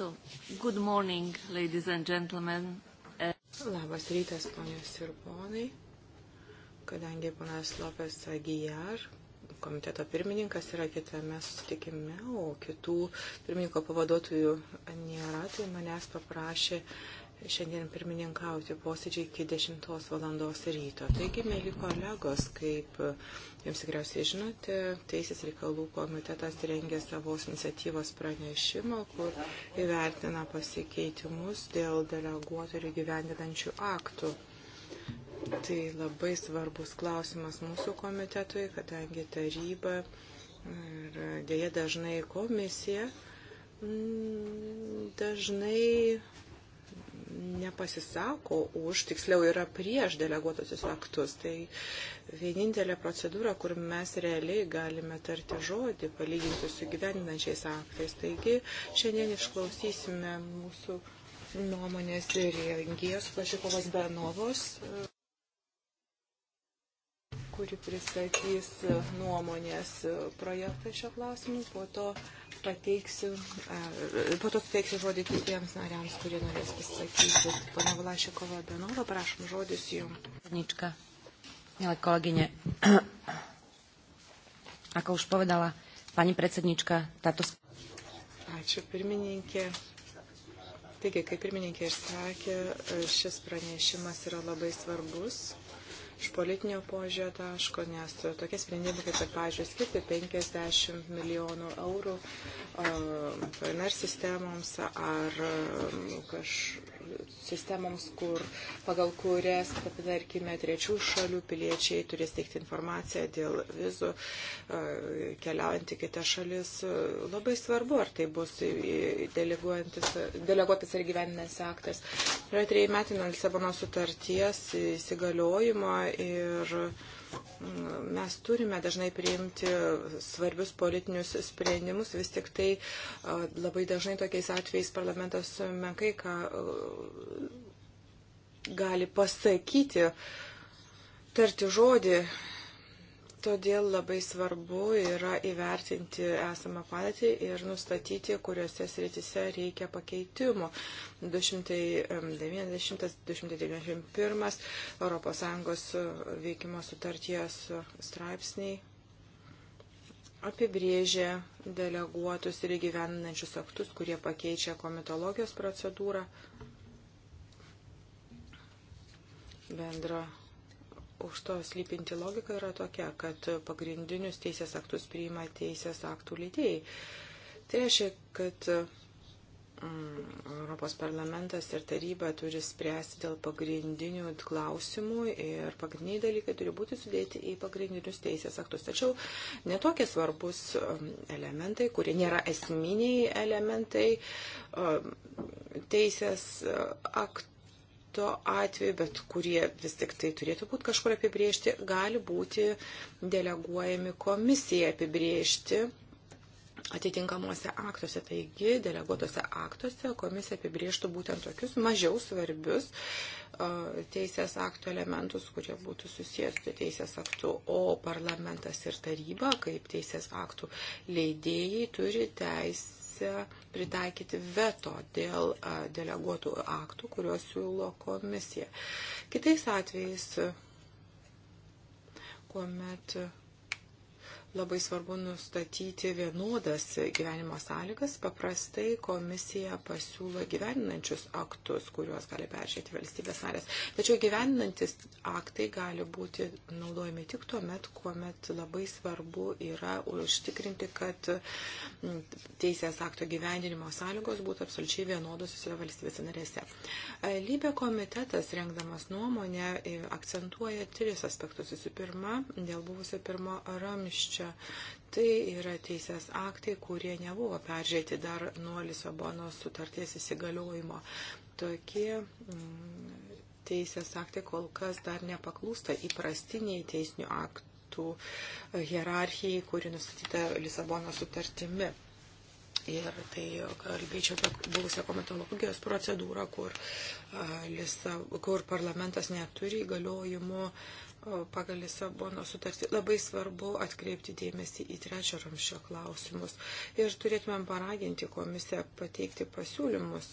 So, good morning, ladies and gentlemen. Labas rytas, ponios ir ponai. Kadangi ponas Lopes Agijar, komiteto pirmininkas, yra kitame susitikime, o kitų pirmininko pavaduotojų nėra, tai manęs paprašė šiandien pirmininkauti posėdžiai iki 10 valandos ryto. Taigi, mėly kolegos, kaip jums tikriausiai žinote, Teisės reikalų komitetas rengė savos iniciatyvos pranešimą, kur įvertina pasikeitimus dėl deleguotojų gyvendinančių aktų. Tai labai svarbus klausimas mūsų komitetui, kadangi taryba ir dėja dažnai komisija mm, dažnai nepasisako už, tiksliau yra prieš deleguotusius aktus. Tai vienintelė procedūra, kur mes realiai galime tarti žodį, palyginti su gyveninančiais aktais. Taigi šiandien išklausysime mūsų nuomonės ir rengėjos Plašikovas Benovos kuri pristatys nuomonės projektą šio klausimu, po to pateiksiu, po to pateiksiu žodį kitiems nariams, kurie norės pasakyti. Pana Vlašikova Benova, prašom žodis jums. Nička, milé kolegyne, ako už povedala pani predsednička, táto... Ačiū pirmininkė. Taigi, kaip pirmininkė ir sakė, šis pranešimas yra labai svarbus iš politinio požiūrio taško, nes tokie sprendimai, kaip, kad, pavyzdžiui, skirti 50 milijonų eurų PNR sistemoms ar kaž, sistemoms, kur, pagal kurias, tarkime, trečių šalių piliečiai turės teikti informaciją dėl vizų e, keliaujant į kitas šalis. Labai svarbu, ar tai bus deleguotas ar gyveninės aktas. Yra treji metai nuo Lisabono sutarties įsigaliojimo ir mes turime dažnai priimti svarbius politinius sprendimus, vis tik tai labai dažnai tokiais atvejais parlamentas menkai ką gali pasakyti, tarti žodį Todėl labai svarbu yra įvertinti esamą padėtį ir nustatyti, kuriuose sritise reikia pakeitimų. 290-291 ES veikimo sutarties straipsniai apibrėžia deleguotus ir įgyvendinančius aktus, kurie pakeičia komitologijos procedūrą bendro už to slypinti logika yra tokia, kad pagrindinius teisės aktus priima teisės aktų leidėjai. Tai reiškia, kad mm, Europos parlamentas ir taryba turi spręsti dėl pagrindinių klausimų ir pagrindiniai dalykai turi būti sudėti į pagrindinius teisės aktus. Tačiau netokie svarbus mm, elementai, kurie nėra esminiai elementai mm, teisės aktų to atveju, bet kurie vis tik tai turėtų būti kažkur apibriežti, gali būti deleguojami komisija apibriežti atitinkamuose aktuose. Taigi, deleguotose aktuose komisija apibriežtų būtent tokius mažiau svarbius teisės aktų elementus, kurie būtų susijęs su teisės aktu, o parlamentas ir taryba, kaip teisės aktų leidėjai, turi teisę teisę pritaikyti veto dėl deleguotų aktų, kuriuos siūlo komisija. Kitais atvejais, kuomet Labai svarbu nustatyti vienodas gyvenimo sąlygas. Paprastai komisija pasiūlo gyveninančius aktus, kuriuos gali peržiūrėti valstybės narės. Tačiau gyveninantis aktai gali būti naudojami tik tuo met, kuomet labai svarbu yra užtikrinti, kad teisės akto gyvenimo sąlygos būtų absoliučiai vienodos visose valstybėse narėse. Lybė komitetas, rengdamas nuomonę, akcentuoja tris aspektus. Visų pirma, dėl buvusio pirmo ramščio pobūdžio. Tai yra teisės aktai, kurie nebuvo peržiūrėti dar nuo Lisabonos sutarties įsigaliojimo. Tokie mm, teisės aktai kol kas dar nepaklūsta įprastiniai teisinių aktų hierarchijai, kuri nustatyta Lisabono sutartimi. Ir tai kalbėčiau apie buvusią komitologijos procedūrą, kur, uh, lisa, kur parlamentas neturi įgaliojimų uh, pagal Lisabono sutartį. Labai svarbu atkreipti dėmesį į trečią ramščio klausimus ir turėtumėm paraginti komisiją pateikti pasiūlymus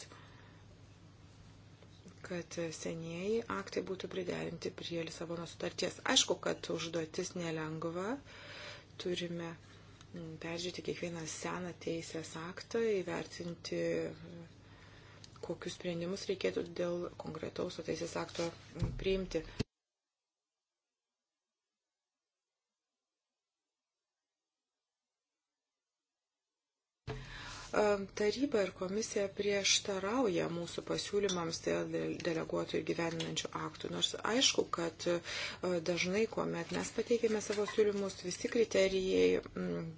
kad senieji aktai būtų priderinti prie Lisabono sutarties. Aišku, kad užduotis nelengva, turime peržiūrėti kiekvieną seną teisės aktą, įvertinti, kokius sprendimus reikėtų dėl konkretaus teisės akto priimti. Taryba ir komisija prieštarauja mūsų pasiūlymams dėl deleguotų ir gyveninančių aktų. Nors aišku, kad e, dažnai, kuomet mes pateikėme savo siūlymus, visi kriterijai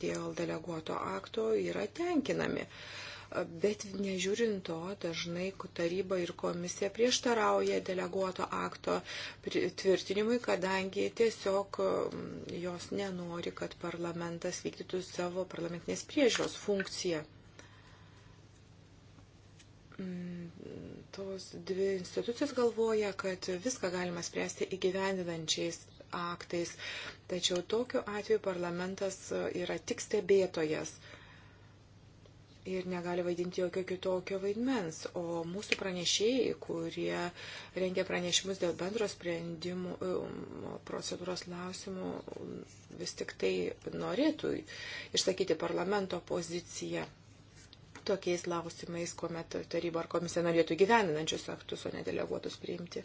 dėl deleguoto akto yra tenkinami. E, bet nežiūrint to, dažnai taryba ir komisija prieštarauja deleguoto akto tvirtinimui, kadangi tiesiog jos nenori, kad parlamentas vykdytų savo parlamentinės priežios funkciją. Mm, tos dvi institucijos galvoja, kad viską galima spręsti įgyvendinančiais aktais, tačiau tokiu atveju parlamentas yra tik stebėtojas ir negali vaidinti jokio kitokio vaidmens. O mūsų pranešėjai, kurie rengia pranešimus dėl bendro sprendimų um, procedūros klausimų, vis tik tai norėtų išsakyti parlamento poziciją tokiais klausimais, kuomet taryba ar komisija norėtų gyveninančius aktus, o nedeleguotus priimti.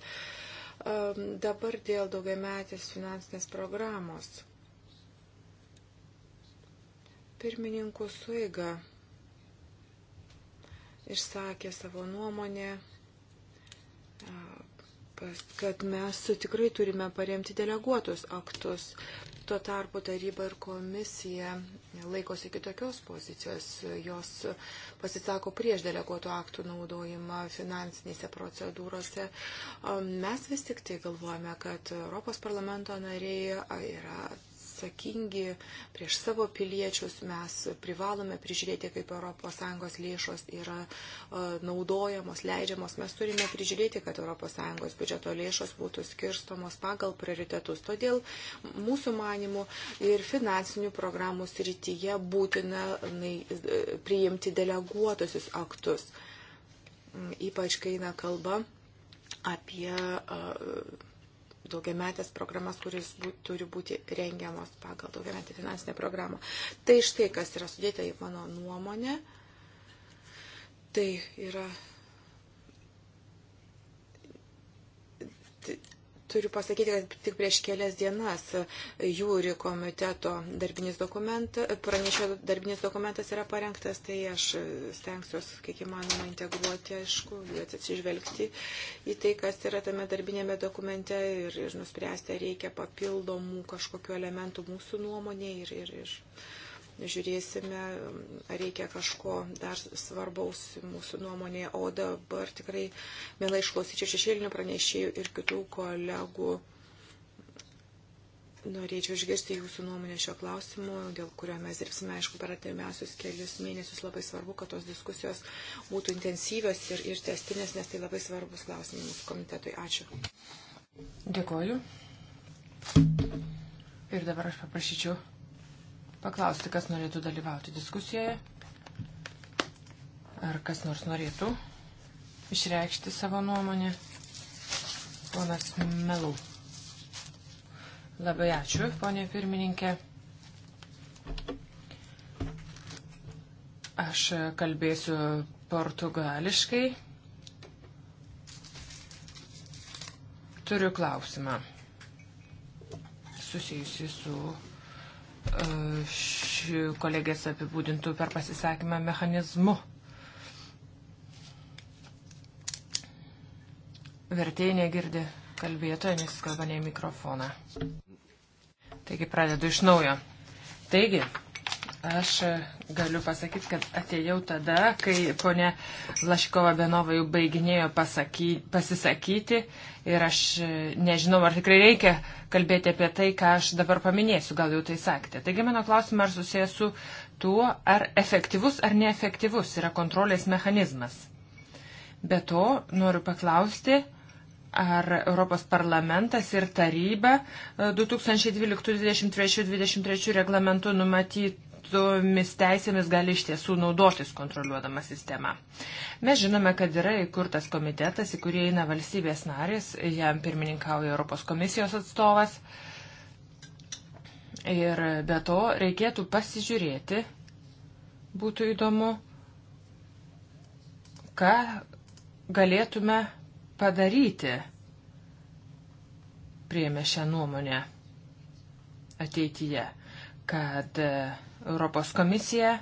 Dabar dėl daugiametės finansinės programos. Pirmininkų suiga išsakė savo nuomonę kad mes tikrai turime paremti deleguotus aktus. Tuo tarpu taryba ir komisija laikosi kitokios pozicijos. Jos pasisako prieš deleguotų aktų naudojimą finansinėse procedūrose. Mes vis tik tai galvojame, kad Europos parlamento nariai yra atsakingi prieš savo piliečius, mes privalome prižiūrėti, kaip ES lėšos yra e, naudojamos, leidžiamos. Mes turime prižiūrėti, kad ES biudžeto lėšos būtų skirstomos pagal prioritetus. Todėl mūsų manimų ir finansinių programų srityje būtina e, priimti deleguotusius aktus, mm, ypač kai eina kalba apie uh, daugiametės programas, kuris būt, turi būti rengiamos pagal daugiametę finansinę programą. Tai štai, kas yra sudėta į mano nuomonę. Tai yra Turiu pasakyti, kad tik prieš kelias dienas e, jūri komiteto darbinis dokumentas, pranešio darbinis dokumentas yra parengtas, tai aš e, stengsiuosi, kiek įmanoma, integruoti, aišku, atsižvelgti į tai, kas yra tame darbinėme dokumente ir, ir nuspręsti, ar reikia papildomų kažkokiu elementų mūsų nuomonė ir, ir, ir žiūrėsime, ar reikia kažko dar svarbaus mūsų nuomonėje. O dabar tikrai mielai išklausyčiau šešėlinių pranešėjų ir kitų kolegų. Norėčiau išgirsti jūsų nuomonę šio klausimu, dėl kurio mes dirbsime, aišku, per artimiausius kelius mėnesius. Labai svarbu, kad tos diskusijos būtų intensyvios ir, ir testinės, nes tai labai svarbus klausimas mūsų komitetui. Ačiū. Dėkoju. Ir dabar aš paprašyčiau paklausti, kas norėtų dalyvauti diskusijoje. Ar kas nors norėtų išreikšti savo nuomonę? Ponas Melau. Labai ačiū, ponė pirmininkė. Aš kalbėsiu portugališkai. Turiu klausimą susijusi su ši kolegės apibūdintų per pasisakymą mechanizmu. Vertėjai negirdi kalbėtojo, nes kalba ne mikrofoną. Taigi pradedu iš naujo. Taigi, Aš galiu pasakyti, kad atėjau tada, kai ponė Laškova Benova jau baiginėjo pasaky, pasisakyti ir aš nežinau, ar tikrai reikia kalbėti apie tai, ką aš dabar paminėsiu, gal jau tai sakėte. Taigi mano klausimas, ar susijęs su tuo, ar efektyvus ar neefektyvus yra kontrolės mechanizmas. Be to, noriu paklausti, ar Europos parlamentas ir taryba e, 2012-2023 reglamentu numatyt tomis teisėmis gali iš tiesų naudotis kontroliuodama sistemą. Mes žinome, kad yra įkurtas komitetas, į kurį eina valstybės narės, jam pirmininkauja Europos komisijos atstovas. Ir be to reikėtų pasižiūrėti, būtų įdomu, ką galėtume padaryti, priėmė šią nuomonę ateityje, kad uh, Europos komisija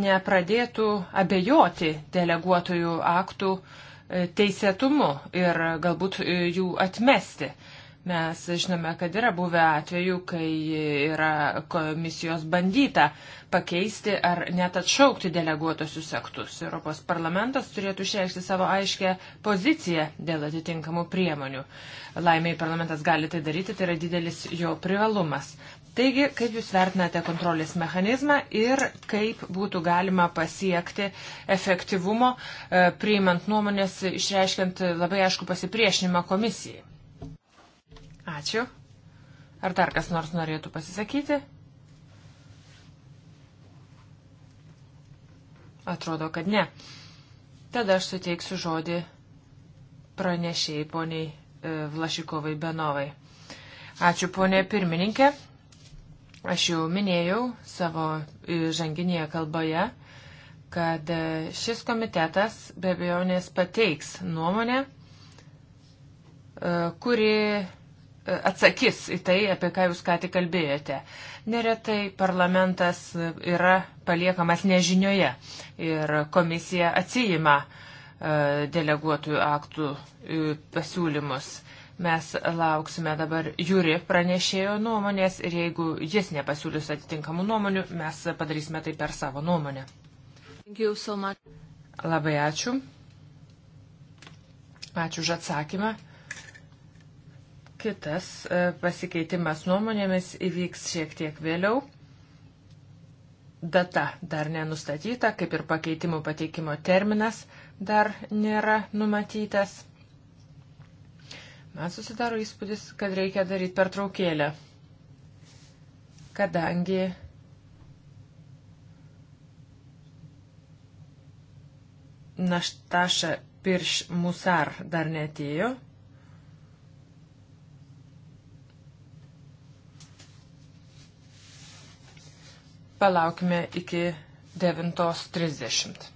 nepradėtų abejoti deleguotojų aktų e, teisėtumu ir galbūt e, jų atmesti. Mes žinome, kad yra buvę atvejų, kai yra komisijos bandyta pakeisti ar net atšaukti deleguotosius aktus. Europos parlamentas turėtų išreikšti savo aiškę poziciją dėl atitinkamų priemonių. Laimiai parlamentas gali tai daryti, tai yra didelis jo privalumas. Taigi, kaip Jūs vertinate kontrolės mechanizmą ir kaip būtų galima pasiekti efektyvumo, e, priimant nuomonės, išreiškiant labai aišku pasipriešinimą komisijai? Ačiū. Ar dar kas nors norėtų pasisakyti? Atrodo, kad ne. Tada aš suteiksiu žodį pranešėjai poniai e, Vlašikovai Benovai. Ačiū ponė pirmininkė, Aš jau minėjau savo žanginėje kalboje, kad šis komitetas be abejonės pateiks nuomonę, kuri atsakys į tai, apie ką jūs ką tik kalbėjote. Neretai parlamentas yra paliekamas nežinioje ir komisija atsijima e, deleguotų aktų e, pasiūlymus. Mes lauksime dabar Jūri pranešėjo nuomonės ir jeigu jis nepasiūlys atitinkamų nuomonių, mes padarysime tai per savo nuomonę. So Labai ačiū. Ačiū už atsakymą. Kitas e, pasikeitimas nuomonėmis įvyks šiek tiek vėliau. Data dar nenustatyta, kaip ir pakeitimų pateikimo terminas dar nėra numatytas. Man susidaro įspūdis, kad reikia daryti pertraukėlę, kadangi naštaša pirš musar dar netėjo. Palaukime iki 9.30.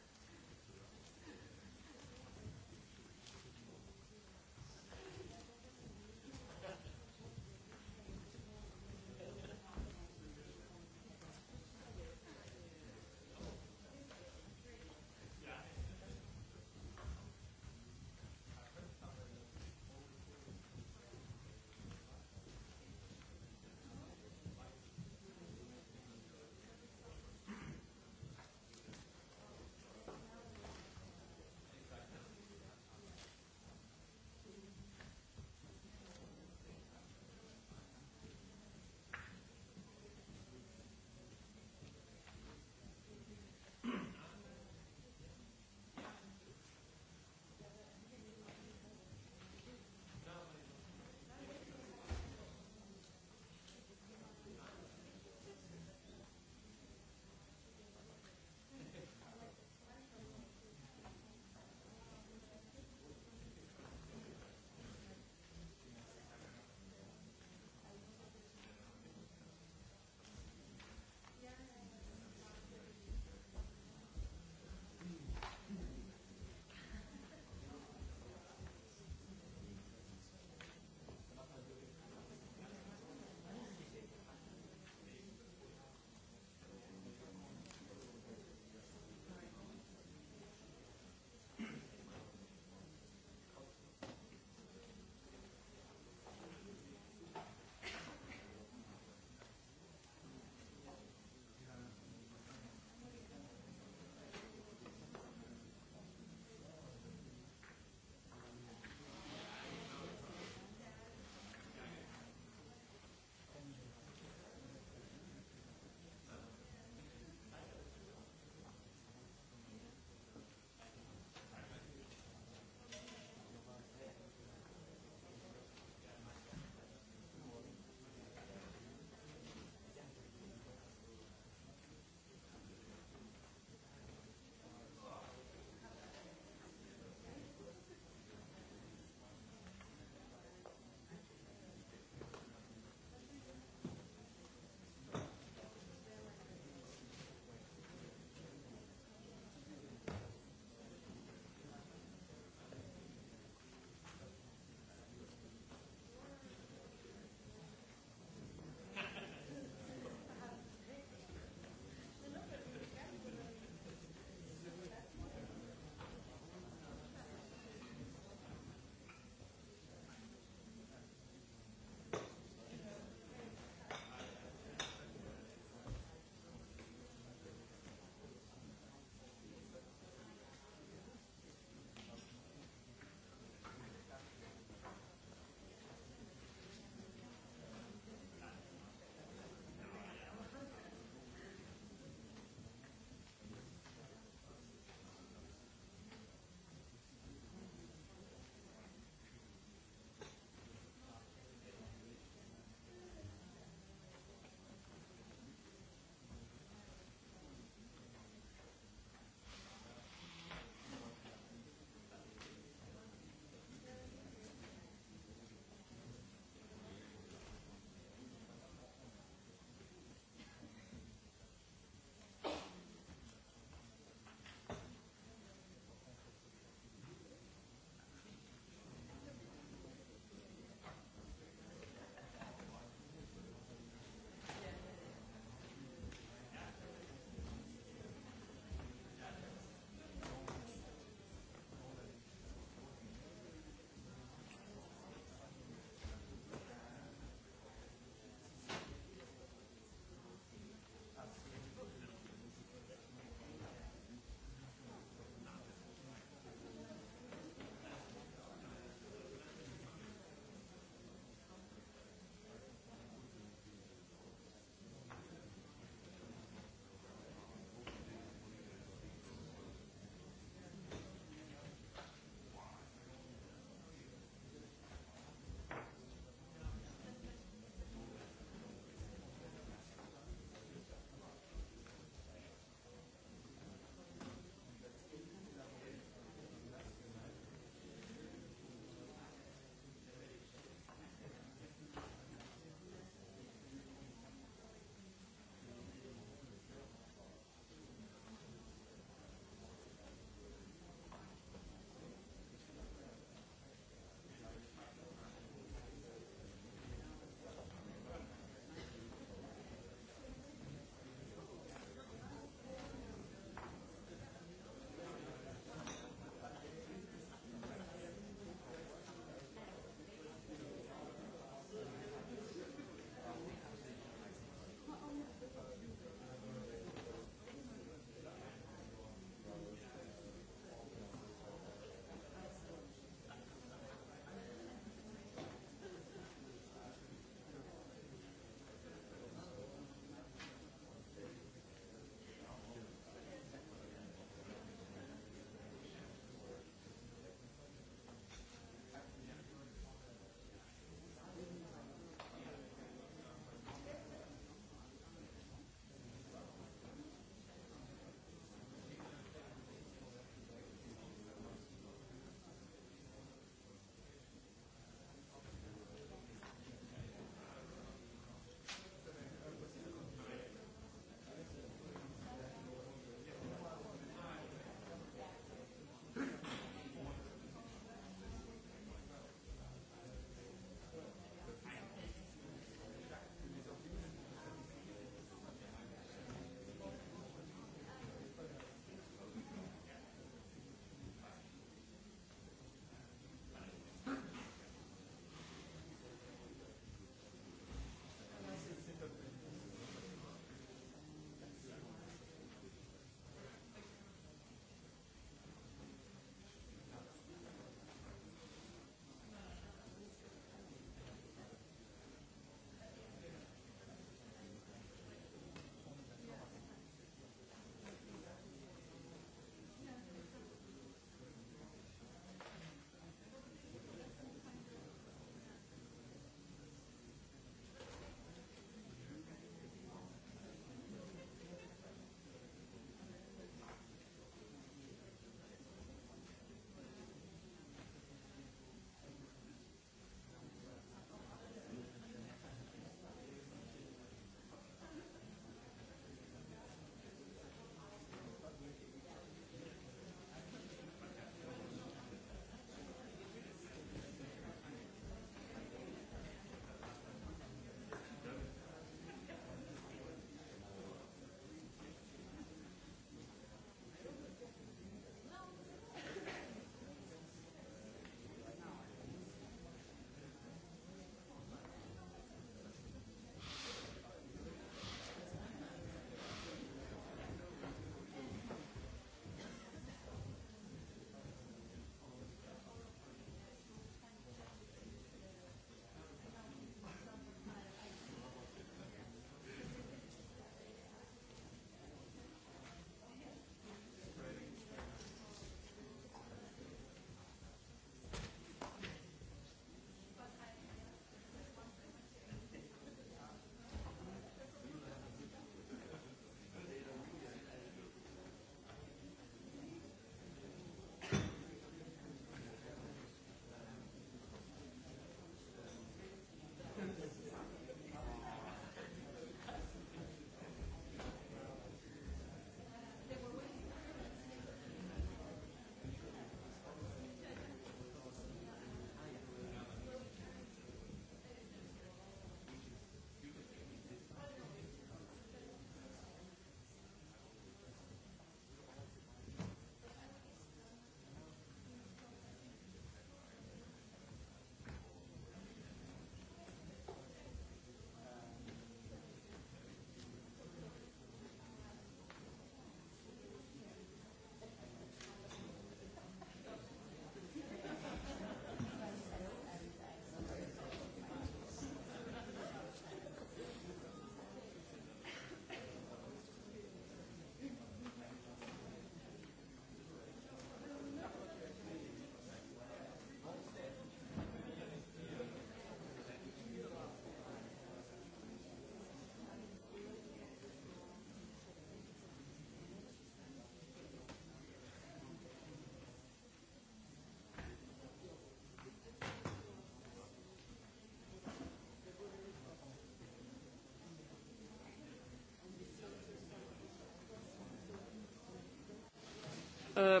Uh,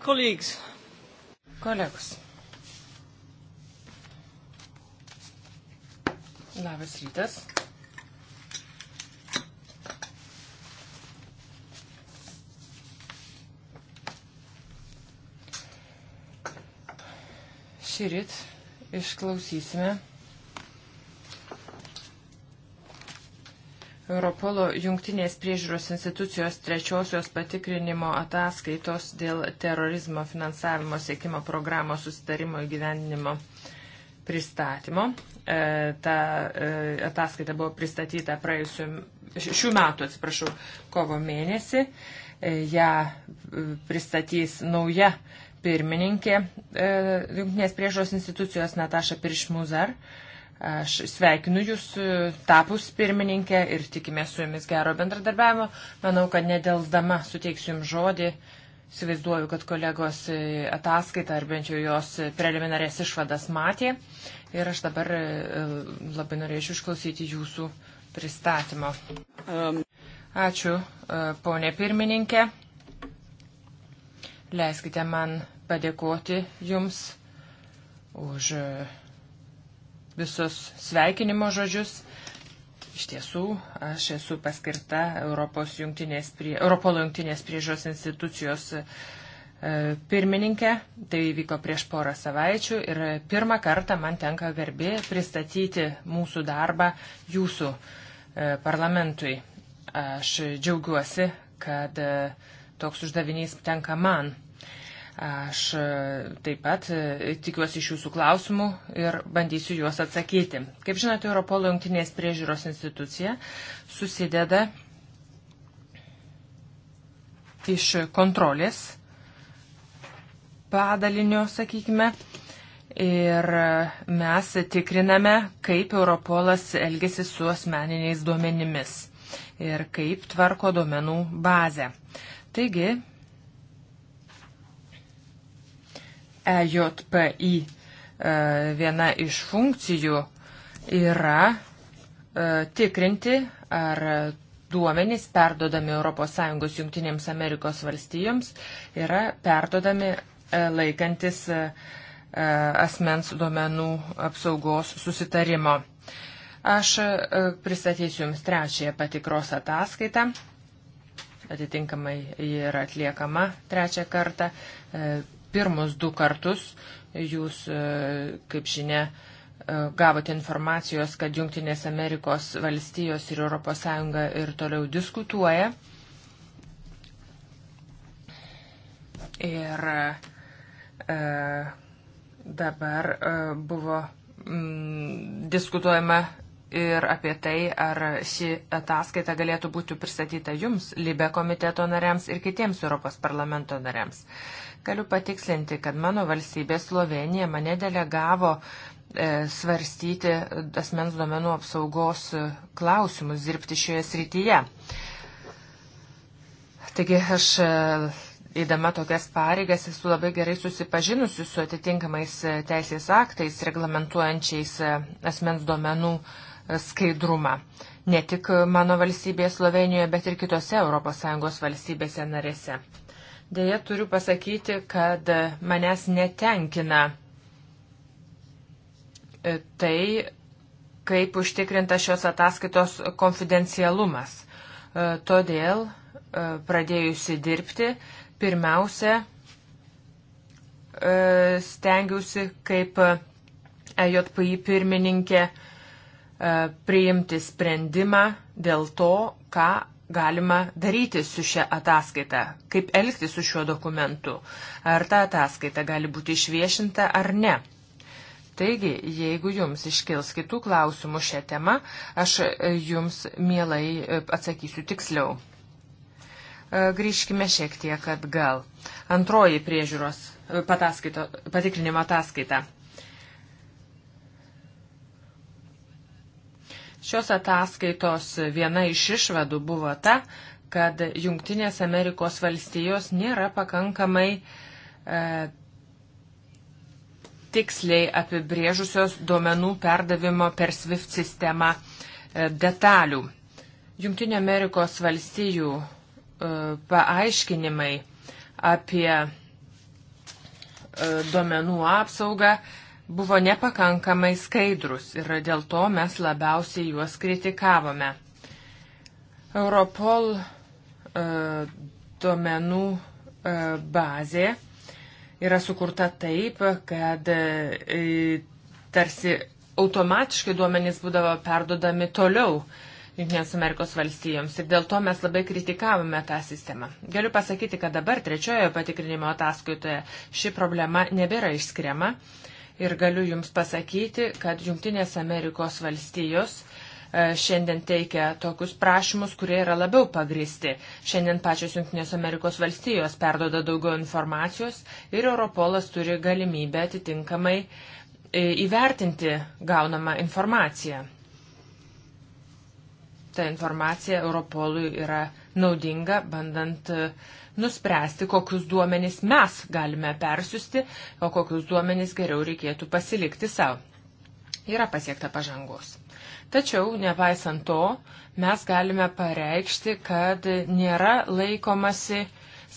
colleagues. Kolegos. Labas rytas. Šį rytą išklausysime Europolo jungtinės priežiūros institucijos trečiosios patikrinimo ataskaitos dėl terorizmo finansavimo siekimo programos susitarimo įgyvendinimo pristatymo. E, ta e, ataskaita buvo pristatyta praėjusiu, šių metų, atsiprašau, kovo mėnesį. E, ją e, pristatys nauja pirmininkė e, jungtinės priežiūros institucijos Nataša Piršmuzar. E, Aš sveikinu Jūs e, tapus pirmininkę ir tikime su Jumis gero bendradarbiavimo. Manau, kad nedelsdama suteiksiu Jums žodį. Įsivaizduoju, kad kolegos e, ataskaitą ar bent jau jos preliminarės išvadas matė. Ir aš dabar e, labai norėčiau išklausyti Jūsų pristatymo. Um. Ačiū, ponė pirmininkė. Leiskite man padėkoti Jums už visus sveikinimo žodžius. Iš tiesų, aš esu paskirta Europos jungtinės prie, Europolo jungtinės priežos institucijos e, pirmininkė. Tai vyko prieš porą savaičių ir pirmą kartą man tenka garbė pristatyti mūsų darbą jūsų e, parlamentui. Aš džiaugiuosi, kad e, toks uždavinys tenka man. Aš e, taip pat e, tikiuosi iš jūsų klausimų ir bandysiu juos atsakyti. Kaip žinote, Europolo jungtinės priežiūros institucija susideda iš kontrolės padalinio, sakykime, ir mes tikriname, kaip Europolas elgesi su asmeniniais duomenimis ir kaip tvarko duomenų bazę. Taigi, EJPI e, viena iš funkcijų yra e, tikrinti, ar duomenys perdodami ES Junktinėms Amerikos valstijoms yra perdodami e, laikantis asmens duomenų apsaugos susitarimo. Aš pristatysiu Jums trečiąją patikros ataskaitą. Atitinkamai ji yra atliekama trečią kartą pirmus du kartus jūs, e, kaip žinia, e, gavote informacijos, kad Junktinės Amerikos valstijos ir ES ir toliau diskutuoja. Ir e, dabar e, buvo m, diskutuojama ir apie tai, ar ši ataskaita galėtų būti pristatyta jums, Libe komiteto nariams ir kitiems Europos parlamento nariams. Galiu patikslinti, kad mano valstybė Slovenija mane delegavo e, svarstyti asmens duomenų apsaugos klausimus, dirbti šioje srityje. Taigi aš Įdama e, tokias pareigas esu labai gerai susipažinusi su atitinkamais e, teisės aktais reglamentuojančiais e, asmens duomenų uh, skaidrumą. Ne tik mano valstybėje Slovenijoje, bet ir kitose ES valstybėse narėse. Deja, turiu pasakyti, kad manęs netenkina e, tai, kaip užtikrinta šios ataskaitos konfidencialumas. E, todėl, e, pradėjusi dirbti, pirmiausia, stengiausi kaip EJPI pirmininkė E, priimti sprendimą dėl to, ką galima daryti su šia ataskaita, kaip elgti su šiuo dokumentu, ar ta ataskaita gali būti išviešinta ar ne. Taigi, jeigu jums iškils kitų klausimų šią temą, aš e, jums mielai e, atsakysiu tiksliau. Grįžkime šiek tiek atgal. Antroji priežiūros patikrinimo ataskaita. Šios ataskaitos viena iš išvadų buvo ta, kad Junktinės Amerikos valstijos nėra pakankamai e, tiksliai apibrėžusios duomenų perdavimo per SWIFT sistemą e, detalių. Junktinio Amerikos valstijų e, paaiškinimai apie e, duomenų apsaugą buvo nepakankamai skaidrus ir dėl to mes labiausiai juos kritikavome. Europol e, duomenų e, bazė yra sukurta taip, kad e, tarsi automatiškai duomenys būdavo perdodami toliau. Junktinės Amerikos valstijoms ir dėl to mes labai kritikavome tą sistemą. Galiu pasakyti, kad dabar trečiojoje patikrinimo ataskaitoje ši problema nebėra išskiriama. Uh, ir galiu Jums pasakyti, kad Junktinės Amerikos valstijos e, šiandien teikia tokius prašymus, kurie yra labiau pagristi. Šiandien pačios Junktinės Amerikos valstijos perdoda daugiau informacijos ir Europolas turi galimybę atitinkamai e, įvertinti gaunamą informaciją. Ta informacija Europolui yra naudinga, bandant uh, nuspręsti, kokius duomenys mes galime persiusti, o kokius duomenys geriau reikėtų pasilikti savo. Yra pasiekta pažangos. Tačiau, nepaisant to, mes galime pareikšti, kad nėra laikomasi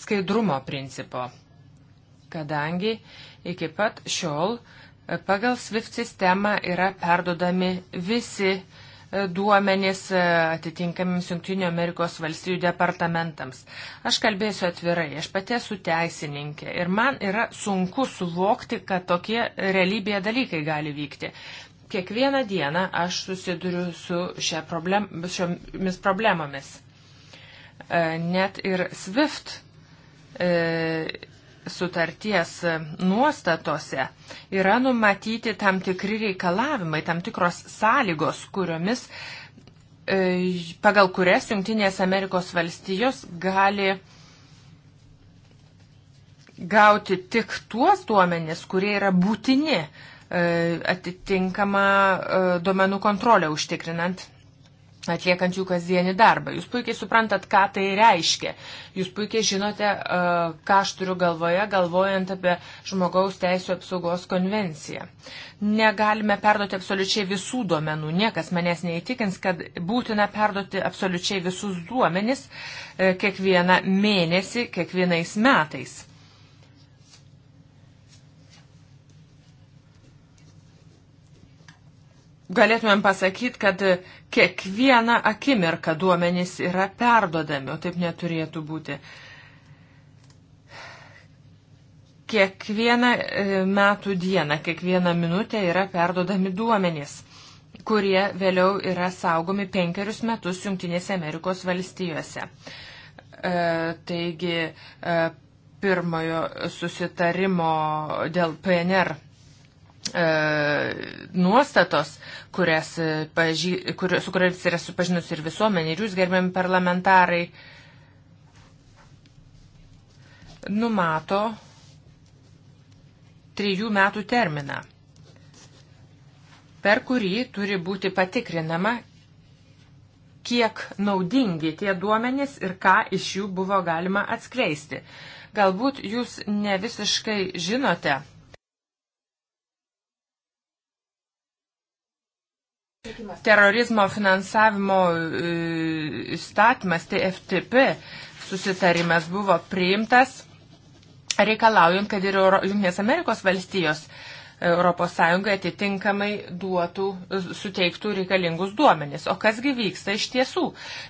skaidrumo principo, kadangi iki pat šiol pagal SWIFT sistemą yra perdodami visi uh, duomenys e, atitinkamiems Junktinio Amerikos valstybių departamentams. Aš kalbėsiu atvirai, aš pati esu teisininkė ir man yra sunku suvokti, kad tokie realybėje dalykai gali vykti. Kiekvieną dieną aš susiduriu su šia problem, šiomis problemomis. E, net ir SWIFT e, sutarties nuostatose yra numatyti tam tikri reikalavimai, tam tikros sąlygos, kuriomis, e, pagal kurias Junktinės Amerikos valstijos gali gauti tik tuos duomenis, kurie yra būtini e, atitinkama e, duomenų kontrolė užtikrinant atliekančių kasdienį darbą. Jūs puikiai suprantat, ką tai reiškia. Jūs puikiai žinote, e, ką aš turiu galvoje, galvojant apie žmogaus teisų apsaugos konvenciją. Negalime perduoti absoliučiai visų duomenų. Niekas manęs neįtikins, kad būtina perduoti absoliučiai visus duomenis e, kiekvieną mėnesį, kiekvienais metais. galėtumėm pasakyti, kad kiekvieną akimirką duomenys yra perdodami, o taip neturėtų būti. Kiekvieną e, metų dieną, kiekvieną minutę yra perdodami duomenys, kurie vėliau yra saugomi penkerius metus Junktinėse Amerikos valstijose. E, taigi, e, pirmojo susitarimo dėl PNR E, nuostatos, kurias, e, paži, kur, su kuriais yra supažinus ir visuomenė, ir jūs gerbiami parlamentarai, numato trijų metų terminą, per kurį turi būti patikrinama, kiek naudingi tie duomenys ir ką iš jų buvo galima atskleisti. Galbūt jūs ne visiškai žinote, Terorizmo finansavimo e, įstatymas, tai FTP susitarimas buvo priimtas reikalaujant, kad ir Junktinės Amerikos valstijos uh, ES atitinkamai duotų, suteiktų reikalingus duomenis. O kasgi vyksta iš tiesų?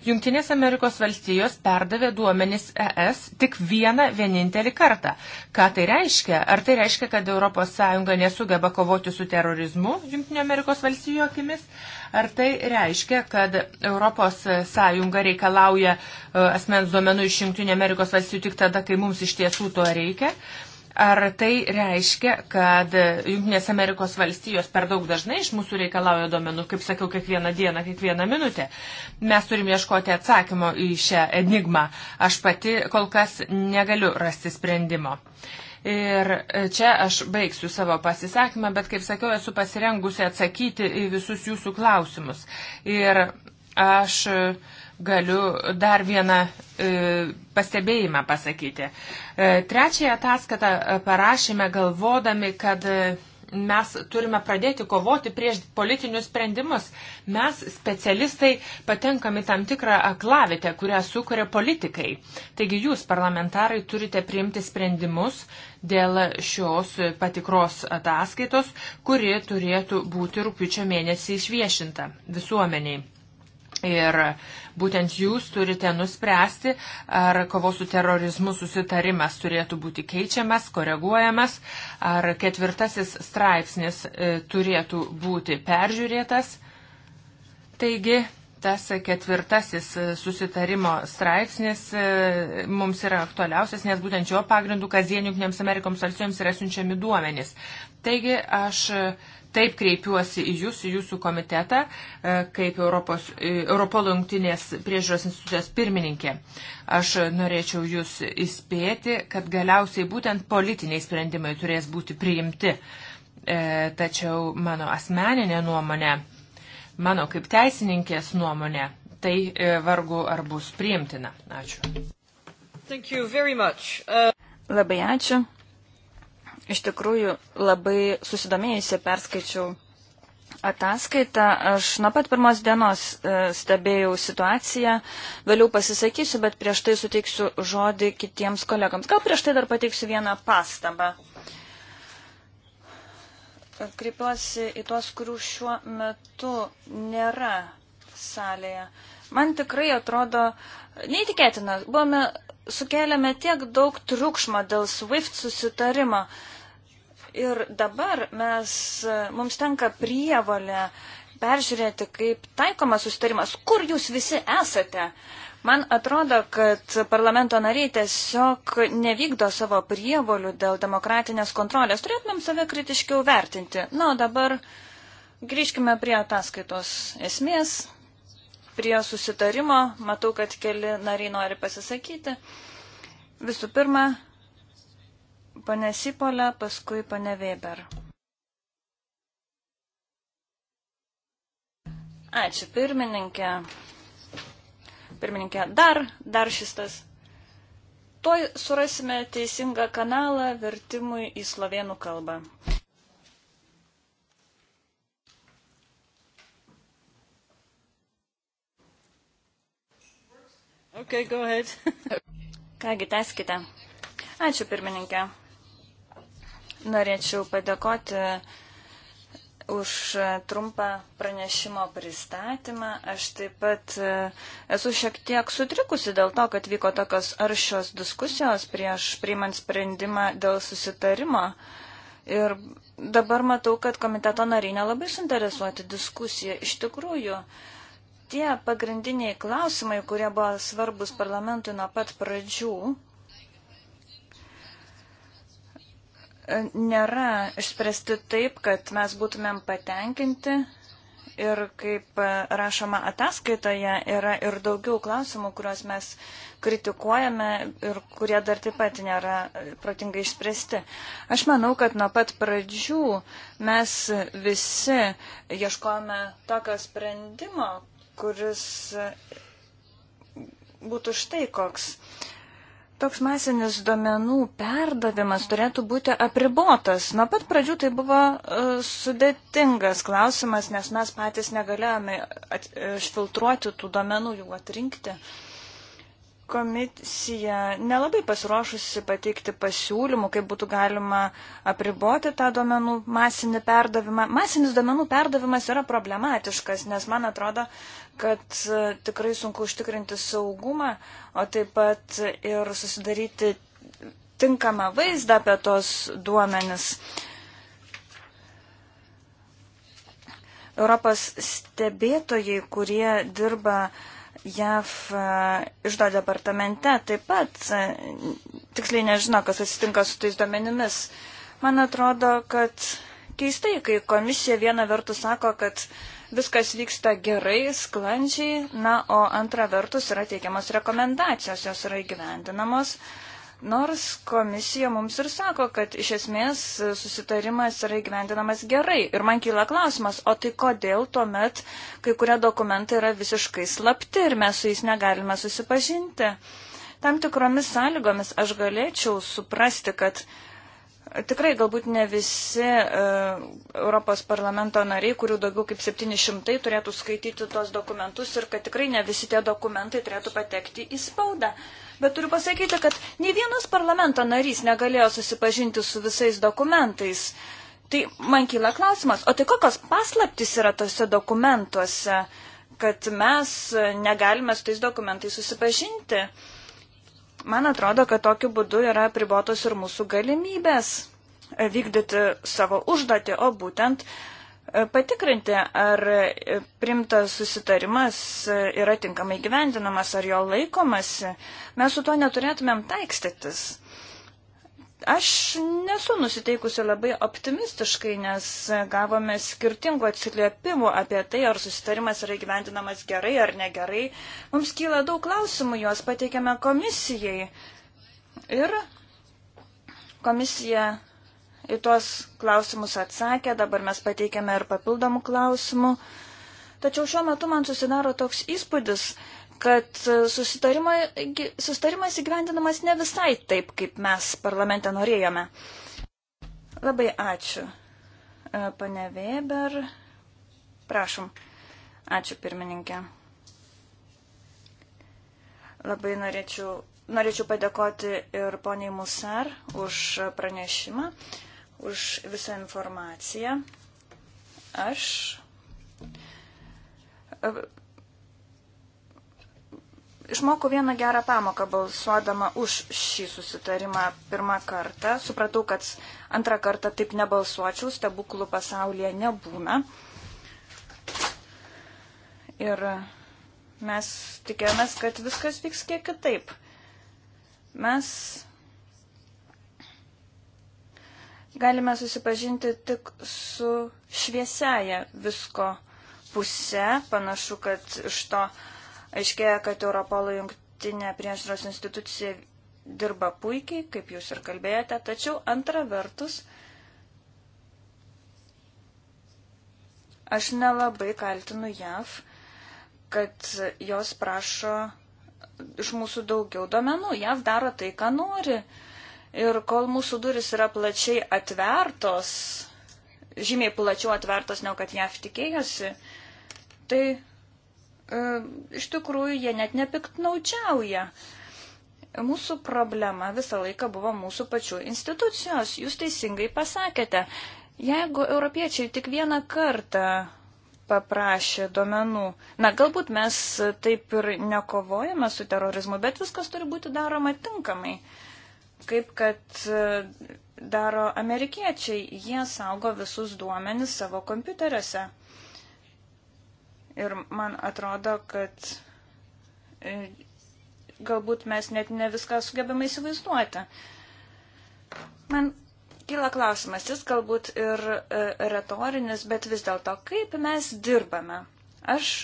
Junktinės Amerikos valstijos perdavė duomenis ES tik vieną vienintelį kartą. Ką tai reiškia? Ar tai reiškia, kad ES nesugeba kovoti su terorizmu Junktinio Amerikos valstijų akimis? Ar tai reiškia, kad ES reikalauja e, asmens duomenų iš Junktinio Amerikos valstijų tik tada, kai mums iš tiesų to reikia? Ar tai reiškia, kad Junktinės Amerikos valstijos per daug dažnai iš mūsų reikalauja duomenų, kaip sakiau, kiekvieną dieną, kiekvieną minutę? Mes turim ieškoti atsakymo į šią enigmą. Aš pati kol kas negaliu rasti sprendimo. Ir čia aš baigsiu savo pasisakymą, bet kaip sakiau, esu pasirengusi atsakyti į visus jūsų klausimus. Ir aš uh, galiu dar vieną e, pastebėjimą pasakyti. E, trečiąją ataskaitą e, parašėme galvodami, kad e, mes turime pradėti kovoti prieš politinius sprendimus. Mes, specialistai, patenkam į tam tikrą aklavitę, kurią sukuria politikai. Taigi jūs, parlamentarai, turite priimti sprendimus dėl šios patikros ataskaitos, kuri turėtų būti rūpiučio mėnesį išviešinta visuomeniai. Ir būtent jūs turite nuspręsti, ar kovos su terorizmu susitarimas turėtų būti keičiamas, koreguojamas, ar ketvirtasis straipsnis e, turėtų būti peržiūrėtas. Taigi, tas ketvirtasis e, susitarimo straipsnis e, mums yra aktualiausias, nes būtent jo pagrindų kasdien Junktinėms Amerikoms valstijoms yra siunčiami duomenys. Taigi aš e, taip kreipiuosi į jūs, į jūsų komitetą, kaip Europos, Europolo jungtinės priežiūros institucijos pirmininkė. Aš norėčiau jūs įspėti, kad galiausiai būtent politiniai sprendimai turės būti priimti. Tačiau mano asmeninė nuomonė Mano kaip teisininkės nuomonė, tai e, vargu ar bus priimtina. Ačiū. Uh... Labai ačiū. Iš tikrųjų, labai susidomėjusi perskaičiau ataskaitą. Aš nuo pat pirmos dienos e, stebėjau situaciją. Vėliau pasisakysiu, bet prieš tai suteiksiu žodį kitiems kolegams. Gal prieš tai dar pateiksiu vieną pastabą kreipiuosi į tuos, kurių šiuo metu nėra salėje. Man tikrai atrodo neįtikėtina. Buvome, sukėlėme tiek daug triukšmo dėl SWIFT susitarimo. Ir dabar mes, mums tenka prievalė peržiūrėti, kaip taikomas susitarimas, kur jūs visi esate. Uh, Man atrodo, kad parlamento nariai tiesiog nevykdo savo prievolių dėl demokratinės kontrolės. Turėtumėm save kritiškiau vertinti. Na, o dabar grįžkime prie ataskaitos esmės, prie susitarimo. Matau, kad keli nariai nori pasisakyti. Visų pirma, pane Sipolė, paskui pane Weber. Ačiū pirmininkė. Pirmininkė, dar, dar šis tas. Tuoj surasime teisingą kanalą vertimui į slovėnų kalbą. Okay, go ahead. Kągi, teskite. Ačiū pirmininkė. Norėčiau padėkoti uh, už trumpą pranešimo pristatymą. Aš taip pat e, esu šiek tiek sutrikusi dėl to, kad vyko tokios aršios diskusijos prieš priimant sprendimą dėl susitarimo. Ir dabar matau, kad komiteto nariai nelabai suinteresuoti diskusiją. Iš tikrųjų, tie pagrindiniai klausimai, kurie buvo svarbus parlamentui nuo pat pradžių, nėra išspręsti taip, kad mes būtumėm patenkinti. Ir kaip rašoma ataskaitoje, yra ir daugiau klausimų, kuriuos mes kritikuojame ir kurie dar taip pat nėra protingai išspręsti. Aš manau, kad nuo pat pradžių mes visi ieškojame tokio sprendimo, kuris būtų štai koks. Uh, Toks masinis duomenų perdavimas turėtų būti apribotas. Nuo pat pradžių tai buvo uh, sudėtingas klausimas, nes mes patys negalėjome at, išfiltruoti tų duomenų, jų atrinkti. Komisija nelabai pasiruošusi pateikti pasiūlymų, kaip būtų galima apriboti tą duomenų masinį perdavimą. Masinis duomenų perdavimas yra problematiškas, nes man atrodo, kad e, tikrai sunku užtikrinti saugumą, o taip pat ir susidaryti tinkamą vaizdą apie tos duomenis. Europos stebėtojai, kurie dirba JAV e, išdo departamente, taip pat e, tiksliai nežino, kas atsitinka su tais duomenimis. Man atrodo, kad keistai, kai komisija viena vertus sako, kad uh, viskas vyksta gerai, sklandžiai, na, o antra vertus yra teikiamas rekomendacijos, jos yra įgyvendinamos. Nors komisija mums ir sako, kad iš esmės susitarimas yra įgyvendinamas gerai. Ir man kyla klausimas, o tai kodėl tuomet kai kurie dokumentai yra visiškai slapti ir mes su jais negalime susipažinti? Tam tikromis sąlygomis aš galėčiau suprasti, kad uh, Tikrai galbūt ne visi uh, Europos parlamento nariai, kurių daugiau kaip 700 turėtų skaityti tos dokumentus ir kad tikrai ne visi tie dokumentai turėtų patekti į spaudą. Bet turiu pasakyti, kad nei vienas parlamento narys negalėjo susipažinti su visais dokumentais. Tai man kyla klausimas, o tai kokios paslaptis yra tose dokumentuose, kad mes negalime su tais dokumentais susipažinti? Uh, Man atrodo, kad tokiu būdu yra pribotos ir mūsų galimybės e, vykdyti savo užduotį, o būtent e, patikrinti, ar e, primtas susitarimas yra tinkamai gyvendinamas, ar jo laikomasi. Mes su tuo neturėtumėm taikstytis. Aš nesu nusiteikusi labai optimistiškai, nes gavome skirtingų atsiliepimų apie tai, ar susitarimas yra įgyvendinamas gerai ar negerai. Mums kyla daug klausimų, juos pateikėme komisijai. Ir komisija į tuos klausimus atsakė, dabar mes pateikėme ir papildomų klausimų. Tačiau šiuo metu man susidaro toks įspūdis, kad susitarimas įgyvendinamas ne visai taip, kaip mes parlamente norėjome. Labai ačiū. E, pane Weber, prašom. Ačiū pirmininkė. Labai norėčiau, norėčiau padėkoti ir poniai Musar už pranešimą, už visą informaciją. Aš e, Išmokau vieną gerą pamoką balsuodama už šį susitarimą pirmą kartą. Supratau, kad antrą kartą taip nebalsuočiau, stebuklų pasaulyje nebūna. Ir mes tikėjomės, kad viskas vyks kiek kitaip. Mes galime susipažinti tik su šviesaja visko puse. Panašu, kad iš to Aiškėja, kad Europolo jungtinė priežiūros institucija dirba puikiai, kaip jūs ir kalbėjote, tačiau antra vertus, aš nelabai kaltinu JAV, kad jos prašo iš mūsų daugiau domenų. JAV daro tai, ką nori. Ir kol mūsų duris yra plačiai atvertos, žymiai plačiau atvertos, negu kad JAV tikėjosi, tai E, iš tikrųjų jie net nepiktnaudžiauja. Mūsų problema visą laiką buvo mūsų pačių institucijos. Jūs teisingai pasakėte, jeigu europiečiai tik vieną kartą paprašė duomenų. Na, galbūt mes taip ir nekovojame su terorizmu, bet viskas turi būti daroma tinkamai. Kaip kad e, daro amerikiečiai, jie saugo visus duomenis savo kompiuteriuose. Ir man atrodo, kad e, galbūt mes net ne viską sugebame įsivaizduoti. Man kyla klausimas, jis galbūt ir e, retorinis, bet vis dėlto, kaip mes dirbame. Aš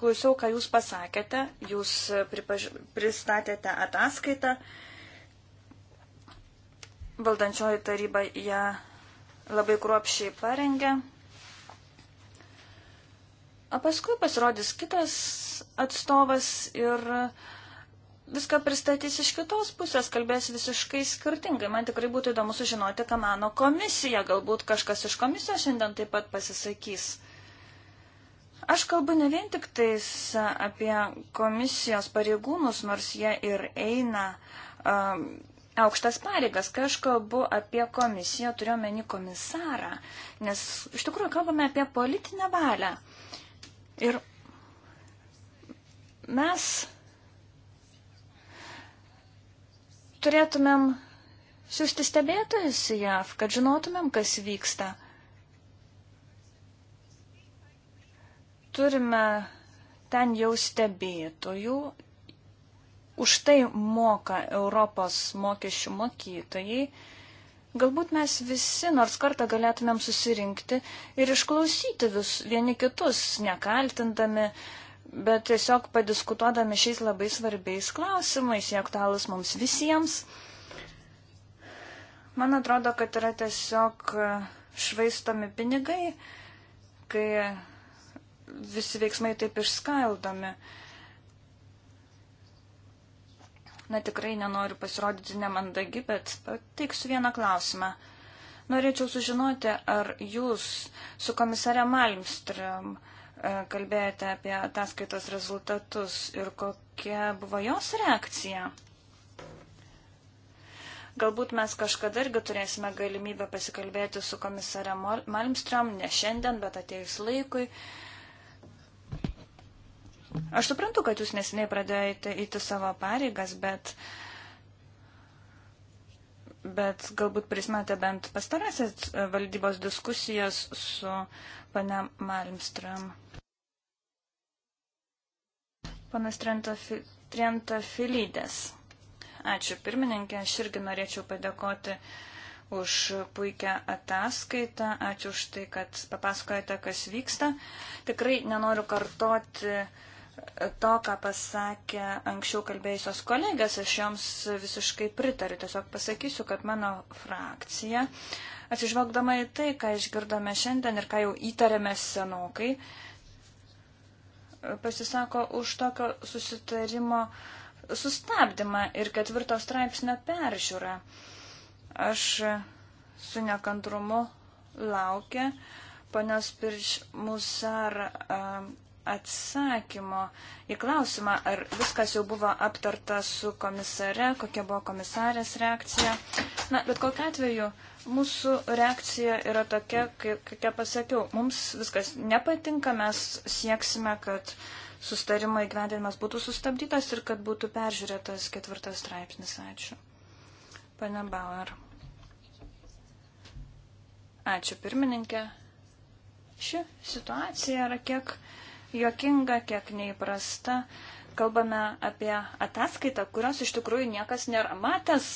klausiau, ką jūs pasakėte, jūs e, pripaž... pristatėte ataskaitą, valdančioji taryba ją labai kruopšiai parengė. O paskui pasirodys kitas atstovas ir viską pristatys iš kitos pusės, kalbės visiškai skirtingai. Man tikrai būtų įdomu sužinoti, ką mano komisija. Galbūt kažkas iš komisijos šiandien taip pat pasisakys. Aš kalbu ne vien tik tais apie komisijos pareigūnus, nors jie ir eina um, aukštas pareigas, kai aš kalbu apie komisiją, turiu meni komisarą, nes iš tikrųjų kalbame apie politinę valią. Uh, Ir mes turėtumėm siūsti stebėtojus į JAV, kad žinotumėm, kas vyksta. Turime ten jau stebėtojų, už tai moka Europos mokesčių mokytojai. Galbūt mes visi nors kartą galėtumėm susirinkti ir išklausyti vis vieni kitus, nekaltindami, bet tiesiog padiskutuodami šiais labai svarbiais klausimais, jie aktualus mums visiems. Man atrodo, kad yra tiesiog e, švaistomi pinigai, kai visi veiksmai taip išskaldomi. Uh, Na tikrai nenoriu pasirodyti nemandagi, bet pateiksiu vieną klausimą. Norėčiau sužinoti, ar jūs su komisare Malmström e, kalbėjote apie ataskaitos rezultatus ir kokia buvo jos reakcija. Galbūt mes kažkada irgi turėsime galimybę pasikalbėti su komisare Malmström, ne šiandien, bet ateis laikui. Uh, Aš suprantu, kad jūs nesiniai pradėjote įti savo pareigas, bet, bet galbūt prismatė bent pastarasias valdybos diskusijas su pane Malmström. Panas Trenta Filydės. Ačiū pirmininkė, aš irgi norėčiau padėkoti už puikią ataskaitą, ačiū už tai, kad papasakojate, kas vyksta. Tikrai nenoriu kartoti uh, to, ką pasakė anksčiau kalbėjusios kolegės, aš joms visiškai pritariu. Tiesiog pasakysiu, kad mano frakcija, atsižvelgdama į tai, ką išgirdome šiandien ir ką jau įtarėme senokai, pasisako už tokio susitarimo sustabdymą ir ketvirto straipsnio peržiūrą. Aš su nekantrumu laukia ponios Pirš Musar atsakymo į klausimą, ar viskas jau buvo aptarta su komisare, kokia buvo komisarės reakcija. Na, bet kokiu atveju mūsų reakcija yra tokia, kokia pasakiau, mums viskas nepatinka, mes sieksime, kad sustarimo įgyvendinimas būtų sustabdytas ir kad būtų peržiūrėtas ketvirtas straipsnis. Ačiū. Pane Bauer. Ačiū pirmininkė. Ši situacija yra kiek jokinga, kiek neįprasta. Kalbame apie ataskaitą, kurios iš tikrųjų niekas nėra matęs.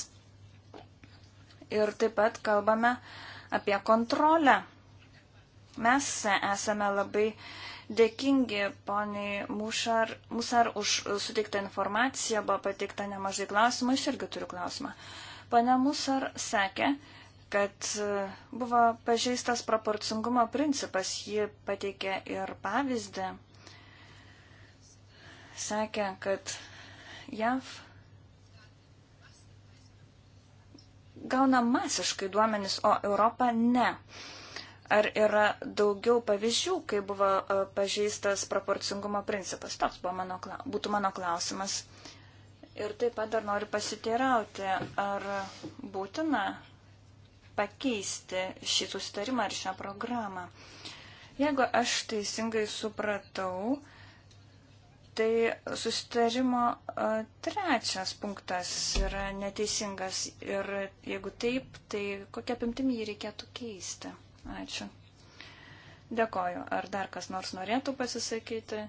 Ir taip pat kalbame apie kontrolę. Mes esame labai dėkingi poniai Mušar, Musar už suteiktą informaciją, buvo pateikta nemažai klausimų, aš irgi turiu klausimą. Pane Musar sakė, kad buvo pažeistas proporcingumo principas, ji pateikė ir pavyzdį sakė, kad JAV gauna masiškai duomenis, o Europa ne. Ar yra daugiau pavyzdžių, kai buvo e, pažeistas proporcingumo principas? Toks mano, būtų mano klausimas. Ir taip pat dar noriu pasiteirauti, ar būtina pakeisti šį sustarimą ar šią programą. Jeigu aš teisingai supratau, Tai susitarimo trečias punktas yra neteisingas ir jeigu taip, tai kokia pimtimi jį reikėtų keisti. Ačiū. Dėkoju. Ar dar kas nors norėtų pasisakyti?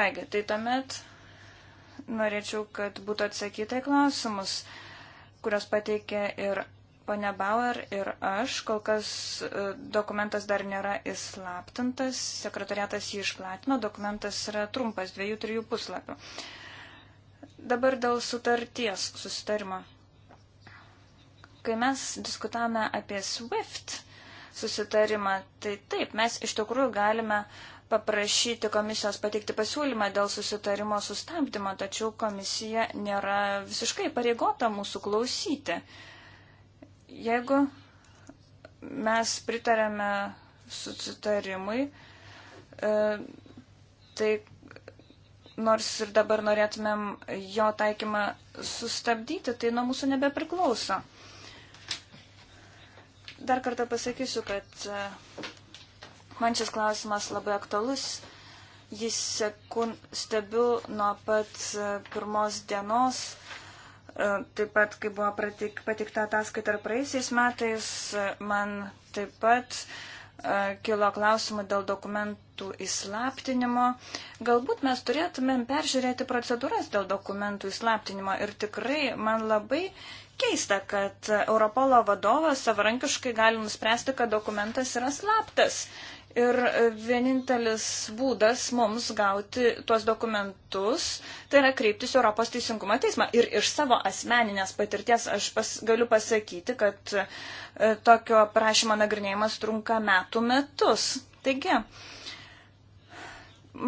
Kągi, tai tuomet norėčiau, kad būtų atsakyta į klausimus, kurios pateikė ir Pane Bauer ir aš, kol kas e, dokumentas dar nėra įslaptintas, sekretariatas jį išplatino, dokumentas yra trumpas, dviejų, trijų puslapių. Dabar dėl sutarties susitarimo. Kai mes diskutavome apie SWIFT susitarimą, tai taip, mes iš tikrųjų galime paprašyti komisijos pateikti pasiūlymą dėl susitarimo sustabdymo, tačiau komisija nėra visiškai pareigota mūsų klausyti. Uh, Jeigu mes pritarėme susitarimui, e, tai nors ir dabar norėtumėm jo taikymą sustabdyti, tai nuo mūsų nebepriklauso. Dar kartą pasakysiu, kad e, man šis klausimas labai aktualus. Jis sekun stebiu nuo pat e, pirmos dienos E, taip pat, kai buvo patikta ataskaita ir praeisiais metais, man taip pat e, kilo klausimų dėl dokumentų įslaptinimo. Galbūt mes turėtumėm peržiūrėti procedūras dėl dokumentų įslaptinimo ir tikrai man labai keista, kad Europolo vadovas savarankiškai gali nuspręsti, kad dokumentas yra slaptas. Uh, Ir vienintelis būdas mums gauti tuos dokumentus, tai yra kreiptis Europos teisingumo teismą. Ir iš savo asmeninės patirties aš pas, galiu pasakyti, kad e, tokio prašymo nagrinėjimas trunka metų metus. Taigi,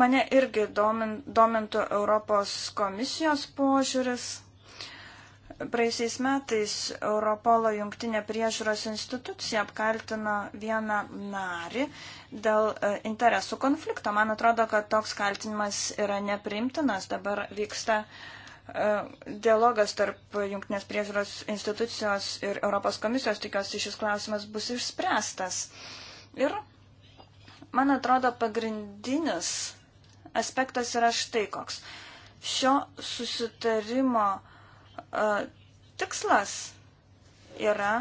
mane irgi domin, domintų Europos komisijos požiūris Praeisiais metais Europolo jungtinė priežiūros institucija apkaltino vieną narį dėl e, interesų konflikto. Man atrodo, kad toks kaltinimas yra nepriimtinas. Dabar vyksta e, dialogas tarp jungtinės priežiūros institucijos ir Europos komisijos. Tikiuosi, šis klausimas bus išspręstas. Ir man atrodo, pagrindinis aspektas yra štai koks. Šio susitarimo tikslas yra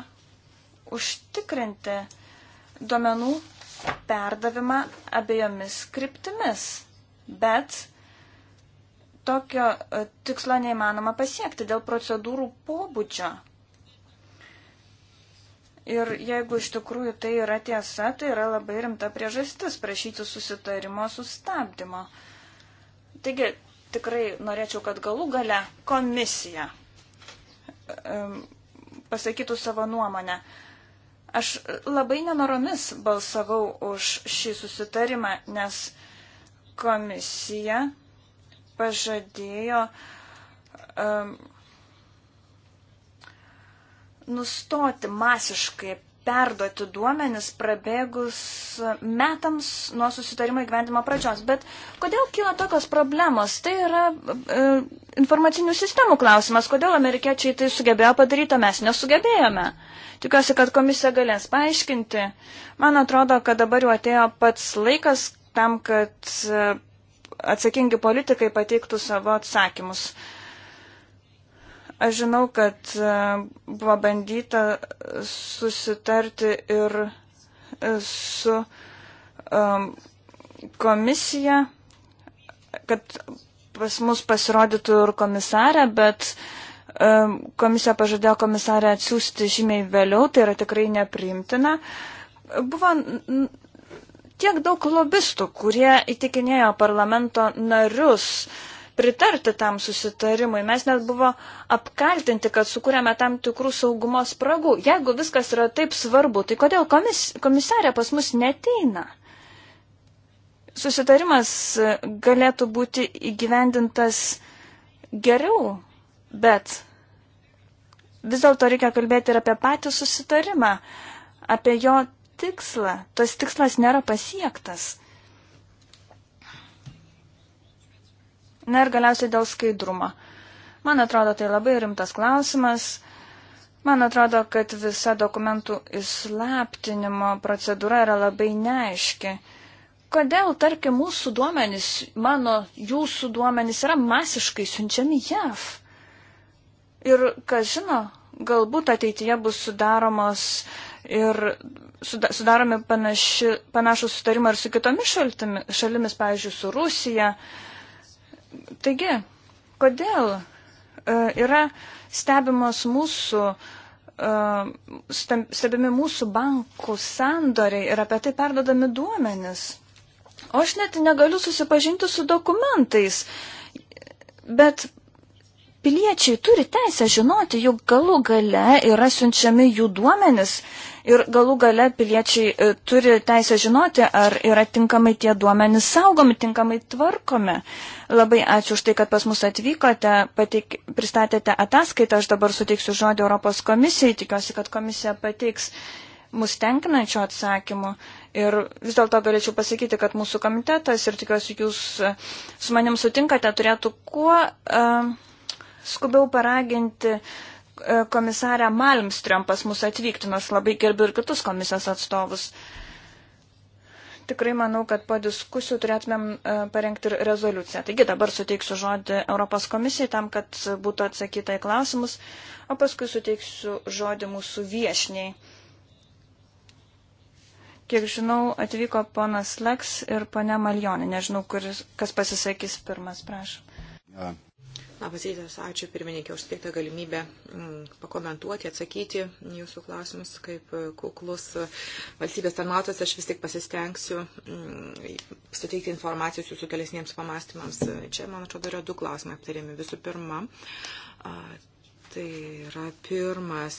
užtikrinti duomenų perdavimą abiejomis kryptimis, bet tokio tikslo neįmanoma pasiekti dėl procedūrų pobūdžio. Ir jeigu iš tikrųjų tai yra tiesa, tai yra labai rimta priežastis prašyti susitarimo sustabdymo. Taigi tikrai norėčiau, kad galų gale komisija pasakytų savo nuomonę. Aš labai nenoromis balsavau už šį susitarimą, nes komisija pažadėjo um, nustoti masiškai perduoti duomenis prabėgus metams nuo susitarimo įgyvendimo pradžios. Bet kodėl kyla tokios problemos? Tai yra e, informacinių sistemų klausimas. Kodėl amerikiečiai tai sugebėjo padaryti, o mes nesugebėjome? Tikiuosi, kad komisija galės paaiškinti. Man atrodo, kad dabar jau atėjo pats laikas tam, kad e, atsakingi politikai pateiktų savo atsakymus. Aš žinau, kad e, buvo bandyta susitarti ir e, su um, komisija, kad pas mus pasirodytų ir komisarė, bet um, komisija pažadėjo komisarę atsiųsti žymiai vėliau, tai yra tikrai nepriimtina. Buvo tiek daug lobistų, kurie įtikinėjo parlamento narius uh, pritarti tam susitarimui. Mes net buvo apkaltinti, kad sukūrėme tam tikrų saugumo spragų. Jeigu viskas yra taip svarbu, tai kodėl komis, komisarė pas mus neteina? Susitarimas e, galėtų būti įgyvendintas geriau, bet vis dėlto reikia kalbėti ir apie patį susitarimą, apie jo tikslą. Tas tikslas nėra pasiektas. Na ir galiausiai dėl skaidrumo. Man atrodo, tai labai rimtas klausimas. Man atrodo, kad visa dokumentų įslaptinimo procedūra yra labai neaiški. Kodėl, tarkim, mūsų duomenys, mano, jūsų duomenys yra masiškai siunčiami JAV? Ir, kas žino, galbūt ateityje bus sudaromos ir sudaromi panaši, panašus sutarimai ir su kitomis šaltimi, šalimis, pavyzdžiui, su Rusija. Uh, Taigi, kodėl e, yra stebimos mūsų e, stebimi mūsų bankų sandoriai ir apie tai perdodami duomenis. O aš net negaliu susipažinti su dokumentais, bet piliečiai turi teisę žinoti, jog galų gale yra siunčiami jų duomenis ir galų gale piliečiai e, turi teisę žinoti, ar yra tinkamai tie duomenys saugomi, tinkamai tvarkomi. Labai ačiū už tai, kad pas mus atvykote, pateik, pristatėte ataskaitą, aš dabar suteiksiu žodį Europos komisijai, tikiuosi, kad komisija pateiks mus tenkinančio atsakymo. Ir vis dėlto galėčiau pasakyti, kad mūsų komitetas, ir tikiuosi jūs e, su manim sutinkate, turėtų kuo uh, skubiau paraginti uh, E, komisarę Malmström pas mus atvykti, nors labai gerbiu ir kitus komisijos atstovus. Tikrai manau, kad po diskusijų turėtumėm e, parengti ir rezoliuciją. Taigi dabar suteiksiu žodį Europos komisijai tam, kad būtų atsakyta į klausimus, o paskui suteiksiu žodį mūsų viešniai. Kiek žinau, atvyko ponas Leks ir ponia Maljonė. Nežinau, kuris, kas pasisakys pirmas, prašau. Labas rytas, ačiū pirmininkė už suteiktą galimybę mm, pakomentuoti, atsakyti jūsų klausimus kaip kuklus valstybės tarnautas. Aš vis tik pasistengsiu mm, suteikti informacijos jūsų tolesniems pamastymams. Čia, man atrodo, yra du klausimai aptariami. Visų pirma, Tai yra pirmas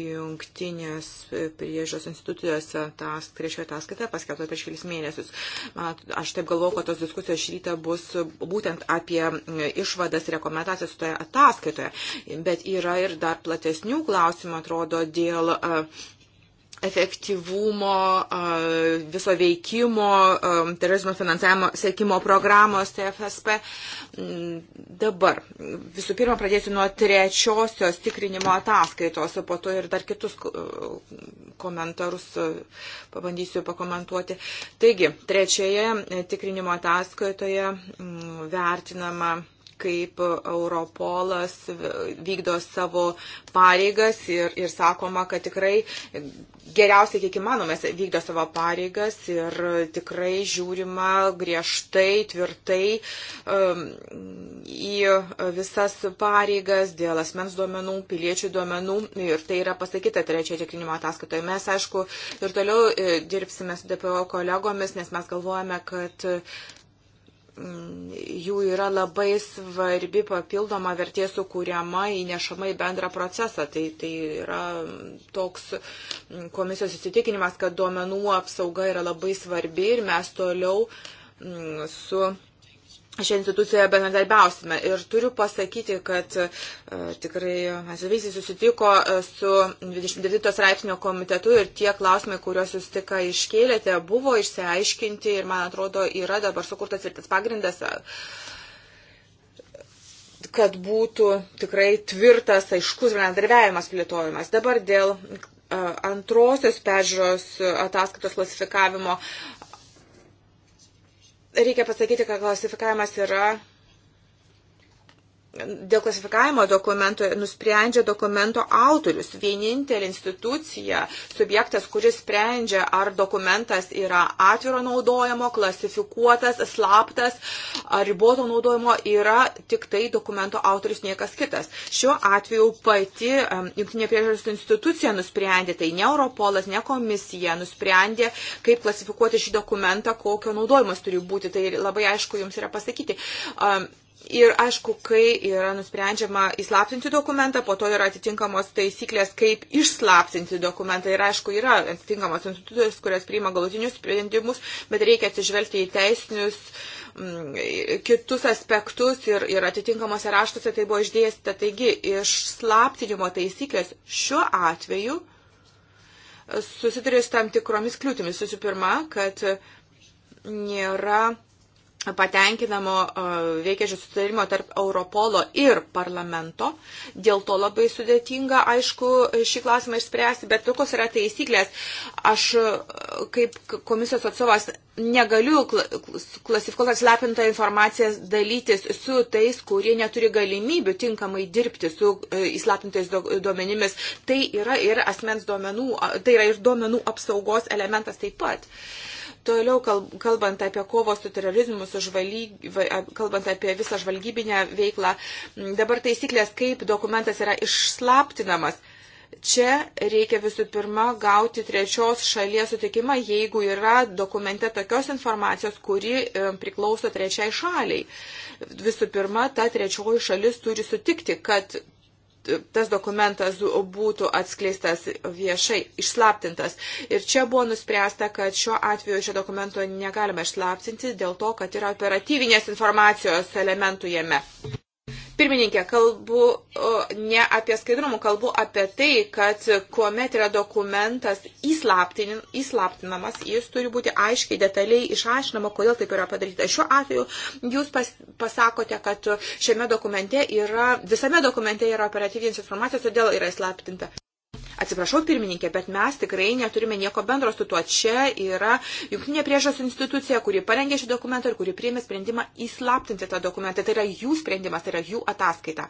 jungtinės priežios institucijos tas, trečioje ataskaita paskelbta prieš kelis mėnesius. Aš taip galvoju, kad tos diskusijos šį rytą bus būtent apie išvadas ir rekomendacijas toje ataskaitoje. Bet yra ir dar platesnių klausimų, atrodo, dėl efektyvumo, viso veikimo, terorizmo finansavimo sėkimo programos TFSP. Mm, dabar visų pirma pradėsiu nuo trečiosios tikrinimo ataskaitos, o po to ir dar kitus komentarus pabandysiu pakomentuoti. Taigi, trečioje tikrinimo ataskaitoje mm, vertinama kaip Europolas vykdo savo pareigas ir, ir sakoma, kad tikrai geriausiai, kiek įmanoma, vykdo savo pareigas ir tikrai žiūrima griežtai, tvirtai um, į visas pareigas dėl asmens duomenų, piliečių duomenų ir tai yra pasakyta trečioje tikrinimo ataskaitoje. Mes, aišku, ir toliau e, dirbsime su DPO kolegomis, nes mes galvojame, kad jų yra labai svarbi papildoma vertė sukūriama, įnešama į bendrą procesą. Tai, tai yra toks mm, komisijos įsitikinimas, kad duomenų apsauga yra labai svarbi ir mes toliau mm, su šią instituciją bendradarbiausime. Ir turiu pasakyti, kad e, tikrai mes visi susitiko e, su 29 straipsnio komitetu ir tie klausimai, kuriuos jūs tik iškėlėte, buvo išsiaiškinti ir, man atrodo, yra dabar sukurtas ir tas pagrindas e, kad būtų tikrai tvirtas, aiškus bendradarbiavimas plėtojimas. Dabar dėl e, antrosios peržiūros ataskaitos klasifikavimo reikia pasakyti, kad klasifikavimas yra dėl klasifikavimo dokumento nusprendžia dokumento autorius. Vienintelė institucija, subjektas, kuris sprendžia, ar dokumentas yra atviro naudojimo, klasifikuotas, slaptas, ar riboto naudojimo, yra tik tai dokumento autorius, niekas kitas. Šiuo atveju pati jungtinė priežiūros institucija nusprendė, tai ne Europolas, ne komisija nusprendė, kaip klasifikuoti šį dokumentą, kokio naudojimas turi būti. Tai labai aišku jums yra pasakyti. Um, Ir aišku, kai yra nusprendžiama įslaptinti dokumentą, po to yra atitinkamos taisyklės, kaip išslaptinti dokumentą. Ir aišku, yra atitinkamos institucijos, kurios priima galutinius sprendimus, bet reikia atsižvelgti į teisinius m, mm, kitus aspektus ir, ir atitinkamose raštuose tai buvo išdėstyta. Taigi, išslaptinimo taisyklės šiuo atveju susiduria su tam tikromis kliūtimis. Visų pirma, kad nėra patenkinamo e, veikiažio sutarimo tarp Europolo ir parlamento. Dėl to labai sudėtinga, aišku, šį klausimą išspręsti, bet tokios yra taisyklės. Aš e, kaip komisijos atstovas negaliu klasifikuoti slepintą informaciją dalytis su tais, kurie neturi galimybių tinkamai dirbti su e, įslapintais duomenimis. Tai yra ir asmens duomenų, tai yra ir duomenų apsaugos elementas taip pat. Uh, Toliau, kalbant apie kovos su terorizmu, su žvalyg, kalbant apie visą žvalgybinę veiklą, dabar taisyklės, kaip dokumentas yra išslaptinamas. Čia reikia visų pirma gauti trečios šalies sutikimą, jeigu yra dokumente tokios informacijos, kuri e, priklauso trečiai šaliai. Visų pirma, ta trečioji šalis turi sutikti, kad tas dokumentas būtų atskleistas viešai, išslaptintas. Ir čia buvo nuspręsta, kad šiuo atveju šio dokumento negalima išslaptinti dėl to, kad yra operatyvinės informacijos elementų jame. Pirmininkė, kalbu ne apie skaidrumą, kalbu apie tai, kad kuomet yra dokumentas įslaptinamas, jis turi būti aiškiai, detaliai išaiškinama, kodėl taip yra padaryta. Šiuo atveju jūs pas, pasakote, kad šiame dokumente yra, visame dokumente yra operatyvinės informacijos, todėl yra įslaptinta. Atsiprašau, pirmininkė, bet mes tikrai neturime nieko bendro su tuo. Čia yra jungtinė priežas institucija, kuri parengė šį dokumentą ir kuri priėmė sprendimą įslaptinti tą dokumentą. Tai yra jų sprendimas, tai yra jų ataskaita.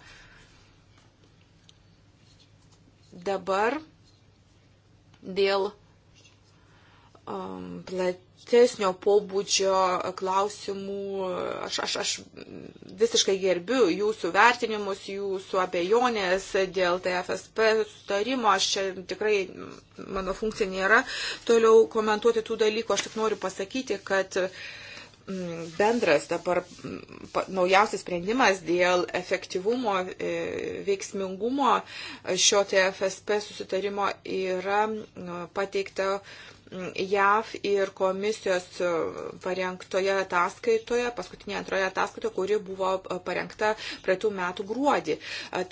Dabar dėl um, platesnės platesnio pobūdžio klausimų. Aš, aš, aš visiškai gerbiu jūsų vertinimus, jūsų abejonės dėl TFSP sutarimo. Aš čia tikrai, mano funkcija nėra toliau komentuoti tų dalykų. Aš tik noriu pasakyti, kad mm, bendras dabar mm, naujausias sprendimas dėl efektyvumo, e, veiksmingumo šio TFSP susitarimo yra mm, pateikta JAV ir komisijos parengtoje ataskaitoje, paskutinėje antroje ataskaitoje, kuri buvo parengta praeitų metų gruodį.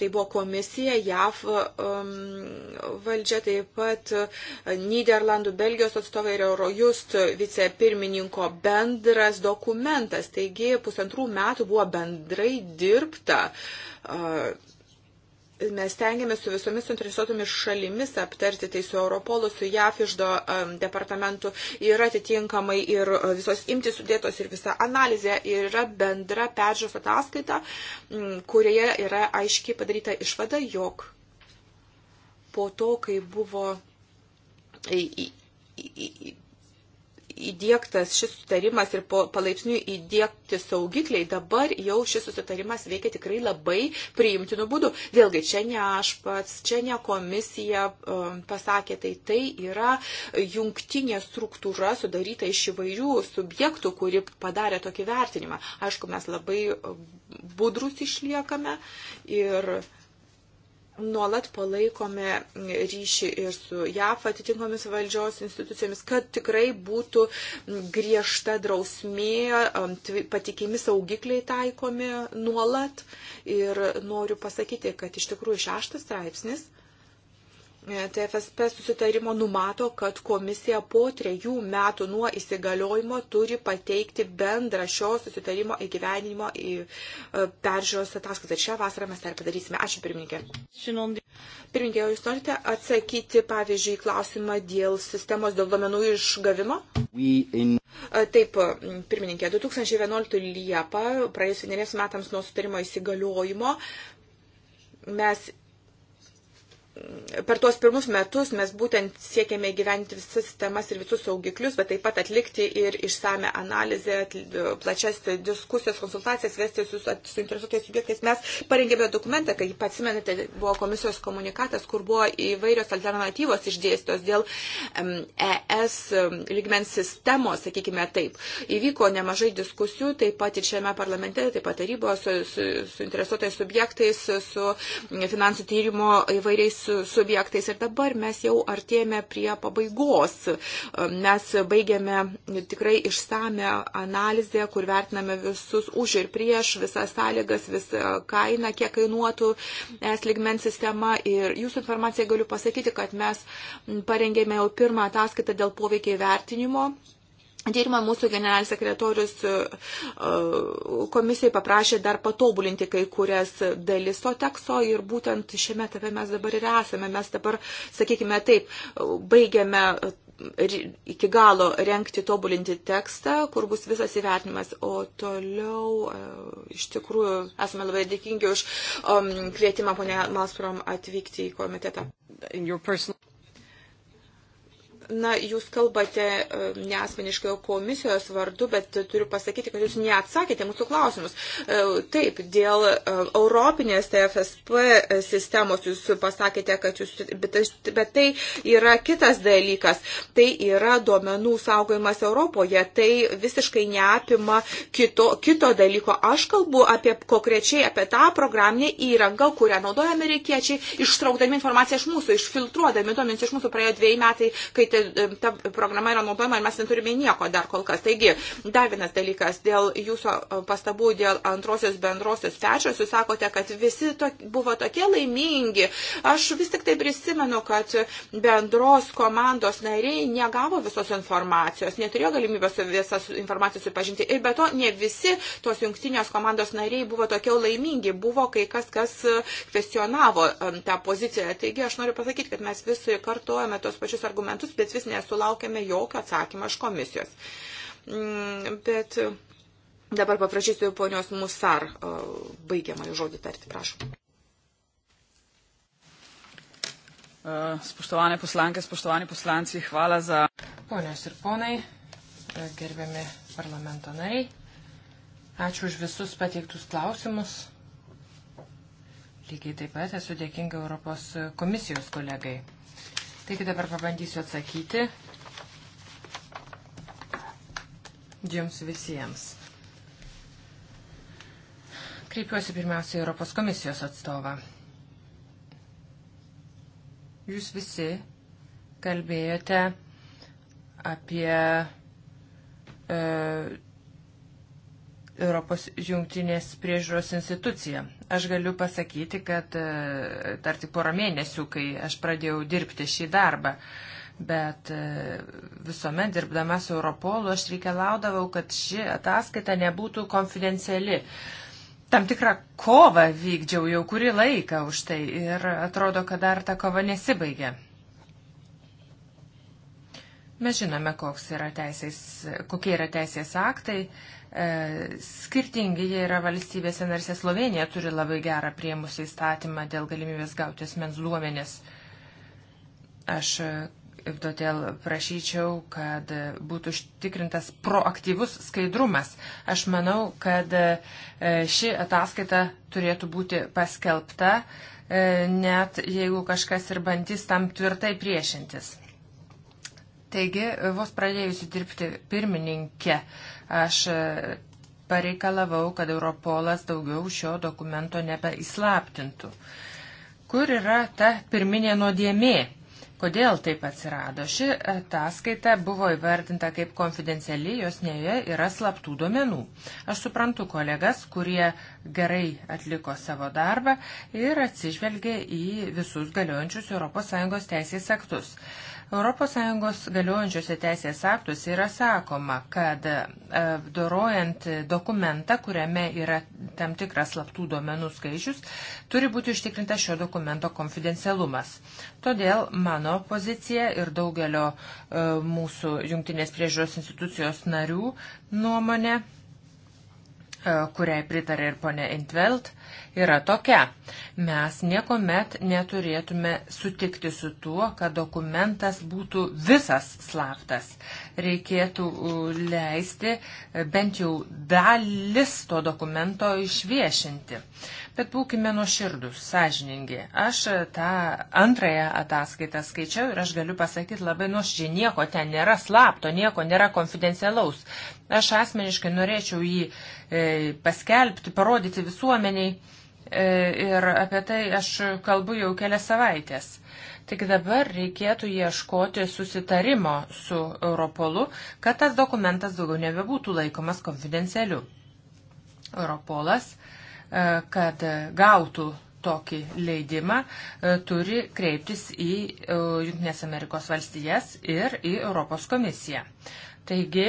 Tai buvo komisija, JAV um, valdžia, taip pat Niderlandų, Belgijos atstovai ir Eurojust vicepirmininko bendras dokumentas. Taigi pusantrų metų buvo bendrai dirbta uh, mes tengiamės su visomis suinteresuotomis šalimis aptarti, tai su Europolu, su JAF išdo departamentu yra atitinkamai ir e, visos imtis sudėtos ir visa analizė yra bendra peržiūros ataskaita, kurioje yra aiškiai padaryta išvada, jog po to, kai buvo įdėktas šis sutarimas ir palaipsniui įdėkti saugikliai, dabar jau šis susitarimas veikia tikrai labai priimtinu būdu. Vėlgi, čia ne aš pats, čia ne komisija um, pasakė, tai tai yra jungtinė struktūra sudaryta iš įvairių subjektų, kuri padarė tokį vertinimą. Aišku, mes labai um, budrus išliekame ir nuolat palaikome ryšį ir su JAF atitinkomis valdžios institucijomis, kad tikrai būtų griežta drausmė, patikimi saugikliai taikomi nuolat. Ir noriu pasakyti, kad iš tikrųjų šeštas straipsnis TFSP susitarimo numato, kad komisija po trejų metų nuo įsigaliojimo turi pateikti bendrą šio susitarimo įgyvenimo e, peržiūros ataskaitą. Ir šią vasarą mes tą ir padarysime. Ačiū, pirmininkė. Pirmininkė, jūs norite atsakyti, pavyzdžiui, klausimą dėl sistemos dėl domenų išgavimo? In... E, taip, pirmininkė, 2011 Liepa, praėjus vieneriems metams nuo sutarimo įsigaliojimo, mes per tuos pirmus metus mes būtent siekėme gyventi visas sistemas ir visus saugiklius, bet taip pat atlikti ir išsame analizę, plačias diskusijas, konsultacijas, vesti su suinteresuotais subjektais. Mes parengėme dokumentą, kai patsimenate, buvo komisijos komunikatas, kur buvo įvairios alternatyvos išdėstos dėl ES e lygmens sistemos, sakykime taip. Įvyko nemažai diskusijų, taip pat ir šiame parlamente, taip pat taryboje su suinteresuotais su subjektais, su finansų tyrimo įvairiais subjektais. Ir dabar mes jau artėjame prie pabaigos. Mes baigėme tikrai išsame analizę, kur vertiname visus už ir prieš, visas sąlygas, visą kainą, kiek kainuotų es ligmens sistema. Ir jūsų informaciją galiu pasakyti, kad mes parengėme jau pirmą ataskaitą dėl poveikiai vertinimo. Tyrimą mūsų generalinis sekretorius e, e, komisijai paprašė dar patobulinti kai kurias dalis to teksto ir būtent šiame etape mes dabar ir esame. Mes dabar, sakykime taip, baigiame iki galo renkti, tobulinti tekstą, kur bus visas įvertinimas. O toliau, e, iš tikrųjų, esame labai dėkingi už um, kvietimą ponę Malsprom atvykti į komitetą. Na, jūs kalbate ne asmeniškai komisijos vardu, bet turiu pasakyti, kad jūs neatsakėte mūsų klausimus. E, taip, dėl e, Europinės TFSP sistemos jūs pasakėte, kad jūs, bet, bet tai yra kitas dalykas. Tai yra duomenų saugojimas Europoje. Tai visiškai neapima kito, kito dalyko. Aš kalbu apie konkrečiai apie tą programinę įrangą, kurią naudoja amerikiečiai, ištraukdami informaciją iš mūsų, išfiltruodami duomenys iš mūsų. Praėjo dviejai metai, kai tai ta programa yra naudojama ir mes neturime nieko dar kol kas. Taigi, dar vienas dalykas dėl jūsų e, pastabų dėl antrosios bendrosios pečios. Jūs sakote, kad visi to, buvo tokie laimingi. Aš vis tik tai prisimenu, kad bendros komandos nariai negavo visos informacijos, neturėjo galimybės su visas informacijos supažinti. Ir be to, ne visi tos jungtinės komandos nariai buvo tokie laimingi. Buvo kai kas, kas kvestionavo e, tą poziciją. Taigi, aš noriu pasakyti, kad mes visi kartuojame tos pačius argumentus bet vis nesulaukėme jokio atsakymą iš komisijos. Mm, bet e, dabar paprašysiu ponios Musar e, baigiamąjį žodį tarti, prašom. E, spoštovane poslanke, spoštovani poslanci, hvala za. Ponios ir ponai, gerbiami parlamento nariai, ačiū už visus pateiktus klausimus. Lygiai taip pat esu dėkinga Europos komisijos kolegai. Taigi dabar pabandysiu atsakyti jums visiems. Kreipiuosi pirmiausia Europos komisijos atstovą. Jūs visi kalbėjote apie e, Europos jungtinės priežiūros institucija. Aš galiu pasakyti, kad e, dar tik porą mėnesių, kai aš pradėjau dirbti šį darbą, bet e, visuomet dirbdama su Europolu aš reikalaudavau, kad ši ataskaita nebūtų konfidenciali. Tam tikrą kovą vykdžiau jau kurį laiką už tai ir atrodo, kad dar ta kova nesibaigė. Mes žinome, yra teisės, kokie yra teisės aktai, E, skirtingi jie yra valstybėse narsė Slovenija turi labai gerą priemusią įstatymą dėl galimybės gauti asmens duomenis. Aš e, todėl prašyčiau, kad būtų užtikrintas proaktyvus skaidrumas. Aš manau, kad e, ši ataskaita turėtų būti paskelbta, net jeigu kažkas ir bandys tam tvirtai priešintis. Taigi, vos pradėjusi dirbti pirmininkė, aš e, pareikalavau, kad Europolas daugiau šio dokumento nebeislaptintų. Kur yra ta pirminė nuodėmė? Kodėl taip atsirado? Ši ataskaita buvo įvardinta kaip konfidenciali, jos neje yra slaptų duomenų. Aš suprantu kolegas, kurie gerai atliko savo darbą ir atsižvelgė į visus galiojančius ES teisės aktus. ES galiojančiuose teisės aktuose yra sakoma, kad e, dorojant dokumentą, kuriame yra tam tikras slaptų duomenų skaičius, turi būti užtikrinta šio dokumento konfidencialumas. Todėl mano pozicija ir daugelio e, mūsų jungtinės priežiūros institucijos narių nuomonė, e, kuriai pritarė ir ponė Intveld, yra tokia. Mes niekuomet neturėtume sutikti su tuo, kad dokumentas būtų visas slaptas reikėtų leisti e, bent jau dalis to dokumento išviešinti. Bet būkime nuoširdus, sąžiningi. Aš e, tą antrąją ataskaitą skaičiau ir aš galiu pasakyti labai nuoširdžiai, nieko ten nėra slapto, nieko nėra konfidencialaus. Aš asmeniškai norėčiau jį e, paskelbti, parodyti visuomeniai e, ir apie tai aš kalbu jau kelias savaitės. Tik dabar reikėtų ieškoti susitarimo su Europolu, kad tas dokumentas daugiau nebebūtų laikomas konfidencialiu. Europolas, e, kad gautų tokį leidimą, e, turi kreiptis į e, Junktinės Amerikos valstijas ir į Europos komisiją. Taigi,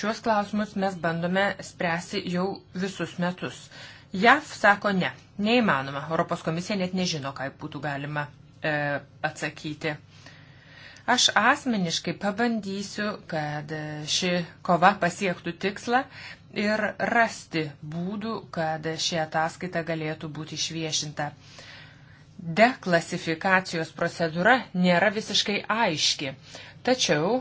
šiuos klausimus mes bandome spręsti jau visus metus. JAV sako ne, neįmanoma. Europos komisija net nežino, kaip būtų galima e, atsakyti. Aš asmeniškai pabandysiu, kad e, ši kova pasiektų tikslą ir rasti būdų, kad ši ataskaita galėtų būti išviešinta. Deklasifikacijos procedūra nėra visiškai aiški, tačiau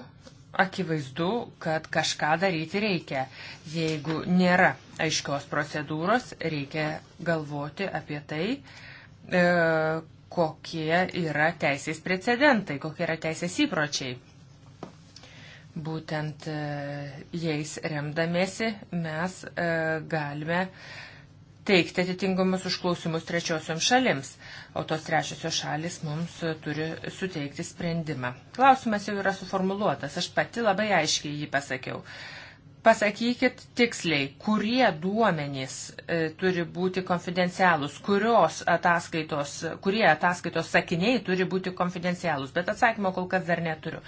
akivaizdu, kad kažką daryti reikia. Jeigu nėra aiškios procedūros, reikia galvoti apie tai, e, kokie yra teisės precedentai, kokie yra teisės įpročiai. Būtent e, jais remdamėsi mes e, galime e, teikti atitinkamus užklausimus trečiosioms šalims, o tos trečiosios šalis mums turi suteikti sprendimą. Klausimas jau yra suformuluotas, aš pati labai aiškiai jį pasakiau. Pasakykit tiksliai, kurie duomenys e, turi būti konfidencialūs, kurios ataskaitos, kurie ataskaitos sakiniai turi būti konfidencialūs, bet atsakymo kol kas dar neturiu.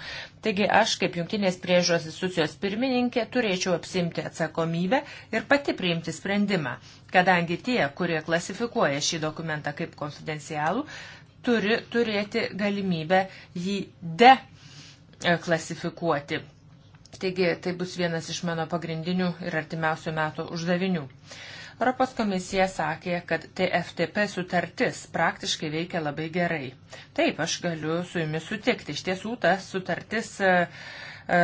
Taigi aš, kaip jungtinės priežos institucijos pirmininkė, turėčiau apsimti atsakomybę ir pati priimti sprendimą, kadangi tie, kurie klasifikuoja šį dokumentą kaip konfidencialų, turi turėti galimybę jį deklasifikuoti e, Taigi tai bus vienas iš mano pagrindinių ir artimiausių metų uždavinių. Europos komisija sakė, kad TFTP sutartis praktiškai veikia labai gerai. Taip, aš galiu su jumis sutikti. Iš tiesų, ta sutartis e, e,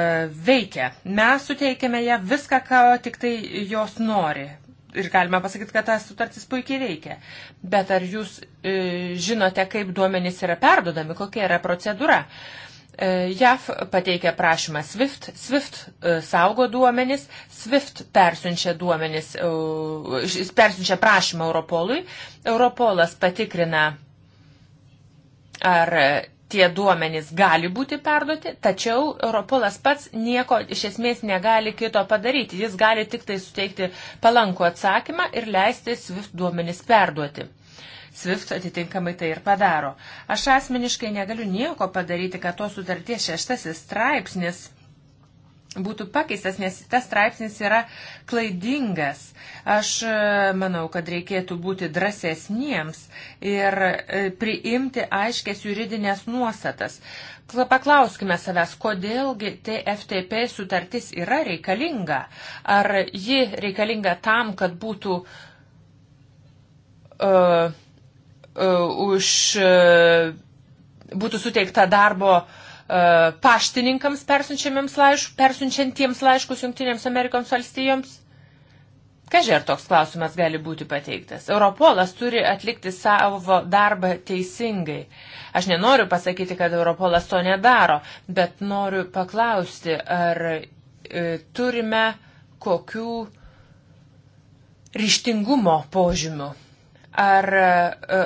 veikia. Mes suteikėme ją viską, ką tik tai jos nori ir galime pasakyti, kad tas sutartis puikiai veikia. Bet ar jūs e, žinote, kaip duomenys yra perdodami, kokia yra procedūra? E, JAF pateikia prašymą SWIFT, SWIFT e, saugo duomenis, SWIFT persiunčia, duomenis, e, persiunčia prašymą Europolui, Europolas patikrina, ar tie duomenys gali būti perduoti, tačiau Europolas pats nieko iš esmės negali kito padaryti, jis gali tik tai suteikti palankų atsakymą ir leisti SWIFT duomenis perduoti. SWIFT atitinkamai tai ir padaro. Aš asmeniškai negaliu nieko padaryti, kad tos sutarties šeštasis straipsnis būtų pakeistas, nes tas straipsnis yra klaidingas. Aš e, manau, kad reikėtų būti drąsesniems ir e, priimti aiškės juridinės nuostatas. Paklauskime savęs, kodėlgi TFTP sutartis yra reikalinga. Ar ji reikalinga tam, kad būtų uh, E, už e, būtų suteikta darbo e, paštininkams laišk, persiunčiantiems laiškus Junktinėms Amerikoms valstijoms? Kažiai ar toks klausimas gali būti pateiktas? Europolas turi atlikti savo darbą teisingai. Aš nenoriu pasakyti, kad Europolas to nedaro, bet noriu paklausti, ar e, turime kokių ryštingumo požymių ar e,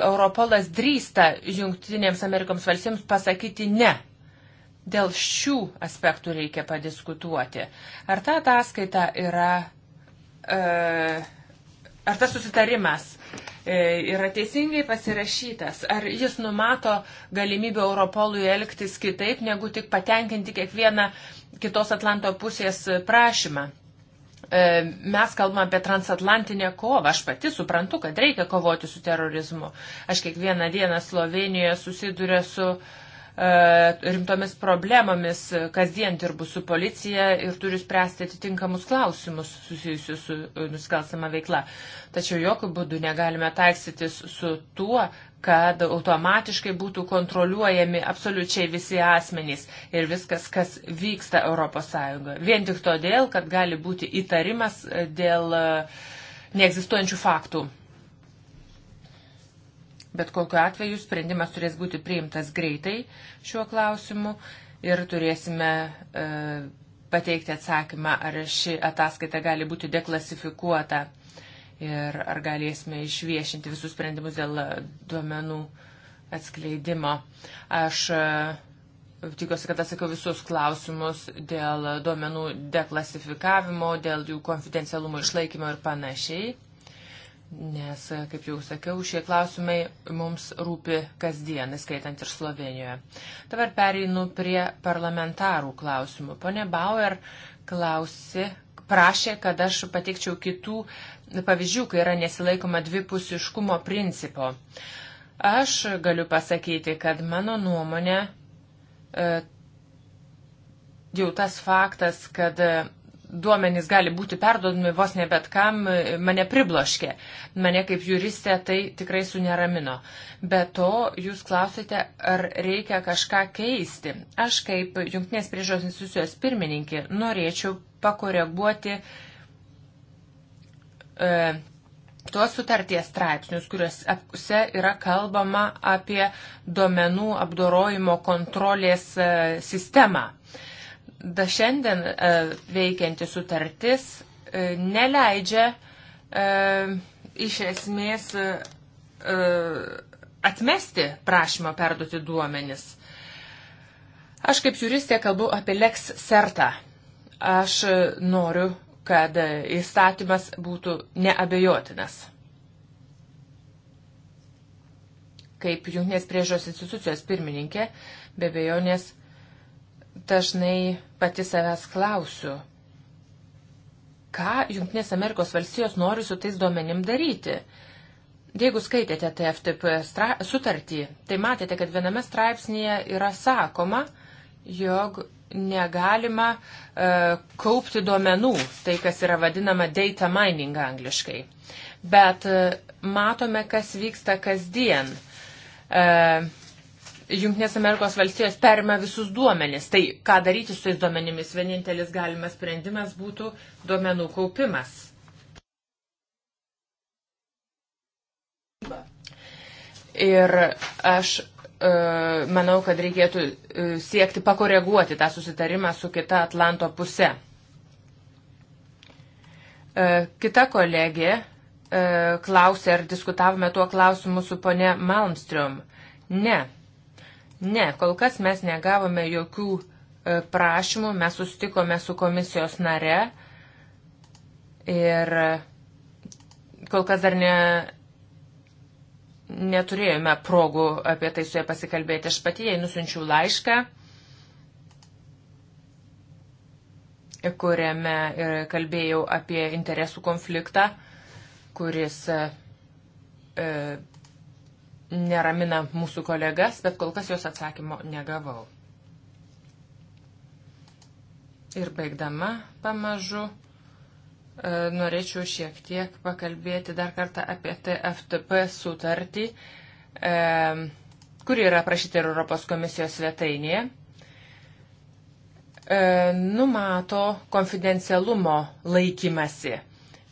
Europolas drįsta Junktinėms Amerikoms valstybėms pasakyti ne. Dėl šių aspektų reikia padiskutuoti. Ar ta ataskaita yra, e, ar tas susitarimas e, yra teisingai pasirašytas, ar jis numato galimybę Europolui elgtis kitaip, negu tik patenkinti kiekvieną kitos Atlanto pusės prašymą. E, mes kalbame apie transatlantinę kovą. Aš pati suprantu, kad reikia kovoti su terorizmu. Aš kiekvieną dieną Slovenijoje susiduriu su uh, E, rimtomis problemomis kasdien dirbu su policija ir turiu spręsti atitinkamus klausimus susijusius su e, nusikalstama veikla. Tačiau jokių būdų negalime taiksytis su tuo, kad automatiškai būtų kontroliuojami absoliučiai visi asmenys ir viskas, kas vyksta ES. Vien tik todėl, kad gali būti įtarimas dėl e, neegzistuojančių faktų. Bet kokiu atveju sprendimas turės būti priimtas greitai šiuo klausimu ir turėsime e, pateikti atsakymą, ar ši ataskaita gali būti deklasifikuota ir ar galėsime išviešinti visus sprendimus dėl duomenų atskleidimo. Aš e, tikiuosi, kad atsakiau visus klausimus dėl duomenų deklasifikavimo, dėl jų konfidencialumo išlaikymo ir panašiai nes, e, kaip jau sakiau, šie klausimai mums rūpi kasdien, skaitant ir Slovenijoje. Dabar pereinu prie parlamentarų klausimų. Pone Bauer klausi, prašė, kad aš pateikčiau kitų pavyzdžių, kai yra nesilaikoma dvipusiškumo principo. Aš galiu pasakyti, kad mano nuomonė, e, jau tas faktas, kad duomenys gali būti perdodami vos ne bet kam, mane pribloškė. Mane kaip juristė tai tikrai suneramino. Be to, jūs klausite, ar reikia kažką keisti. Aš kaip Junktinės priežos institucijos pirmininkė norėčiau pakoreguoti e, tuos sutarties straipsnius, kuriuose yra kalbama apie duomenų apdorojimo kontrolės e, sistemą da šiandien e, veikianti sutartis e, neleidžia e, iš esmės atmesti prašymą perduoti duomenis. Aš kaip juristė kalbu apie lex sertą. Aš noriu, kad įstatymas būtų neabejotinas. Kaip jungtinės priežos institucijos pirmininkė, be bejonės, dažnai pati savęs klausiu, ką Junktinės Amerikos valstijos nori su tais duomenim daryti. Jeigu skaitėte TFTP sutartį, tai matėte, kad viename straipsnėje yra sakoma, jog negalima e, kaupti duomenų, tai kas yra vadinama data mining angliškai. Bet e, matome, kas vyksta kasdien. E, Junktinės Amerikos valstijos perima visus duomenis. Tai ką daryti su tais duomenimis? Vienintelis galimas sprendimas būtų duomenų kaupimas. Ir aš e, manau, kad reikėtų e, siekti pakoreguoti tą susitarimą su kita Atlanto puse. E, kita kolegė klausė, ar diskutavome tuo klausimu su ponė Malmström. Ne. Ne, kol kas mes negavome jokių e, prašymų, mes sustikome su komisijos nare ir e, kol kas dar ne, neturėjome progų apie tai su ja pasikalbėti. Aš pati jai nusinčiau laišką, kuriame e, kalbėjau apie interesų konfliktą, kuris e, neramina mūsų kolegas, bet kol kas jos atsakymo negavau. Ir baigdama pamažu, e, norėčiau šiek tiek pakalbėti dar kartą apie TFTP sutartį, e, kuri yra aprašyta ir Europos komisijos svetainėje. E, numato konfidencialumo laikymasi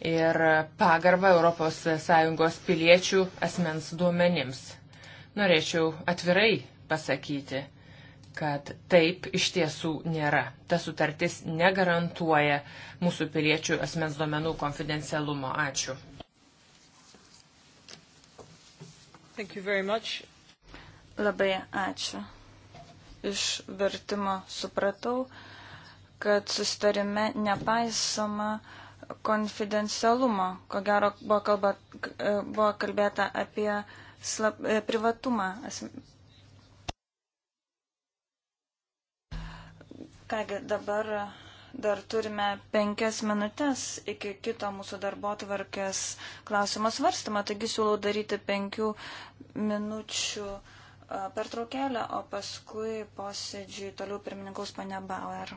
ir pagarbą ES piliečių asmens duomenims. Norėčiau atvirai pasakyti, kad taip iš tiesų nėra. Ta sutartis negarantuoja mūsų piliečių asmens duomenų konfidencialumo. Ačiū. Labai ačiū. Iš vertimo supratau, kad sustarime nepaisoma uh, konfidencialumo. Ko gero buvo, kalba, e, buvo kalbėta apie slap, e, privatumą. Kągi dabar dar turime penkias minutės iki kito mūsų darbo tvarkės klausimo svarstymą, taigi siūlau daryti penkių minučių e, pertraukėlę, o paskui posėdžiui toliau pirmininkaus pane Bauer.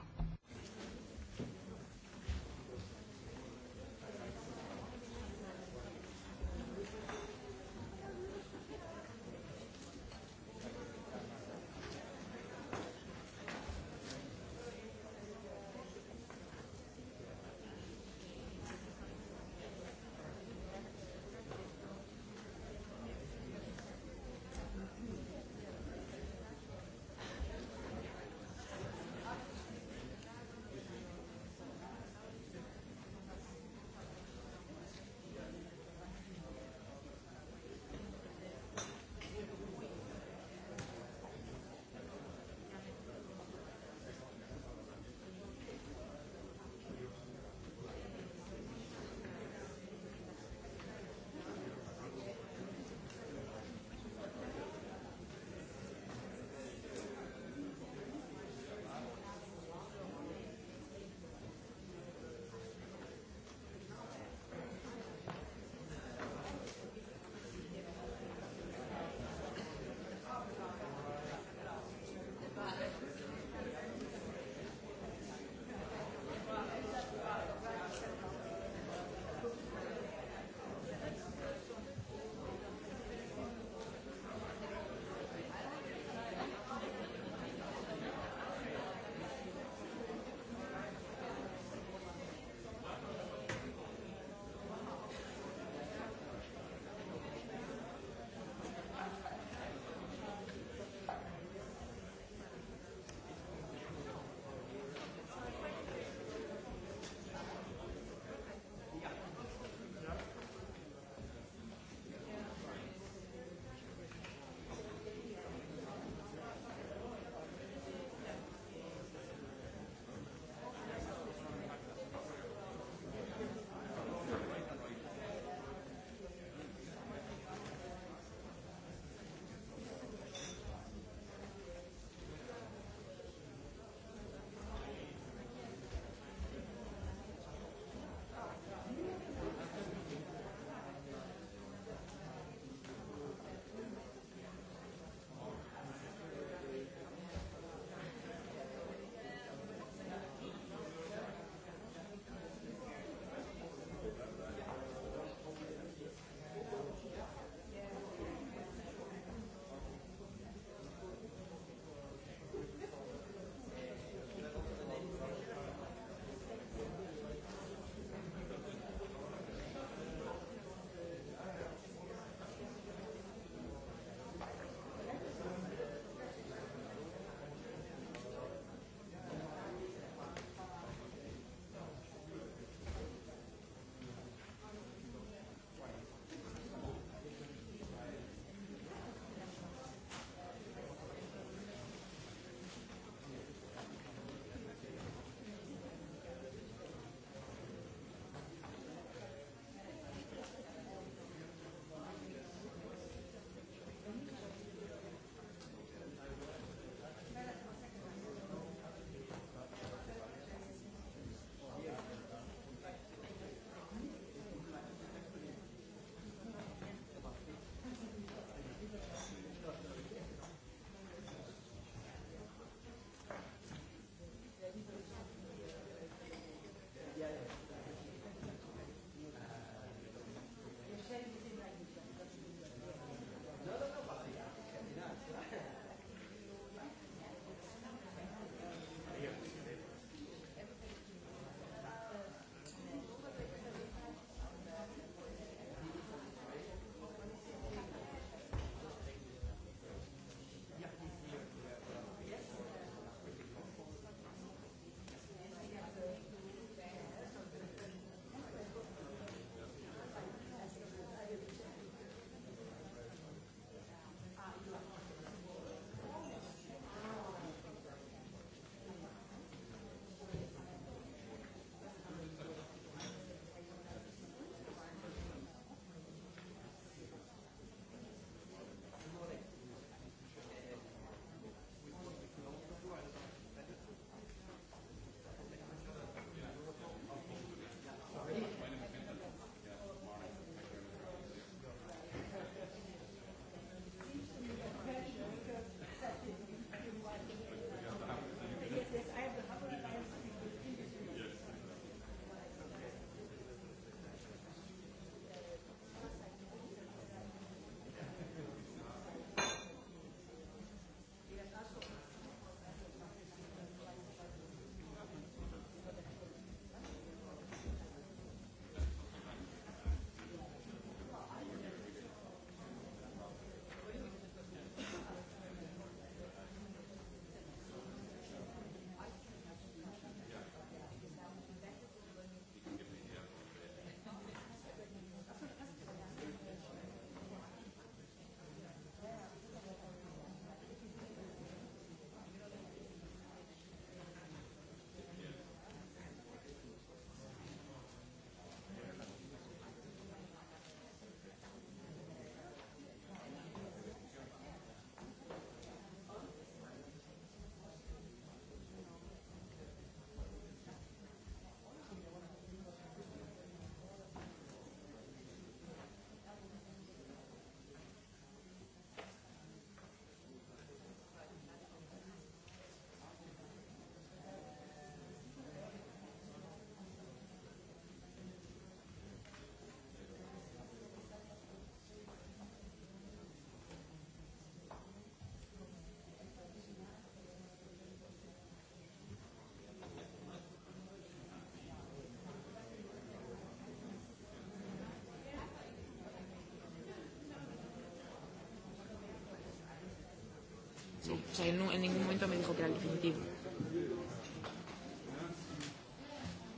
Sí. O sea, él no, nu- en ningún momento me dijo que era el definitivo.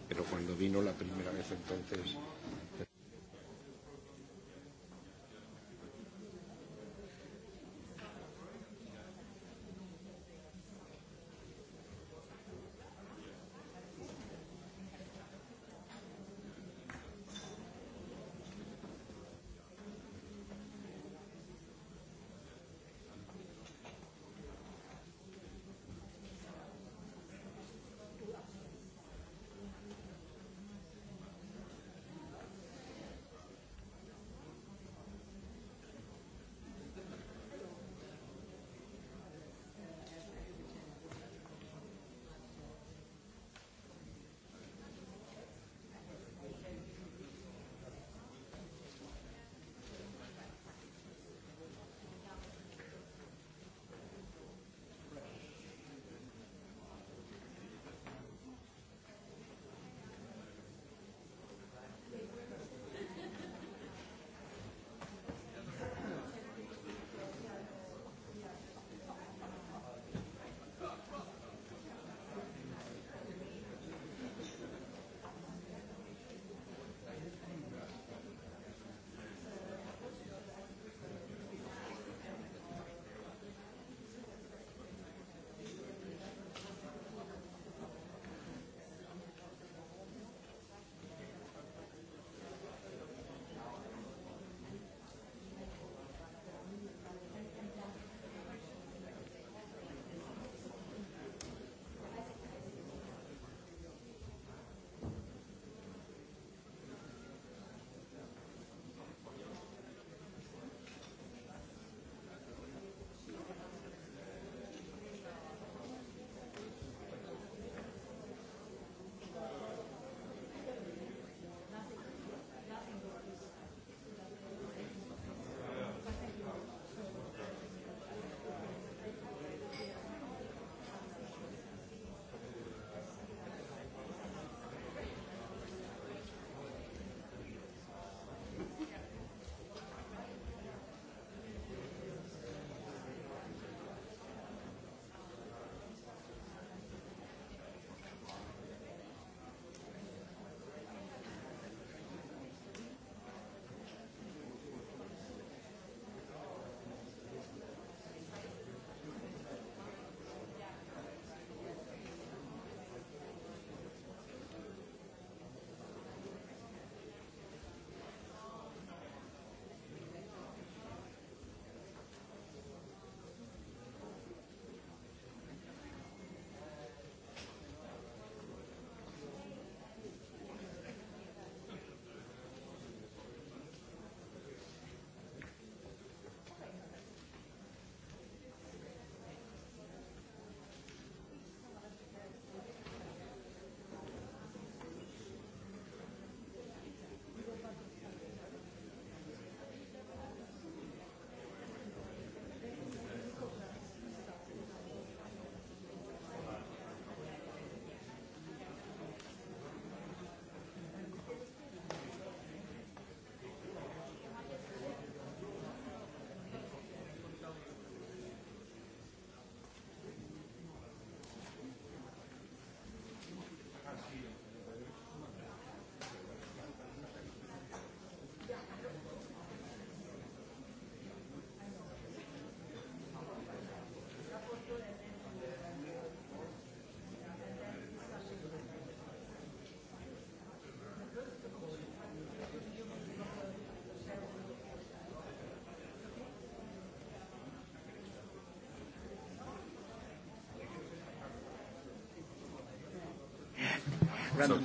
Pero cuando vino la primera vez entonces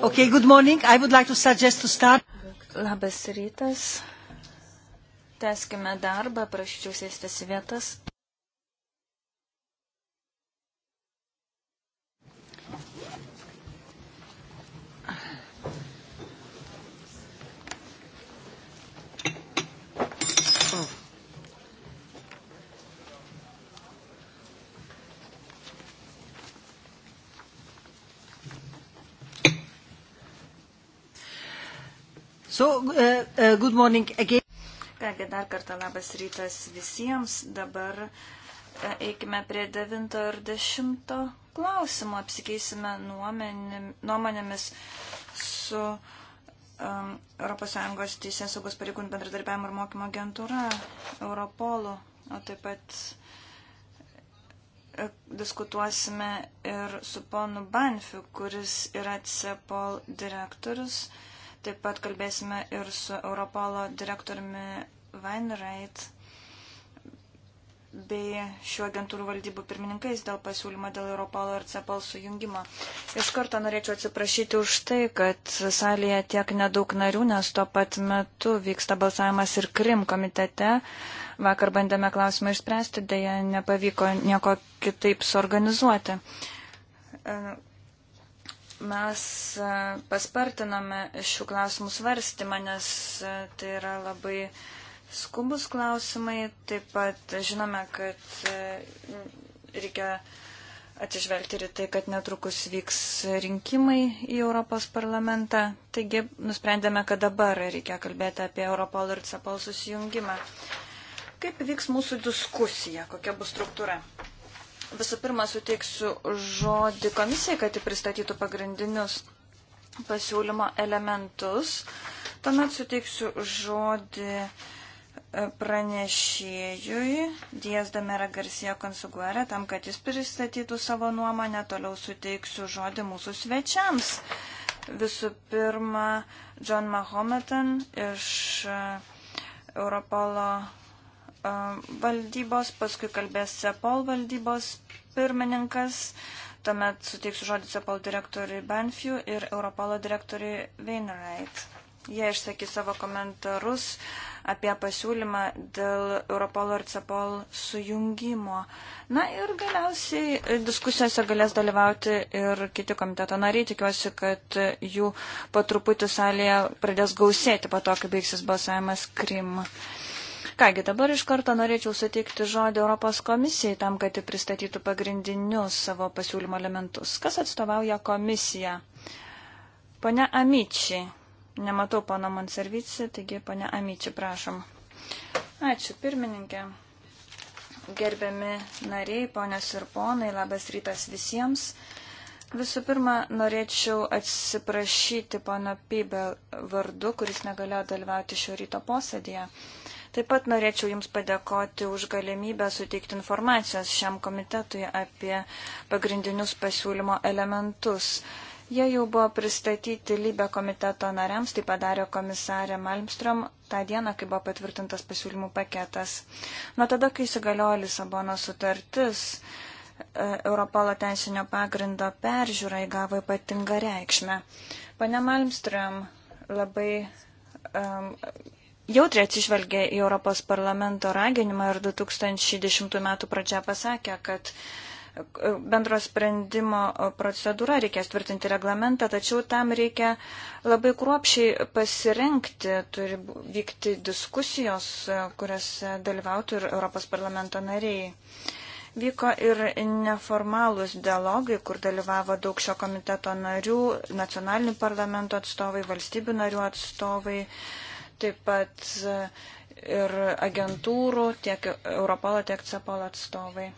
Okay, good morning. I would like to suggest to start. Labas rytas. Teskime darbą, prašyčiau sėstis vietas. So, uh, uh, good morning again. Kągi, dar kartą labas rytas visiems. Dabar e, eikime prie devinto ir dešimto klausimo. Apsikeisime nuomonėmis su um, ES Teisės saugos pareigūnų bendradarbiavimo ir mokymo agentūra Europolu, o taip pat e, diskutuosime ir su ponu Banfiu, kuris yra CEPOL direktorius. Uh, Taip pat kalbėsime ir su Europolo direktoriumi Weinreit bei šių agentūrų valdybų pirmininkais dėl pasiūlymo dėl Europolo ir CEPOL sujungimo. Iš karto norėčiau atsiprašyti už tai, kad salėje tiek nedaug narių, nes tuo pat metu vyksta balsavimas ir Krim komitete. Vakar bandėme klausimą išspręsti, dėja nepavyko nieko kitaip suorganizuoti mes e, paspartiname šių klausimų svarstymą, nes e, tai yra labai skubus klausimai. Taip pat žinome, kad e, reikia atsižvelgti ir tai, kad netrukus vyks rinkimai į Europos parlamentą. Taigi nusprendėme, kad dabar reikia kalbėti apie Europol ir CEPOL susijungimą. Kaip vyks mūsų diskusija, kokia bus struktūra? Visų pirma, suteiksiu žodį komisijai, kad ji pristatytų pagrindinius pasiūlymo elementus. Tuomet suteiksiu žodį e, pranešėjui Dijas Damera Garcia Konsuguerė, tam, kad jis pristatytų savo nuomonę, toliau suteiksiu žodį mūsų svečiams. Visų pirma, John Mahometan iš e, Europolo valdybos, paskui kalbės CEPOL valdybos pirmininkas, tuomet suteiksiu žodį CEPOL direktoriui Banfiu ir Europolo direktoriui Wainwright. Jie išsakys savo komentarus apie pasiūlymą dėl Europolo ir CEPOL sujungimo. Na ir galiausiai diskusijose galės dalyvauti ir kiti komiteto nariai. Tikiuosi, kad jų po truputį salėje pradės gausėti po to, kai baigsis balsavimas Krim. Kągi, dabar iš karto norėčiau suteikti žodį Europos komisijai tam, kad ji pristatytų pagrindinius savo pasiūlymo elementus. Kas atstovauja komisiją? Pane Amyčiai. Nematau pana Monservici, taigi pane Amyčiai, prašom. Ačiū, pirmininkė. Gerbiami nariai, ponios ir ponai, labas rytas visiems. Visų pirma, norėčiau atsiprašyti pono Pybę vardu, kuris negalėjo dalyvauti šio ryto posėdėje. Taip pat norėčiau Jums padėkoti už galimybę suteikti informacijos šiam komitetui apie pagrindinius pasiūlymo elementus. Jie jau buvo pristatyti lybę komiteto nariams, tai padarė komisarė Malmström tą dieną, kai buvo patvirtintas pasiūlymų paketas. Nuo tada, kai įsigaliojo Lisabono sutartis, e, Europolo teisinio pagrindo peržiūra įgavo ypatingą reikšmę. Pane Malmström labai um, jautriai atsižvelgė į Europos parlamento raginimą ir 2010 m. pradžia pasakė, kad e, bendro sprendimo procedūra reikės tvirtinti reglamentą, tačiau tam reikia labai kruopšiai pasirenkti, turi vykti diskusijos, e, kuriuose dalyvautų ir Europos parlamento nariai. Vyko ir neformalūs dialogai, kur dalyvavo daug šio komiteto narių, nacionalinių parlamento atstovai, valstybių narių atstovai taip pat e, ir agentūrų, tiek Europolo, tiek CEPOL atstovai. E,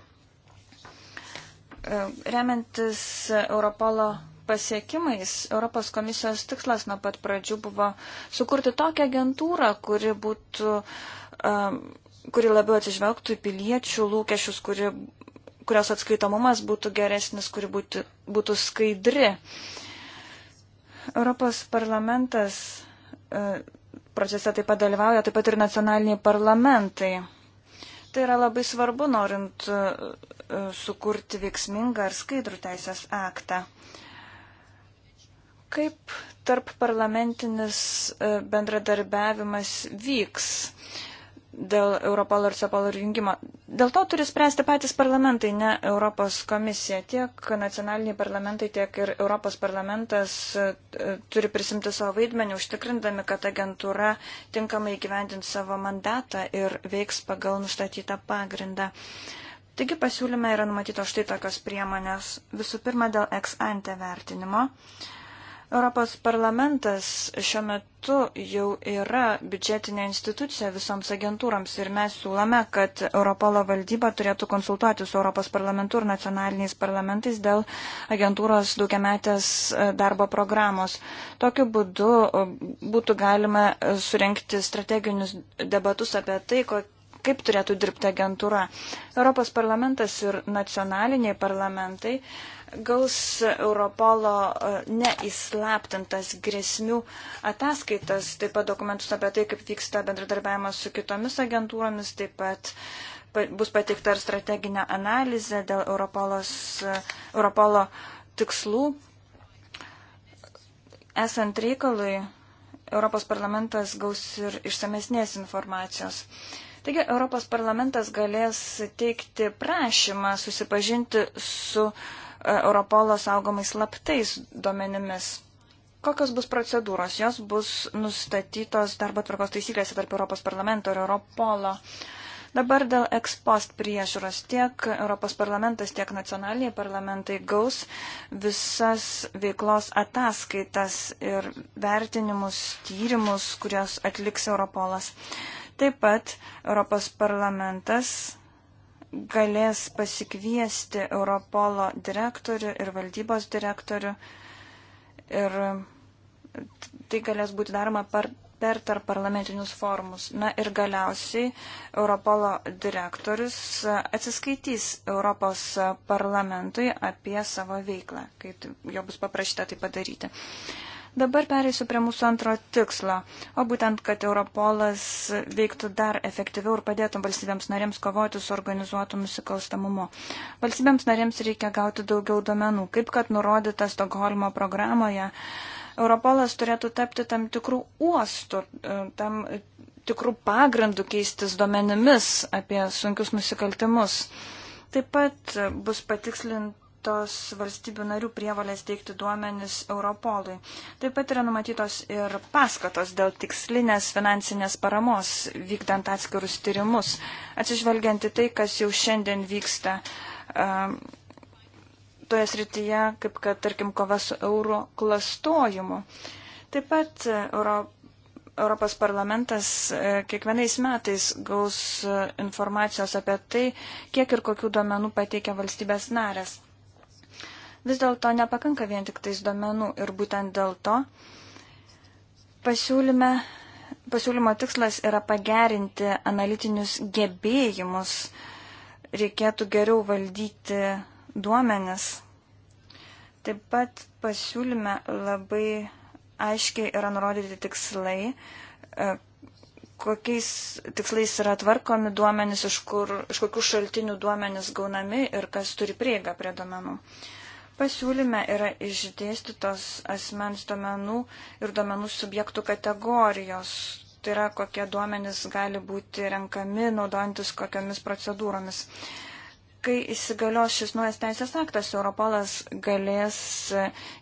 remiantis Europolo pasiekimais, Europos komisijos tikslas nuo pat pradžių buvo sukurti tokią agentūrą, kuri būtų, um, kuri labiau atsižvelgtų į piliečių lūkesčius, kuri, kurios atskaitomumas būtų geresnis, kuri būtų, būtų skaidri. Europos parlamentas uh, procese taip pat dalyvauja taip pat ir nacionaliniai parlamentai. Tai yra labai svarbu, norint e, e, sukurti veiksmingą ar skaidrų teisės aktą. Kaip tarp parlamentinis e, bendradarbiavimas vyks? dėl Europol ir Cepol jungimo. Dėl to turi spręsti patys parlamentai, ne Europos komisija. Tiek nacionaliniai parlamentai, tiek ir Europos parlamentas e, turi prisimti savo vaidmenį, užtikrindami, kad agentūra tinkamai gyvendint savo mandatą ir veiks pagal nustatytą pagrindą. Taigi pasiūlyme yra numatytos štai tokios priemonės. Visų pirma, dėl ex ante vertinimo. Uh, Europos parlamentas šiuo metu jau yra biudžetinė institucija visoms agentūrams ir mes siūlome, kad Europolo valdyba turėtų konsultuoti su Europos parlamentu ir nacionaliniais parlamentais dėl agentūros daugiametės e, darbo programos. Tokiu būdu e, būtų galima surenkti strateginius debatus apie tai, kokie kaip turėtų dirbti agentūra. Europos parlamentas ir nacionaliniai parlamentai gaus Europolo e, neįslaptintas grėsmių ataskaitas, taip pat dokumentus apie tai, kaip vyksta bendradarbiavimas su kitomis agentūromis, taip pat bus patikta ir strateginė analizė dėl Europolos, e, Europolo tikslų. Esant reikalui, Europos parlamentas gaus ir išsamesnės informacijos. Taigi Europos parlamentas galės teikti prašymą susipažinti su uh, E, Europolo saugomais slaptais duomenimis. Kokios bus procedūros? Jos bus nustatytos darbo tvarkos taisyklėse tarp Europos parlamento ir Europolo. Dabar dėl ekspost priežiūros tiek Europos parlamentas, tiek nacionaliniai parlamentai gaus visas veiklos ataskaitas ir vertinimus, tyrimus, kurios atliks Europolas. Taip pat Europos parlamentas galės pasikviesti Europolo direktorių ir valdybos direktorių. Ir tai galės būti daroma per, per tarp parlamentinius formus. Na ir galiausiai Europolo direktorius atsiskaitys Europos parlamentui apie savo veiklą, kai jo bus paprašyta tai padaryti. Uh, Dabar pereisiu prie mūsų antro tikslo, o būtent, kad Europolas veiktų dar efektyviau ir padėtų valstybėms narėms kovoti su organizuotu nusikalstamumu. Valstybėms narėms reikia gauti daugiau duomenų, kaip kad nurodyta Stokholmo programoje. Europolas turėtų tapti tam tikrų uostų, e, tam tikrų pagrindų keistis duomenimis apie sunkius nusikaltimus. Taip pat bus patikslint numatytos valstybių narių prievalės teikti duomenis Europolui. Taip pat yra numatytos ir paskatos dėl tikslinės finansinės paramos vykdant atskirus tyrimus, atsižvelgiant į tai, kas jau šiandien vyksta um, toje srityje, kaip kad, tarkim, kova su euro klastojimu. Taip pat uh, Europos. Europos parlamentas uh, kiekvienais metais gaus uh, informacijos apie tai, kiek ir kokių duomenų pateikia valstybės narės. Vis dėlto nepakanka vien tik tais duomenų ir būtent dėl to pasiūlyme, pasiūlymo tikslas yra pagerinti analitinius gebėjimus, reikėtų geriau valdyti duomenis. Taip pat pasiūlyme labai aiškiai yra nurodyti tikslai, e, kokiais tikslais yra tvarkomi duomenys, iš, kur, iš kokių šaltinių duomenys gaunami ir kas turi prieigą prie duomenų. Uh, Pasiūlyme yra išdėstytos asmens duomenų ir duomenų subjektų kategorijos. Tai yra, kokie duomenys gali būti renkami, naudojantis kokiamis procedūromis. Kai įsigalios šis naujas teisės aktas, Europolas galės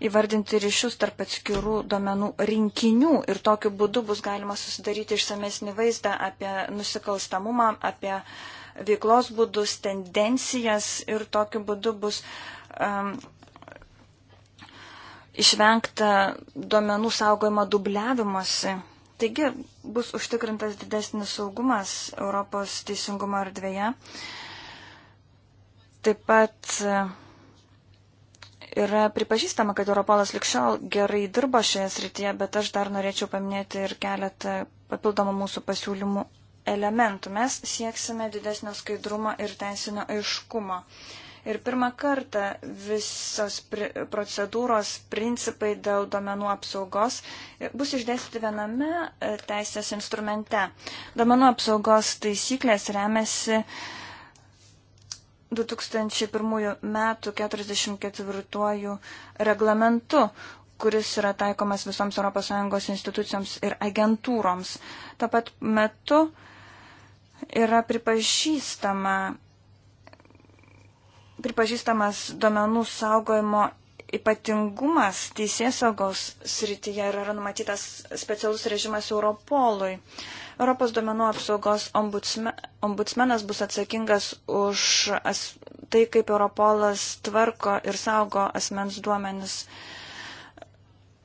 įvardinti ryšius tarp atskirų duomenų rinkinių ir tokiu būdu bus galima susidaryti išsamesnį vaizdą apie nusikalstamumą, apie veiklos būdus, tendencijas ir tokiu būdu bus um, išvengta duomenų saugojimo dubliavimuose. Taigi bus užtikrintas didesnis saugumas Europos teisingumo erdvėje. Taip pat e, yra pripažįstama, kad Europolas likščiau gerai dirbo šioje srityje, bet aš dar norėčiau paminėti ir keletą papildomų mūsų pasiūlymų elementų. Mes sieksime didesnio skaidrumo ir teisinio aiškumo. Uh, Ir pirmą kartą visos pri procedūros principai dėl domenų apsaugos bus išdėstyti viename e, teisės instrumente. Domenų apsaugos taisyklės remiasi 2001 metų 44 reglamentu, kuris yra taikomas visoms ES institucijoms ir agentūroms. Tuo pat metu yra pripažįstama pripažįstamas duomenų saugojimo ypatingumas teisėsaugos srityje ir yra numatytas specialus režimas Europolui. Europos duomenų apsaugos ombudsme, ombudsmenas bus atsakingas už as, tai, kaip Europolas tvarko ir saugo asmens duomenis.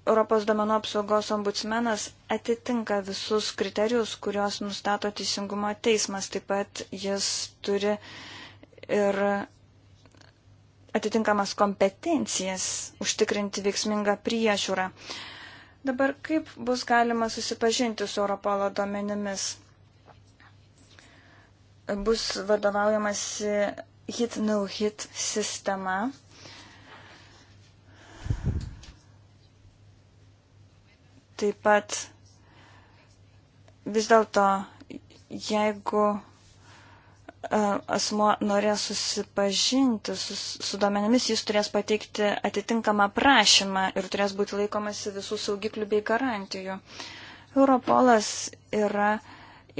Europos duomenų apsaugos ombudsmenas atitinka visus kriterijus, kuriuos nustato teisingumo teismas. Taip pat jis turi ir atitinkamas kompetencijas užtikrinti veiksmingą priežiūrą. Dabar kaip bus galima susipažinti su Europolo duomenimis? Bus vadovaujamasi hit-no-hit -no -hit sistema. Taip pat vis dėlto, jeigu E, asmo norės susipažinti su, su duomenimis, jis turės pateikti atitinkamą prašymą ir turės būti laikomasi visų saugiklių bei garantijų. Europolas yra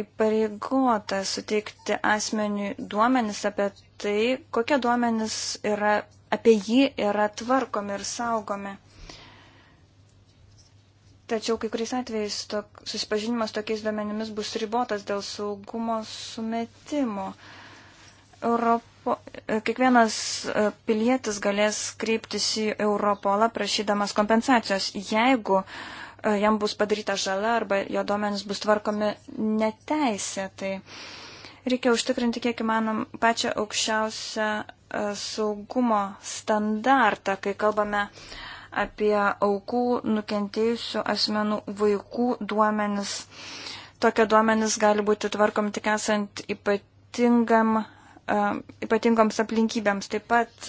įpareigota suteikti asmeniui duomenis apie tai, kokie duomenis yra, apie jį yra tvarkomi ir saugomi. Tačiau kai kuriais atvejais tok, susipažinimas tokiais duomenimis bus ribotas dėl saugumo sumetimo. Europo, kiekvienas e, pilietis galės kreiptis į Europolą prašydamas kompensacijos, jeigu e, jam bus padaryta žala arba jo duomenys bus tvarkomi neteisėtai. Reikia užtikrinti kiek įmanom pačią aukščiausią e, saugumo standartą, kai kalbame uh, apie aukų nukentėjusių asmenų vaikų duomenis. Tokie duomenis gali būti tvarkom tik esant ypatingam, ypatingoms aplinkybėms. Taip pat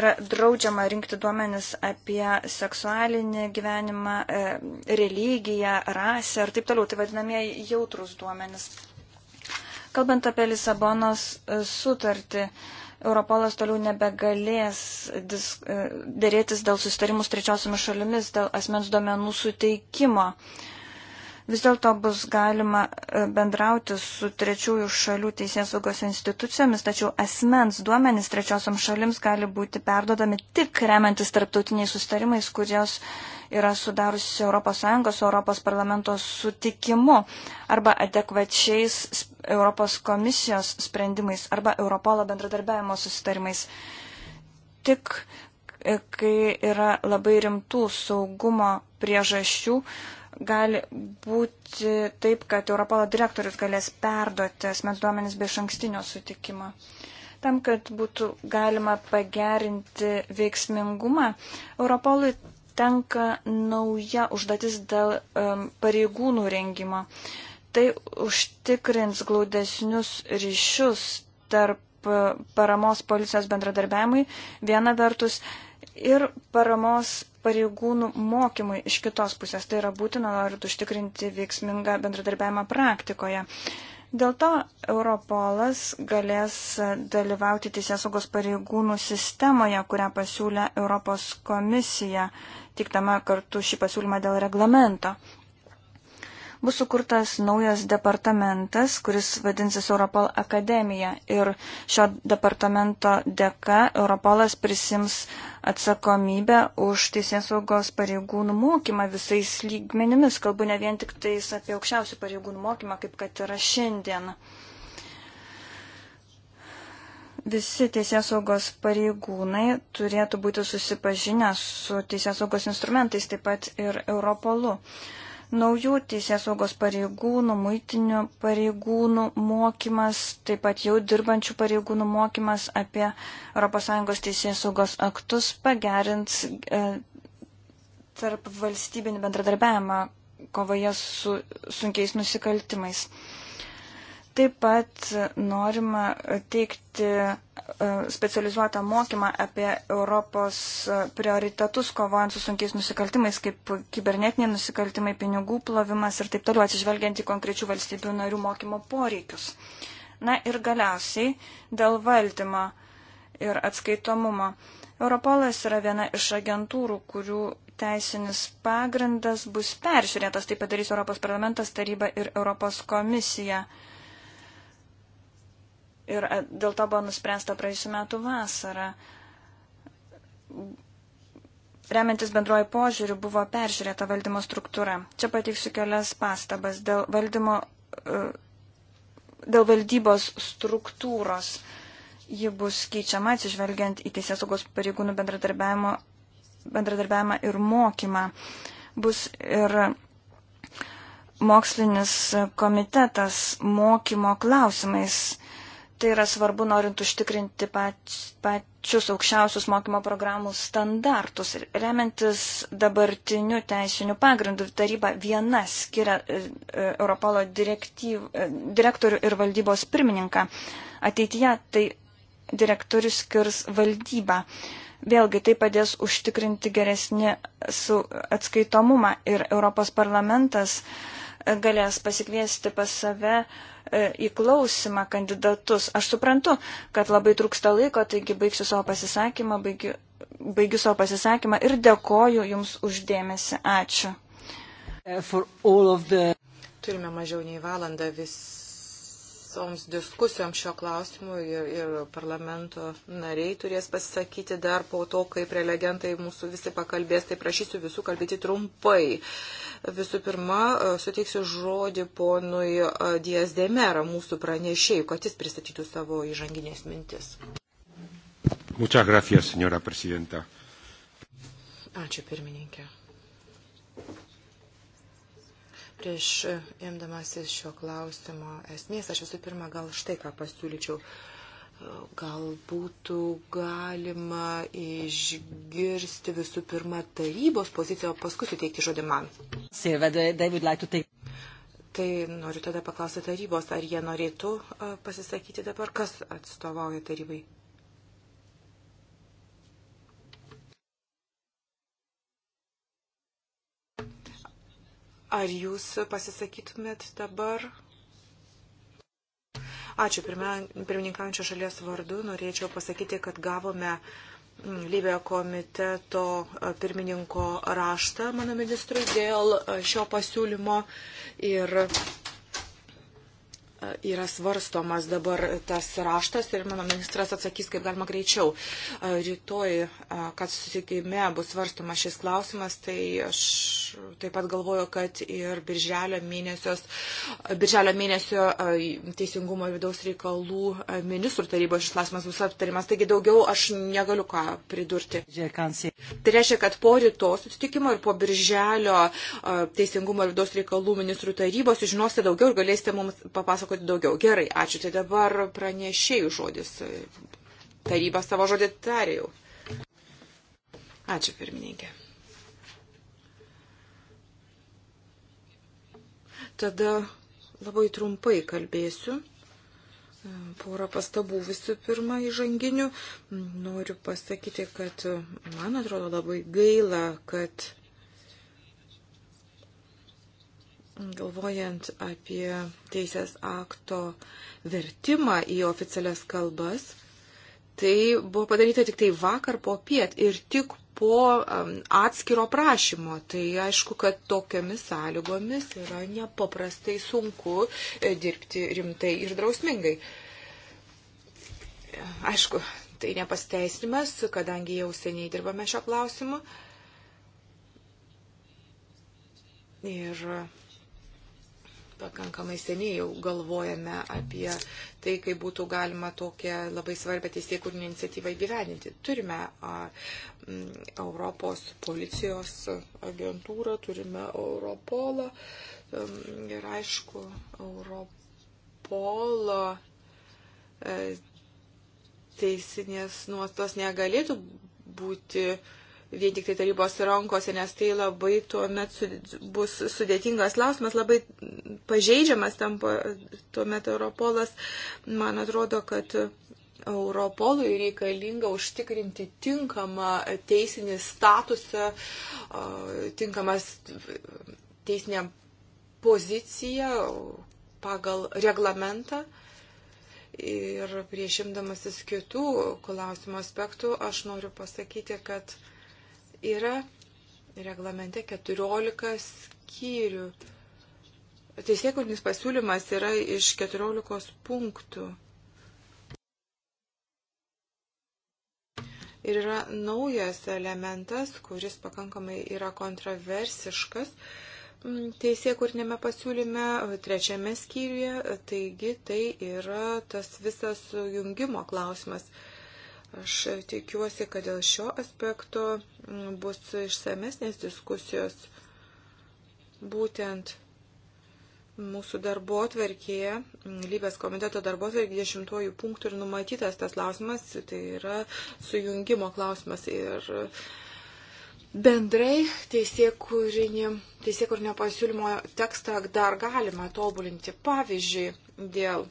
yra draudžiama rinkti duomenis apie seksualinį gyvenimą, religiją, rasę ir taip toliau. Tai vadinamieji jautrus duomenis. Kalbant apie Lisabonos sutartį, Europolas toliau nebegalės disk, e, dėrėtis dėl susitarimus trečiosiomis šalimis, dėl asmens duomenų suteikimo. Vis dėlto bus galima e, bendrauti su trečiųjų šalių teisės saugos institucijomis, tačiau asmens duomenys trečiosiom šalims gali būti perdodami tik remiantis tarptautiniais sustarimais, kurios yra sudarusi ES su Europos parlamento sutikimu arba adekvačiais Europos komisijos sprendimais arba Europolo bendradarbiavimo susitarimais. Tik e, kai yra labai rimtų saugumo priežasčių, gali būti taip, kad Europolo direktorius galės perduoti asmens duomenis be šankstinio sutikimo. Tam, kad būtų galima pagerinti veiksmingumą, Europolui tenka nauja užduotis dėl um, pareigūnų rengimo. Tai užtikrins glaudesnius ryšius tarp e, paramos policijos bendradarbiavimui viena vertus ir paramos pareigūnų mokymui iš kitos pusės. Tai yra būtina norint užtikrinti veiksmingą bendradarbiavimą praktikoje. Uh, Dėl to Europolas galės dalyvauti teisėsaugos pareigūnų sistemoje, kurią pasiūlė Europos komisija, tikdama kartu šį pasiūlymą dėl reglamento bus sukurtas naujas departamentas, kuris vadinsis Europol akademija. Ir šio departamento dėka Europolas prisims atsakomybę už teisės saugos pareigūnų mokymą visais lygmenimis. Kalbu ne vien tik tais apie aukščiausių pareigūnų mokymą, kaip kad yra šiandien. Visi teisės saugos pareigūnai turėtų būti susipažinę su teisės saugos instrumentais, taip pat ir Europolu. Uh, naujų teisės saugos pareigūnų, muitinių pareigūnų mokymas, taip pat jau dirbančių pareigūnų mokymas apie ES teisės saugos aktus pagerins e, tarp valstybinį bendradarbiavimą kovoje su sunkiais nusikaltimais. E, Taip pat norima teikti e, specializuotą mokymą apie Europos prioritetus kovojant su sunkiais nusikaltimais, kaip kibernetiniai nusikaltimai, pinigų plovimas ir taip toliau, atsižvelgiant į konkrečių valstybių narių mokymo poreikius. Na ir galiausiai dėl valdymo ir atskaitomumo. Europolas yra viena iš agentūrų, kurių teisinis pagrindas bus peržiūrėtas, tai padarys Europos parlamentas, taryba ir Europos komisija. Ir e, dėl to buvo nuspręsta praėjusiu metu vasarą. Remiantis bendroji požiūrių buvo peržiūrėta valdymo struktūra. Čia pateiksiu kelias pastabas dėl valdymo, e, dėl valdybos struktūros. Ji bus keičiama atsižvelgiant į Teisės saugos pareigūnų bendradarbiavimą ir mokymą. Bus ir mokslinis komitetas mokymo klausimais Tai yra svarbu norint užtikrinti pač, pačius aukščiausius mokymo programų standartus. Remiantis dabartiniu teisiniu pagrindu, taryba viena skiria e, e, Europolo direktyv, e, direktorių ir valdybos pirmininką. Ateityje tai direktorius skirs valdybą. Vėlgi tai padės užtikrinti geresnį atskaitomumą ir Europos parlamentas uh, galės pasikviesti pas save e, įklausimą kandidatus. Aš suprantu, kad labai trūksta laiko, taigi baigsiu savo pasisakymą, baigiu, baigiu savo pasisakymą ir dėkoju Jums uždėmesi. Ačiū. The... Turime mažiau nei valandą vis visoms diskusijoms šio klausimu ir, ir parlamento nariai turės pasisakyti dar po to, kai prelegentai mūsų visi pakalbės, tai prašysiu visų kalbėti trumpai. Visų pirma, e, suteiksiu žodį ponui e, Dijas Demera, mūsų pranešėjui, kad jis pristatytų savo įžanginės mintis. Muchas gracias, señora presidenta. Ačiū, pirmininkė. Prieš e, imdamasis šio klausimo esmės, aš visų pirma gal štai ką pasiūlyčiau. E, gal būtų galima išgirsti visų pirma tarybos poziciją, o paskui suteikti žodį man. Tai noriu tada paklausyti tarybos, ar jie norėtų e, pasisakyti dabar, kas atstovauja tarybai. Ar jūs pasisakytumėt dabar? Ačiū pirmininkančio šalies vardu. Norėčiau pasakyti, kad gavome mm, Lybė komiteto e, pirmininko raštą mano ministrui dėl e, šio pasiūlymo ir yra svarstomas dabar tas raštas ir mano ministras atsakys kaip galima greičiau. Rytoj, kad susitikime bus svarstomas šis klausimas, tai aš taip pat galvoju, kad ir birželio, mėnesios, birželio mėnesio teisingumo ir vidaus reikalų ministrų tarybos šis klausimas bus aptarimas. Taigi daugiau aš negaliu ką pridurti. Tai reiškia, kad po ryto susitikimo ir po birželio teisingumo ir vidaus reikalų ministrų tarybos žinosite daugiau ir galėsite mums papasakoti papasakoti daugiau. Gerai, ačiū. Tai dabar pranešėjų žodis. Taryba savo žodį tarėjau. Ačiū, pirmininkė. Tada labai trumpai kalbėsiu. Porą pastabų visų pirma įžanginių. Noriu pasakyti, kad man atrodo labai gaila, kad galvojant apie teisės akto vertimą į oficialias kalbas, tai buvo padaryta tik tai vakar po piet ir tik po um, atskiro prašymo. Tai aišku, kad tokiomis sąlygomis yra nepaprastai sunku e, dirbti rimtai ir drausmingai. Aišku, tai nepasteisnimas, kadangi jau seniai dirbame šio klausimu. Ir pakankamai seniai jau galvojame apie tai, kaip būtų galima tokią labai svarbę teisėkūrinį iniciatyvą įgyveninti. Turime Europos policijos agentūrą, turime Europolą ir aišku, Europolo e, teisinės nuostos negalėtų būti uh, vien tik tai tarybos rankose, nes tai labai tuomet su, bus sudėtingas klausimas, labai pažeidžiamas tampa tuomet Europolas. Man atrodo, kad Europolui reikalinga užtikrinti tinkamą teisinį statusą, tinkamas teisinę poziciją pagal reglamentą. Ir priešimdamasis kitų klausimo aspektų, aš noriu pasakyti, kad uh, Yra reglamente 14 skyrių. Teisėkūnis pasiūlymas yra iš 14 punktų. Ir yra naujas elementas, kuris pakankamai yra kontroversiškas mm, teisėkūrinėme pasiūlyme, trečiame skyriuje, taigi tai yra tas visas jungimo klausimas. Aš tikiuosi, kad dėl šio aspekto mm, bus išsamesnės diskusijos būtent mūsų darbo atverkėje, mm, lybės komiteto darbo atverkėje 10 punktų ir numatytas tas klausimas, tai yra sujungimo klausimas ir bendrai teisėkūrinio pasiūlymo tekstą dar galima tobulinti. Pavyzdžiui, dėl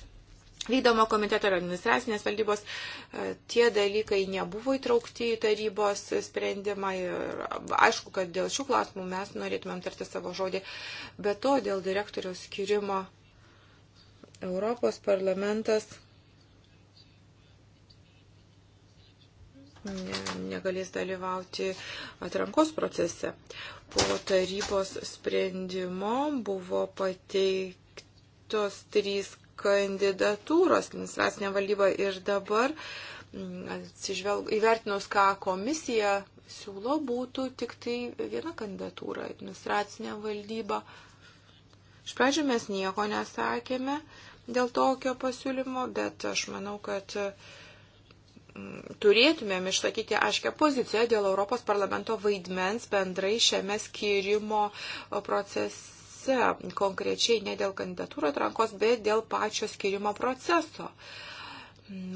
vykdomo komiteto ir administracinės valdybos, e, tie dalykai nebuvo įtraukti į tarybos sprendimą ir aišku, kad dėl šių klausimų mes norėtumėm tarti savo žodį, bet to dėl direktoriaus skirimo Europos parlamentas ne, negalės dalyvauti atrankos procese. Po tarybos sprendimo buvo pateikti tos trys kandidatūros administracinė valdyba ir dabar mm, atsižvelg, įvertinus, ką komisija siūlo, būtų tik tai viena kandidatūra administracinė valdyba. Iš pradžių mes nieko nesakėme dėl tokio pasiūlymo, bet aš manau, kad mm, turėtumėm išsakyti aiškę poziciją dėl Europos parlamento vaidmens bendrai šiame skirimo procese narėse, konkrečiai ne dėl kandidatūrų atrankos, bet dėl pačio skirimo proceso.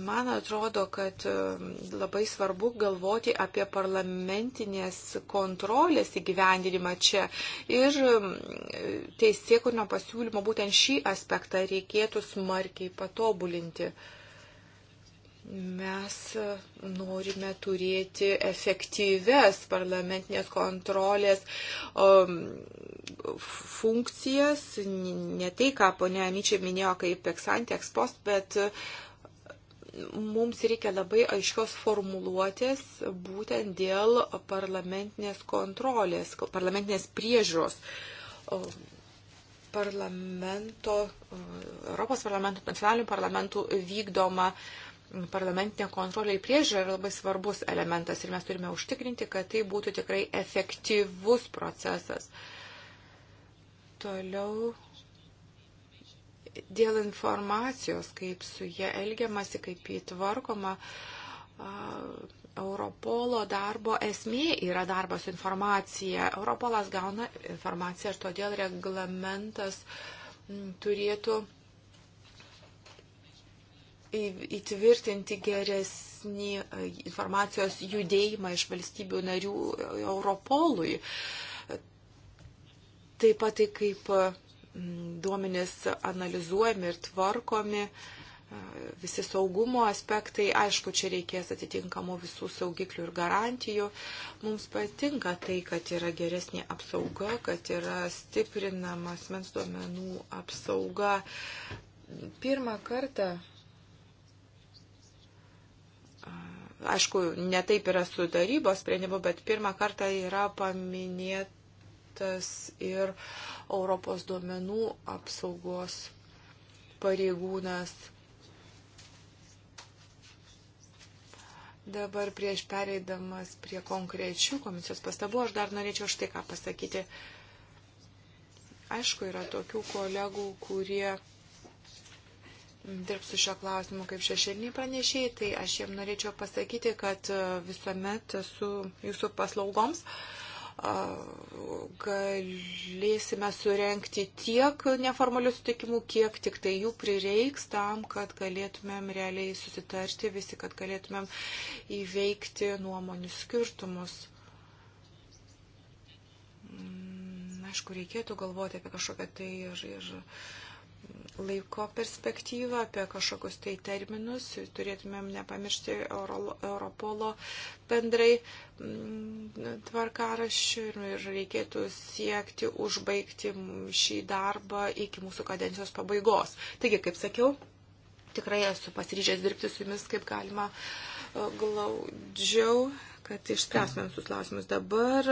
Man atrodo, kad um, labai svarbu galvoti apie parlamentinės kontrolės įgyvendinimą čia. Ir um, teisėkurno pasiūlymo būtent šį aspektą reikėtų smarkiai patobulinti. Uh, Mes e, norime turėti efektyves parlamentinės kontrolės um, funkcijas, ne tai, ką ponia Amyčiai minėjo kaip eksantė, ekspost, bet uh, mums reikia labai aiškios formuluotės būtent dėl parlamentinės kontrolės, parlamentinės priežiūros. Parlamento, e, Europos parlamento, nacionalinių parlamentų vykdoma uh, parlamentinė kontrolė į priežiūrą yra labai svarbus elementas ir mes turime užtikrinti, kad tai būtų tikrai efektyvus procesas. Toliau dėl informacijos, kaip su jie elgiamasi, kaip jį tvarkoma. Europolo darbo esmė yra darbas su informacija. Europolas gauna informaciją ir todėl reglamentas turėtų įtvirtinti geresnį e, informacijos judėjimą iš valstybių narių Europolui. Taip pat tai kaip e, duomenys analizuojami ir tvarkomi, e, visi saugumo aspektai, aišku, čia reikės atitinkamų visų saugiklių ir garantijų. Mums patinka tai, kad yra geresnė apsauga, kad yra stiprinama asmens duomenų apsauga. Pirmą kartą aišku, netaip yra su darybos sprendimu, bet pirmą kartą yra paminėtas ir Europos duomenų apsaugos pareigūnas. Dabar prieš pereidamas prie konkrečių komisijos pastabų, aš dar norėčiau štai ką pasakyti. Aišku, yra tokių kolegų, kurie dirbsiu šio klausimu kaip šešėliniai pranešėjai, tai aš jiem norėčiau pasakyti, kad e, visuomet su jūsų paslaugoms galėsime surenkti tiek neformalių sutikimų, kiek tik tai jų prireiks tam, kad galėtumėm realiai susitarti visi, kad galėtumėm įveikti nuomonių skirtumus. Mm, aišku, reikėtų galvoti apie kažkokią tai ir, ir laiko perspektyvą, apie kažkokius tai terminus. Turėtumėm nepamiršti Euro, Europolo bendrai mm, tvarkaraščių ir reikėtų siekti užbaigti šį darbą iki mūsų kadencijos pabaigos. Taigi, kaip sakiau, tikrai esu pasiryžęs dirbti su jumis kaip galima glaudžiau, kad išspręstumėm sus klausimus dabar.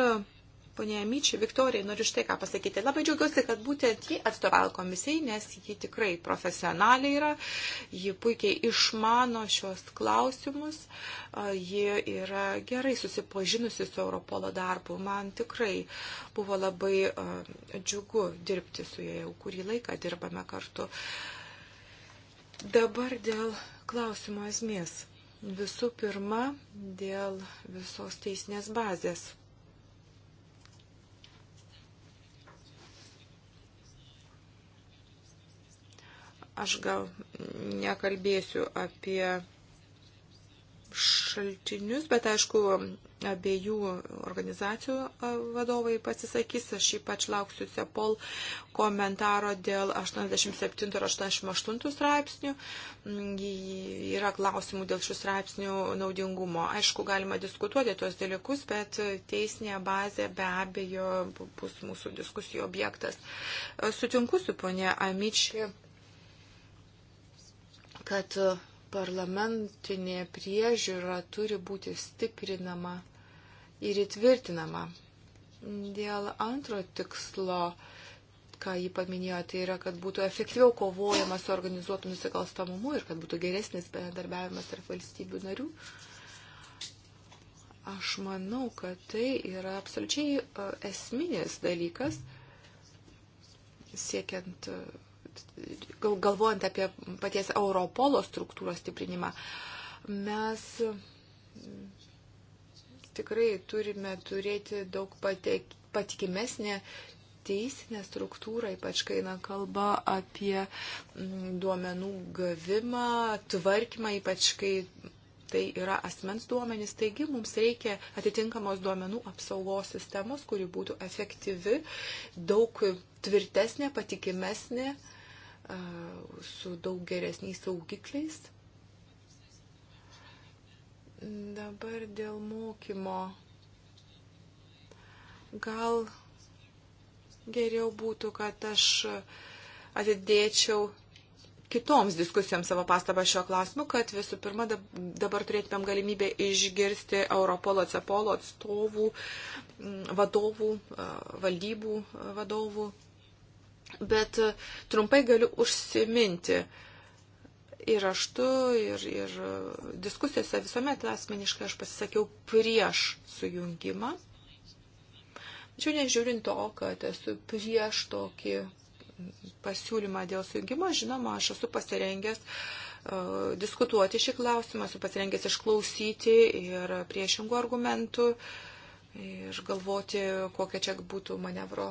Pone Myčiai, Viktorijai, noriu štai ką pasakyti. Labai džiaugiuosi, kad būtent ji atstovavo komisijai, nes ji tikrai profesionaliai yra, ji puikiai išmano šios klausimus, ji yra gerai susipažinusi su Europolo darbu. Man tikrai buvo labai džiugu dirbti su ja, jau kurį laiką dirbame kartu. Dabar dėl klausimo esmės. Visų pirma, dėl visos teisinės bazės Aš gal nekalbėsiu apie šaltinius, bet aišku, abiejų organizacijų vadovai pasisakys. Aš ypač lauksiu Sepol komentaro dėl 87 ir 88 straipsnių. Yra klausimų dėl šių straipsnių naudingumo. Aišku, galima diskutuoti tuos dalykus, bet teisinė bazė be abejo bus mūsų diskusijų objektas. Sutinku su ponė Amičiai kad parlamentinė priežiūra turi būti stiprinama ir įtvirtinama. Dėl antro tikslo, ką jį paminėjo, tai yra, kad būtų efektyviau kovojama su organizuotu nusikalstamumu ir kad būtų geresnis bendarbiavimas tarp valstybių narių. Aš manau, kad tai yra absoliučiai e, esminis dalykas siekiant e, galvojant apie paties Europolo struktūros stiprinimą, mes tikrai turime turėti daug patikimesnę teisinę struktūrą, ypač kai eina kalba apie mm, duomenų gavimą, tvarkymą, ypač kai tai yra asmens duomenys. Taigi mums reikia atitinkamos duomenų apsaugos sistemos, kuri būtų efektyvi, daug tvirtesnė, patikimesnė. Uh, su daug geresniais saugikliais. Dabar dėl mokymo. Gal geriau būtų, kad aš atidėčiau kitoms diskusijoms savo pastabą šio klausimu, kad visų pirma dabar turėtumėm galimybę išgirsti Europolo, Cepolo atstovų, vadovų, valdybų vadovų bet e, trumpai galiu užsiminti ir raštu, ir, ir e, diskusijose visuomet asmeniškai aš pasisakiau prieš sujungimą. Tačiau nežiūrint to, kad esu prieš tokį pasiūlymą dėl sujungimo, žinoma, aš esu pasirengęs uh, diskutuoti šį klausimą, esu pasirengęs išklausyti ir priešingų argumentų ir galvoti, kokia čia būtų manevro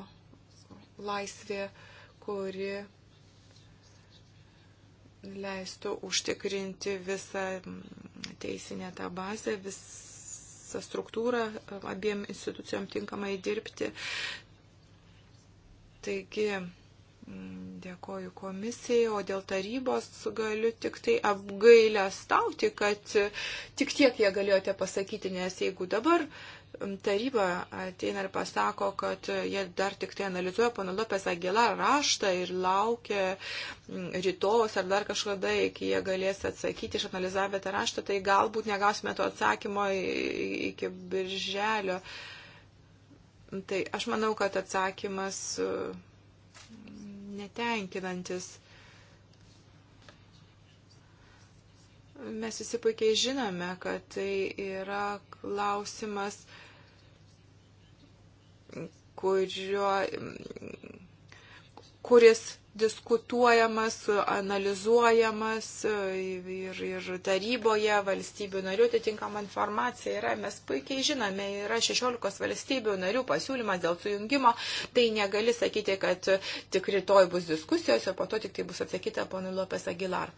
laisvė. Uh, kuri leistų užtikrinti visą teisinę tą bazę, visą struktūrą abiem institucijom tinkamai dirbti. Taigi, Dėkoju komisijai, o dėl tarybos galiu tik tai apgailę stauti, kad tik tiek jie galėjote pasakyti, nes jeigu dabar taryba ateina ir pasako, kad jie dar tik tai analizuoja pana Lopes Agila raštą ir laukia mm, rytojus ar dar kažkada, iki jie galės atsakyti, išanalizavę tą raštą, tai galbūt negausime to atsakymo iki birželio. Tai aš manau, kad atsakymas e, netenkinantis. Mes visi puikiai žinome, kad tai yra klausimas, uh, kurio, kuris diskutuojamas, analizuojamas ir, ir taryboje valstybių narių atitinkama informacija yra. Mes puikiai žinome, yra 16 valstybių narių pasiūlymas dėl sujungimo, tai negali sakyti, kad tik rytoj bus diskusijos, o po to tik tai bus atsakyta ponui Lopes Agilar.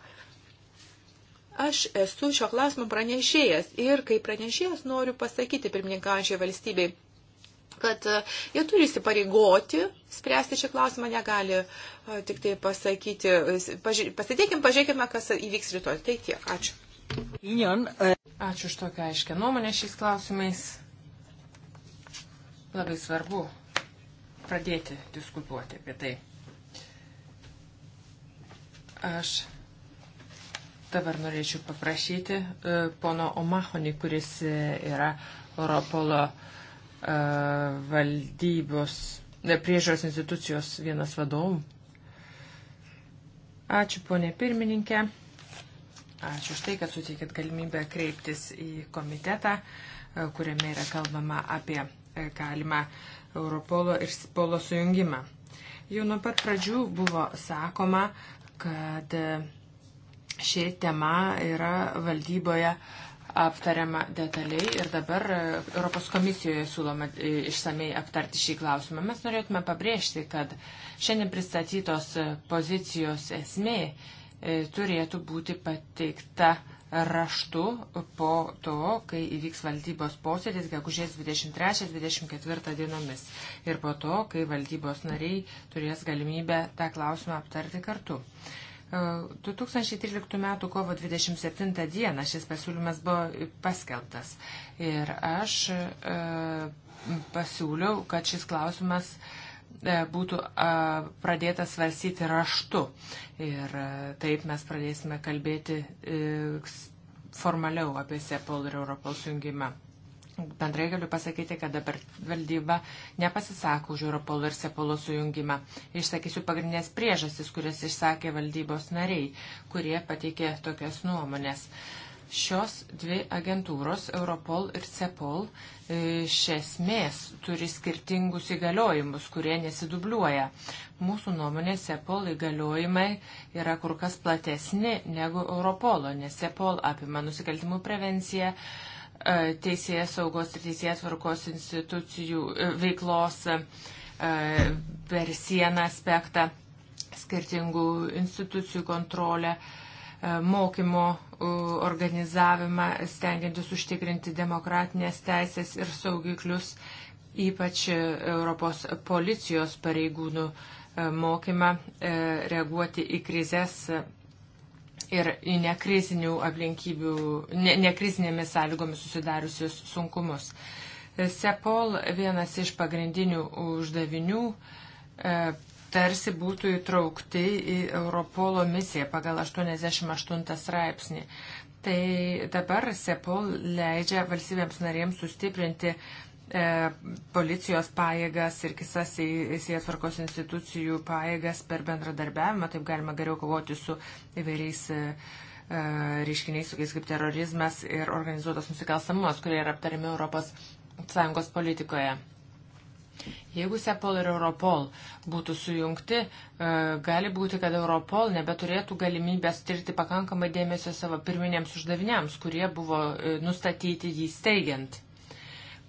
Aš esu šio klausimo pranešėjas ir kaip pranešėjas noriu pasakyti pirmininkaujančiai valstybei kad e, jie turi įsipareigoti spręsti šį klausimą, negali e, tik tai pasakyti, e, pasiteikim, pažiūrėkime, kas įvyks rytoj. Tai tiek, ačiū. Ačiū už tokią aiškę nuomonę šiais klausimais. Labai svarbu pradėti diskutuoti apie tai. Aš dabar norėčiau paprašyti pono Omahonį, kuris yra Europolo uh, valdybos, e, priežiūros institucijos vienas vadovų. Ačiū, ponė pirmininkė. Ačiū už tai, kad suteikėt galimybę kreiptis į komitetą, kuriame yra kalbama apie e, galimą Europolo ir Spolo sujungimą. Jau nuo pat pradžių buvo sakoma, kad e, ši tema yra valdyboje uh, aptariama detaliai ir dabar e, Europos komisijoje siūloma e, išsamei aptarti šį klausimą. Mes norėtume pabrėžti, kad šiandien pristatytos e, pozicijos esmė turėtų būti pateikta raštu po to, kai įvyks valdybos posėdis gegužės 23-24 dienomis ir po to, kai valdybos nariai turės galimybę tą klausimą aptarti kartu. Uh, 2013 e, m. kovo 27 d. šis pasiūlymas buvo paskelbtas ir aš e, pasiūliau, kad šis klausimas e, būtų pradėtas svarstyti raštu. Ir taip mes pradėsime kalbėti formaliau apie SEPOL ir Europos jungimą. Bendrai galiu pasakyti, kad dabar valdyba nepasisako už Europolo ir Sepolo sujungimą. Išsakysiu pagrindinės priežastis, kurias išsakė valdybos nariai, kurie pateikė tokias nuomonės. Šios dvi agentūros, Europol ir Cepol, e, iš esmės turi skirtingus įgaliojimus, kurie nesidubliuoja. Mūsų nuomonė, Cepol įgaliojimai yra kur kas platesni negu Europolo, nes Cepol apima nusikaltimų prevenciją, E, teisėjas saugos ir teisėjas varkos institucijų e, veiklos e, per sieną aspektą, skirtingų institucijų kontrolę, mokymo organizavimą, stengiantis užtikrinti demokratinės teisės ir saugiklius, ypač Europos policijos pareigūnų mokymą reaguoti į krizės ir į nekrizinių aplinkybių, ne, nekrizinėmis sąlygomis susidariusius sunkumus. SEPOL vienas iš pagrindinių uždavinių e, tarsi būtų įtraukti į Europolo misiją pagal 88 straipsnį. Tai dabar SEPOL leidžia valstybėms narėms sustiprinti E, policijos pajėgas ir kisas įsietvarkos institucijų pajėgas per bendradarbiavimą, taip galima geriau kovoti su įvairiais e, e, reiškiniais, tokiais kaip terorizmas ir organizuotas nusikalstamumas, kurie yra aptariami Europos Sąjungos politikoje. Jeigu SEPOL ir Europol būtų sujungti, gali būti, kad Europol nebeturėtų galimybės tirti pakankamai dėmesio savo pirminiams uždaviniams, kurie buvo nustatyti jį steigiant.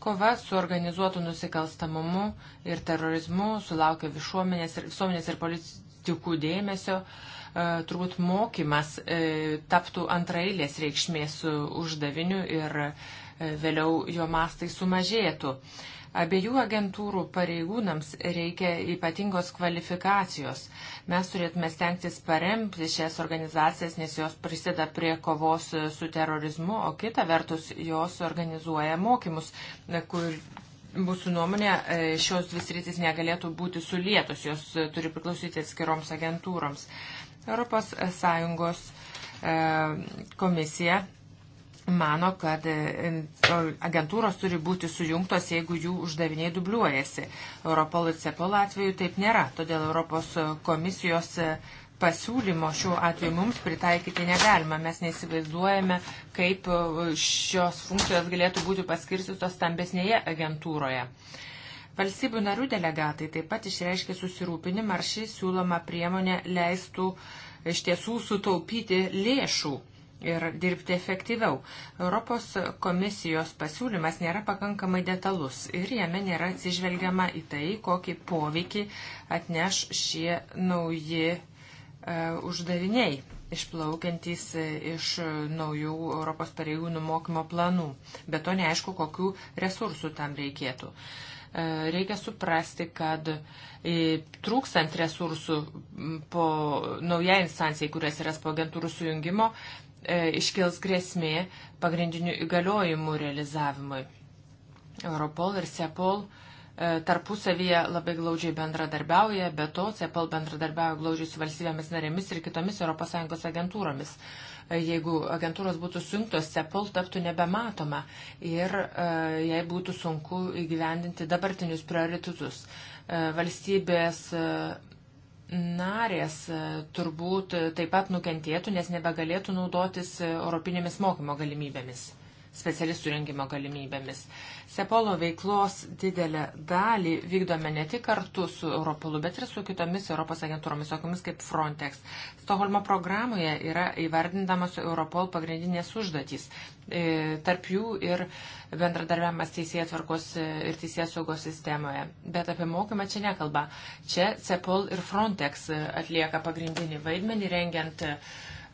Kova su organizuotu nusikalstamumu ir terorizmu sulaukia visuomenės ir, visuomenės ir politikų dėmesio. E, turbūt mokymas e, taptų antrailės reikšmės uždaviniu ir e, vėliau jo mastai sumažėtų. Abiejų agentūrų pareigūnams reikia ypatingos kvalifikacijos. Mes turėtume stengtis paremti šias organizacijas, nes jos prisideda prie kovos su terorizmu, o kita vertus jos organizuoja mokymus, kur mūsų nuomonė e, šios dvi sritis negalėtų būti sulietos, jos turi priklausyti atskiroms agentūroms. Europos Sąjungos e, komisija mano, kad e, agentūros turi būti sujungtos, jeigu jų uždaviniai dubliuojasi. Europol ir CEPOL atveju taip nėra, todėl Europos komisijos e, pasiūlymo šiuo atveju mums pritaikyti negalima. Mes neįsivaizduojame, kaip šios funkcijos galėtų būti paskirstytos stambesnėje agentūroje. Valstybių narių delegatai taip pat išreiškė susirūpinimą, ar ši siūloma priemonė leistų iš tiesų sutaupyti lėšų ir dirbti efektyviau. Europos komisijos pasiūlymas nėra pakankamai detalus ir jame nėra atsižvelgiama į tai, kokį poveikį atneš šie nauji e, uždaviniai išplaukiantys iš naujų Europos pareigūnų mokymo planų. Bet to neaišku, kokių resursų tam reikėtų. E, reikia suprasti, kad e, trūkstant resursų po naujai instancijai, kurias yra po agentūrų sujungimo, E, iškils grėsmė pagrindinių įgaliojimų realizavimui. Europol ir Sepol e, tarpusavyje labai glaudžiai bendradarbiauja, be to CEPAL bendradarbiauja glaudžiai su valstybėmis narėmis ir kitomis ES agentūromis. E, jeigu agentūros būtų sunktos, CEPAL taptų nebematoma ir jai būtų sunku įgyvendinti dabartinius prioritetus. Valstybės narės e, turbūt taip pat nukentėtų, nes nebegalėtų naudotis e, europinėmis mokymo galimybėmis specialistų rengimo galimybėmis. Sepolo veiklos didelę dalį vykdome ne tik kartu su Europolu, bet ir su kitomis Europos agentūromis, tokiamis kaip Frontex. Stoholmo programoje yra įvardindamos Europol pagrindinės užduotys. E, tarp jų ir bendradarbiavimas teisėjai atvarkos e, ir teisėjai saugos sistemoje. Bet apie mokymą čia nekalba. Čia Cepol ir Frontex e, atlieka pagrindinį vaidmenį rengiant uh,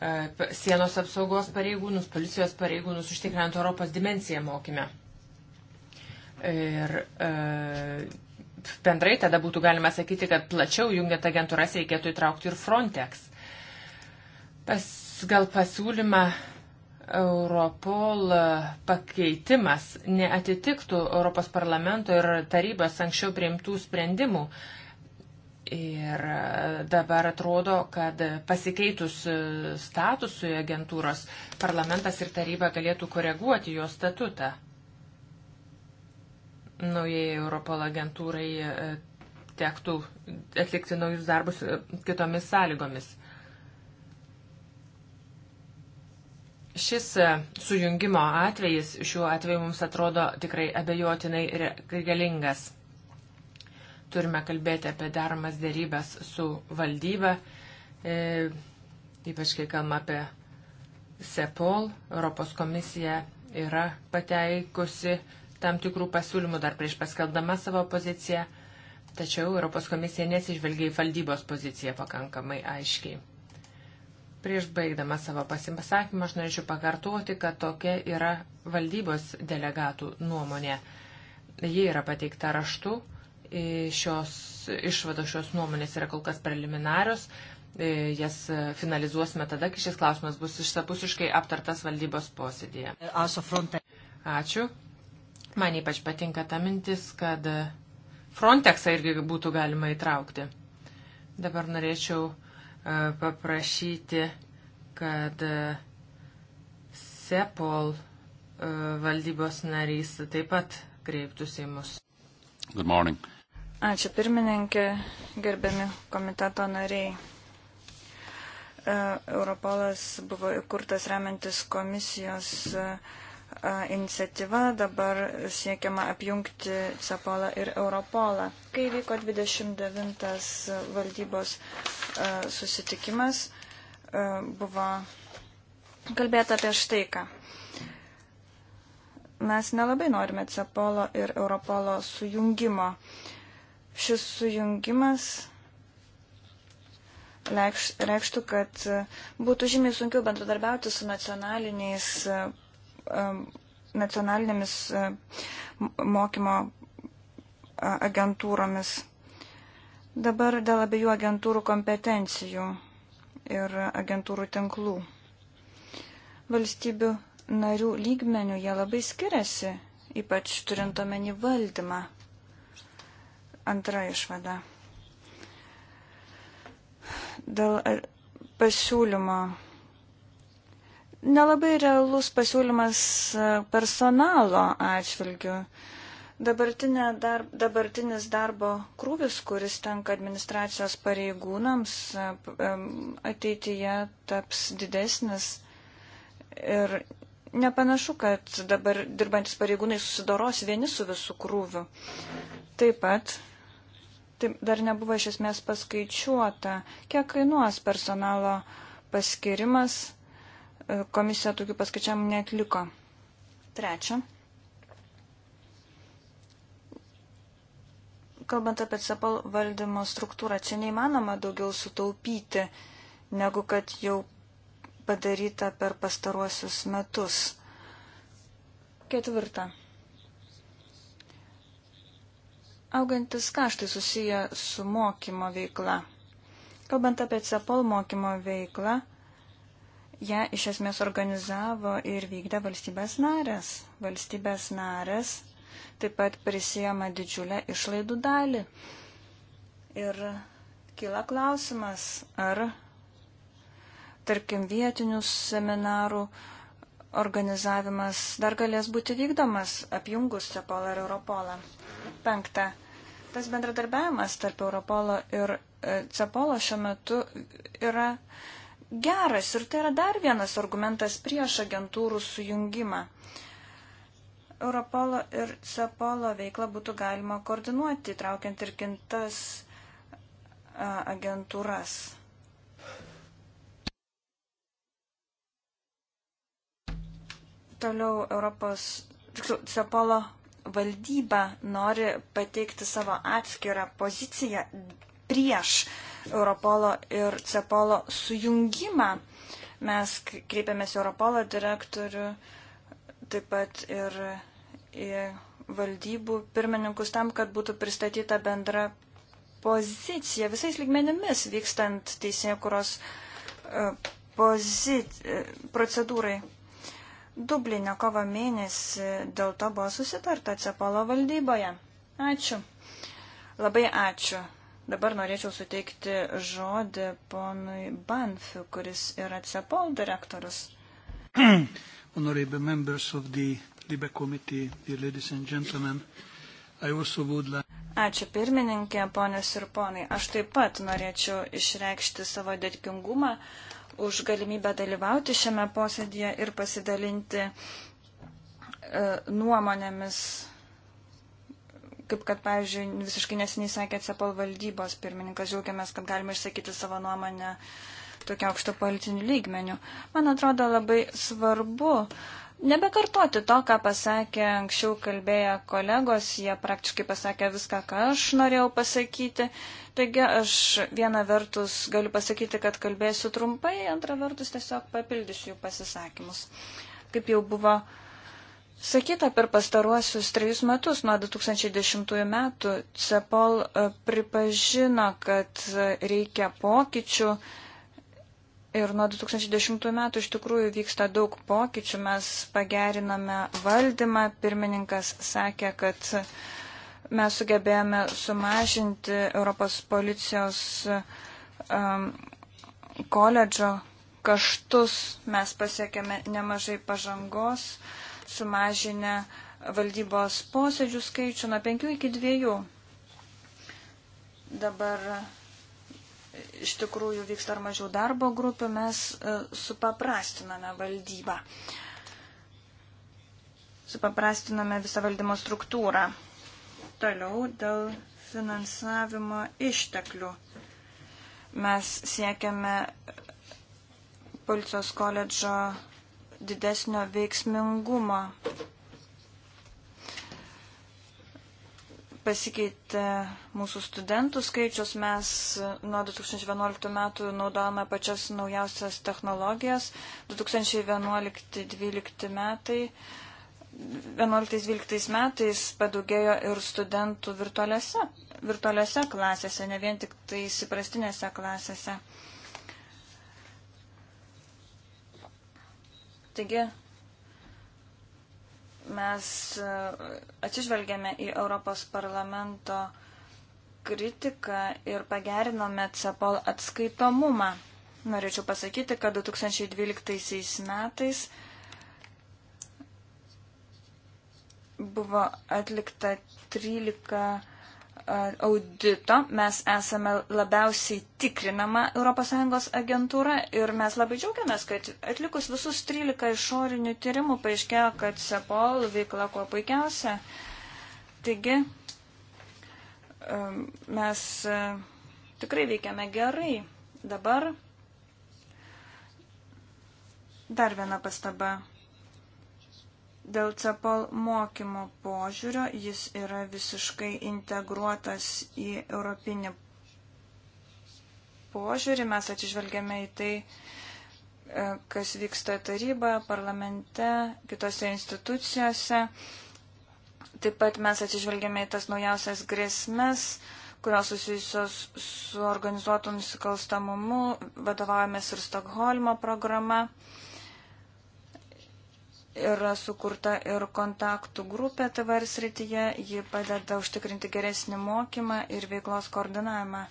E, sienos apsaugos pareigūnus, policijos pareigūnus, užtikrinant Europos dimenciją mokyme. Ir e, bendrai tada būtų galima sakyti, kad plačiau jungiant agentūras reikėtų įtraukti ir Frontex. Pas, gal pasiūlymą Europol pakeitimas neatitiktų Europos parlamento ir tarybos anksčiau priimtų sprendimų Ir e, dabar atrodo, kad pasikeitus e, statusui agentūros parlamentas ir taryba galėtų koreguoti jo statutą. Naujai Europol agentūrai e, tektų atlikti naujus darbus kitomis sąlygomis. Šis sujungimo atvejis šiuo atveju mums atrodo tikrai abejotinai reikalingas. Turime kalbėti apie deramas dėrybės su valdyba, e, ypač kai kalbame apie SEPOL. Europos komisija yra pateikusi tam tikrų pasiūlymų dar prieš paskeldama savo poziciją, tačiau Europos komisija nesižvelgia į valdybos poziciją pakankamai aiškiai. Prieš baigdama savo pasimasakymą aš norėčiau pakartoti, kad tokia yra valdybos delegatų nuomonė. Ji yra pateikta raštu Šios išvados, šios nuomonės yra kol kas preliminarios. E, jas finalizuosime tada, kai šis klausimas bus išsapusiškai aptartas valdybos posėdėje. Ačiū. Man ypač patinka ta mintis, kad Frontexą irgi būtų galima įtraukti. Dabar norėčiau e, paprašyti, kad e, Sepol valdybos narys taip pat kreiptųsi į mus. Good morning. Ačiū pirmininkė, gerbiami komiteto nariai. E, Europolas buvo įkurtas remiantis komisijos e, iniciatyva, dabar siekiama apjungti CEPOLą ir Europolą. Kai vyko 29 valdybos e, susitikimas, buvo kalbėta apie štai ką mes nelabai norime CEPOLO ir Europolo sujungimo. Šis sujungimas reikš, reikštų, kad būtų žymiai sunkiau bendradarbiauti su nacionaliniais, um, nacionalinėmis um, mokymo agentūromis. Dabar dėl abiejų agentūrų kompetencijų ir agentūrų tinklų. Valstybių narių lygmenių jie labai skiriasi, ypač turint omeny valdymą. Antra išvada. Dėl e, pasiūlymo. Nelabai realus pasiūlymas e, personalo atžvilgiu. Dar, dabartinis darbo krūvis, kuris tenka administracijos pareigūnams, e, ateityje taps didesnis. Ir nepanašu, kad dabar dirbantis pareigūnai susidoros vieni su visų krūviu. Taip pat tai dar nebuvo iš esmės paskaičiuota, kiek kainuos personalo paskirimas. E, komisija tokių paskaičiamų netliko. Trečia. Kalbant apie CEPAL valdymo struktūrą, čia neįmanoma daugiau sutaupyti, negu kad jau padaryta per pastaruosius metus. Ketvirta. augantis kaštai susiję su mokymo veikla. Kalbant apie CEPOL mokymo veiklą, ją ja, iš esmės organizavo ir vykdė valstybės narės. Valstybės narės taip pat prisijama didžiulę išlaidų dalį. Ir kyla klausimas, ar, tarkim, vietinių seminarų uh, organizavimas dar galės būti vykdomas apjungus Cepolą ir Europolą. Penkta. Tas bendradarbiavimas tarp Europolo ir e, Cepolo šiuo metu yra geras ir tai yra dar vienas argumentas prieš agentūrų sujungimą. Europolo ir Cepolo veiklą būtų galima koordinuoti, traukiant ir kintas agentūras. Toliau Europos, tiksliau, Cepolo valdyba nori pateikti savo atskirą poziciją prieš Europolo ir Cepolo sujungimą. Mes kreipiamės Europolo direktorių, taip pat ir į valdybų pirmininkus tam, kad būtų pristatyta bendra pozicija visais lygmenimis vykstant teisėkuros e, pozici... E, procedūrai. Dublinė kovo mėnesį dėl to buvo susitarta Cepolo valdyboje. Ačiū. Labai ačiū. Dabar norėčiau suteikti žodį ponui Banfiu, kuris yra Cepol direktorius. Honorable members of the Libe committee, dear ladies and gentlemen, I also would like. Ačiū pirmininkė, ponios ir ponai. Aš taip pat norėčiau išreikšti savo dėkingumą uh, už galimybę dalyvauti šiame posėdėje ir pasidalinti e, nuomonėmis, kaip kad, pavyzdžiui, visiškai nesiniai sakė CEPOL valdybos pirmininkas, džiaugiamės, kad galime išsakyti savo nuomonę tokia aukšto politinių lygmenių. Man atrodo labai svarbu uh, nebekartoti to, ką pasakė anksčiau kalbėję kolegos, jie praktiškai pasakė viską, ką aš norėjau pasakyti. Taigi aš vieną vertus galiu pasakyti, kad kalbėsiu trumpai, antrą vertus tiesiog papildysiu jų pasisakymus. Kaip jau buvo sakyta per pastaruosius trejus metus, nuo 2010 metų CEPOL pripažino, kad reikia pokyčių Ir nuo 2010 metų iš tikrųjų vyksta daug pokyčių, mes pageriname valdymą, pirmininkas sakė, kad mes sugebėjome sumažinti Europos policijos um, koledžo kaštus, mes pasiekėme nemažai pažangos, sumažinę valdybos posėdžių skaičių nuo 5 iki 2. Dabar iš tikrųjų vyksta ar mažiau darbo grupių, mes e, supaprastiname valdybą. Supaprastiname visą valdymo struktūrą. Toliau dėl finansavimo išteklių. Mes siekiame policijos koledžo didesnio veiksmingumo pasikeitė mūsų studentų skaičius, mes nuo 2011 metų naudojame pačias naujausias technologijas. 2011-2012 metai. 11-12 metais padaugėjo ir studentų virtualiose, virtualiose klasėse, ne vien tik tai įprastinėse klasėse. Taigi, mes e, atsižvelgėme į Europos parlamento kritiką ir pagerinome CEPOL atskaitomumą. Norėčiau pasakyti, kad 2012 metais buvo atlikta 13 audito mes esame labiausiai tikrinama ES agentūra ir mes labai džiaugiamės, kad atlikus visus 13 išorinių tyrimų paaiškėjo, kad SEPOL veikla kuo puikiausia. Taigi mes e, tikrai veikiame gerai. Dabar dar viena pastaba. Dėl CEPOL mokymo požiūrio jis yra visiškai integruotas į europinį požiūrį. Mes atsižvelgiame į tai, e, kas vyksta taryboje, parlamente, kitose institucijose. Taip pat mes atsižvelgėme į tas naujausias grėsmes, kurios susijusios su organizuotu nusikalstamumu, vadovaujamės ir Stokholmo programa yra sukurta ir kontaktų grupė TVR srityje, ji padeda užtikrinti geresnį mokymą ir veiklos koordinavimą.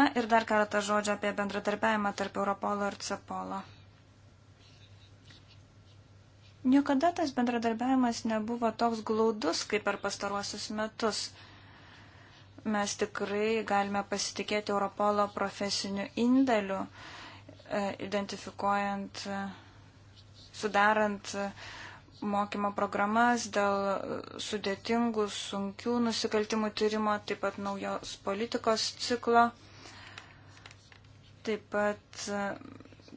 Na ir dar keletą žodžių apie bendradarbiavimą tarp Europolo ir Cepolo. Niekada tas bendradarbiavimas nebuvo toks glaudus kaip per pastaruosius metus. Mes tikrai galime pasitikėti Europolo profesiniu indėliu, e, identifikuojant e, sudarant e, mokymo programas dėl sudėtingų, sunkių nusikaltimų tyrimo, taip pat naujos politikos ciklo. Taip pat e,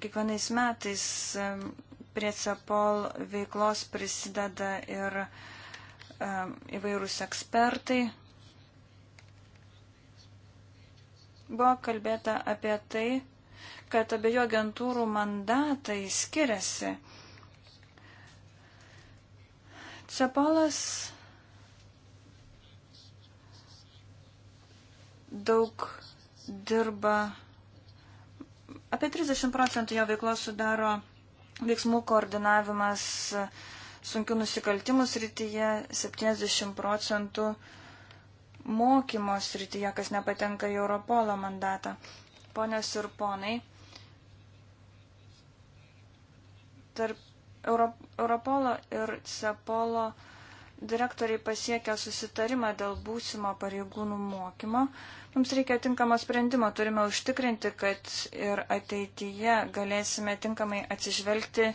kiekvienais metais e, prie CEPOL veiklos prisideda ir įvairūs ekspertai. Buvo kalbėta apie tai, kad abiejų agentūrų mandatai skiriasi. Cepolas daug dirba, apie 30 procentų jo veiklos sudaro veiksmų koordinavimas sunkių nusikaltimų srityje, 70 procentų mokymo srityje, kas nepatenka į Europolo mandatą. Ponios ir ponai, tarp Europolo ir Cepolo direktoriai pasiekė susitarimą dėl būsimo pareigūnų mokymo. Mums reikia tinkamo sprendimo, turime užtikrinti, kad ir ateityje galėsime tinkamai atsižvelgti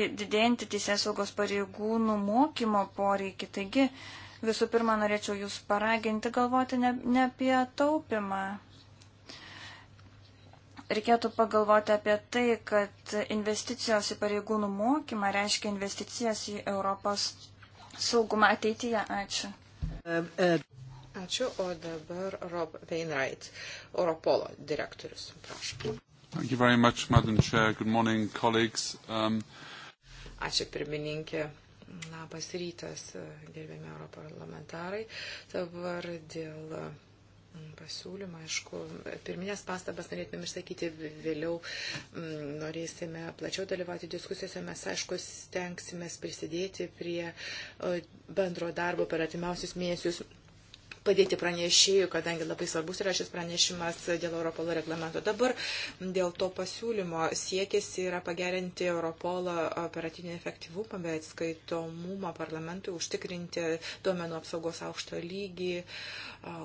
į didėjantį teisės saugos pareigūnų mokymo poreikį. Taigi, visų pirma, norėčiau jūs paraginti galvoti ne, ne apie taupimą reikėtų pagalvoti apie tai, kad investicijos į pareigūnų mokymą reiškia investicijas į Europos saugumą ateityje. Ačiū. Ačiū, o dabar Rob Wainwright, Europolo direktorius. Prašom. Thank you very much, Madam Chair. Good morning, colleagues. Um... Ačiū, pirmininkė. Labas rytas, gerbėmi europarlamentarai. Dabar dėl Mm, pasiūlymą. Aišku, pirminės pastabas norėtumėm išsakyti vėliau. Mm, norėsime plačiau dalyvauti diskusijose. Mes, aišku, stengsime prisidėti prie e, bendro darbo per atimiausius mėnesius padėti pranešėjų, kadangi labai svarbus yra šis pranešimas dėl Europolo reglamento. Dabar dėl to pasiūlymo siekis yra pagerinti Europolo operatinį efektyvumą, bet skaitomumą parlamentui, užtikrinti duomenų apsaugos aukšto lygį,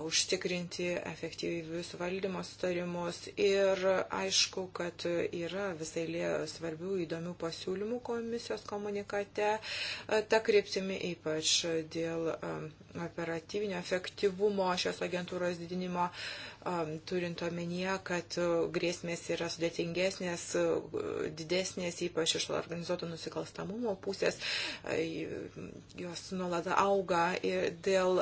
užtikrinti efektyvius valdymo sutarimus. Ir aišku, kad yra visai lė svarbių įdomių pasiūlymų komisijos komunikate, ta kryptimi ypač dėl operatyvinio efektyvumo efektyvumo šios agentūros didinimo. Uh, turint omenyje, kad e, grėsmės yra sudėtingesnės, e, didesnės, ypač iš organizuoto nusikalstamumo pusės, e, jos nuolat auga ir dėl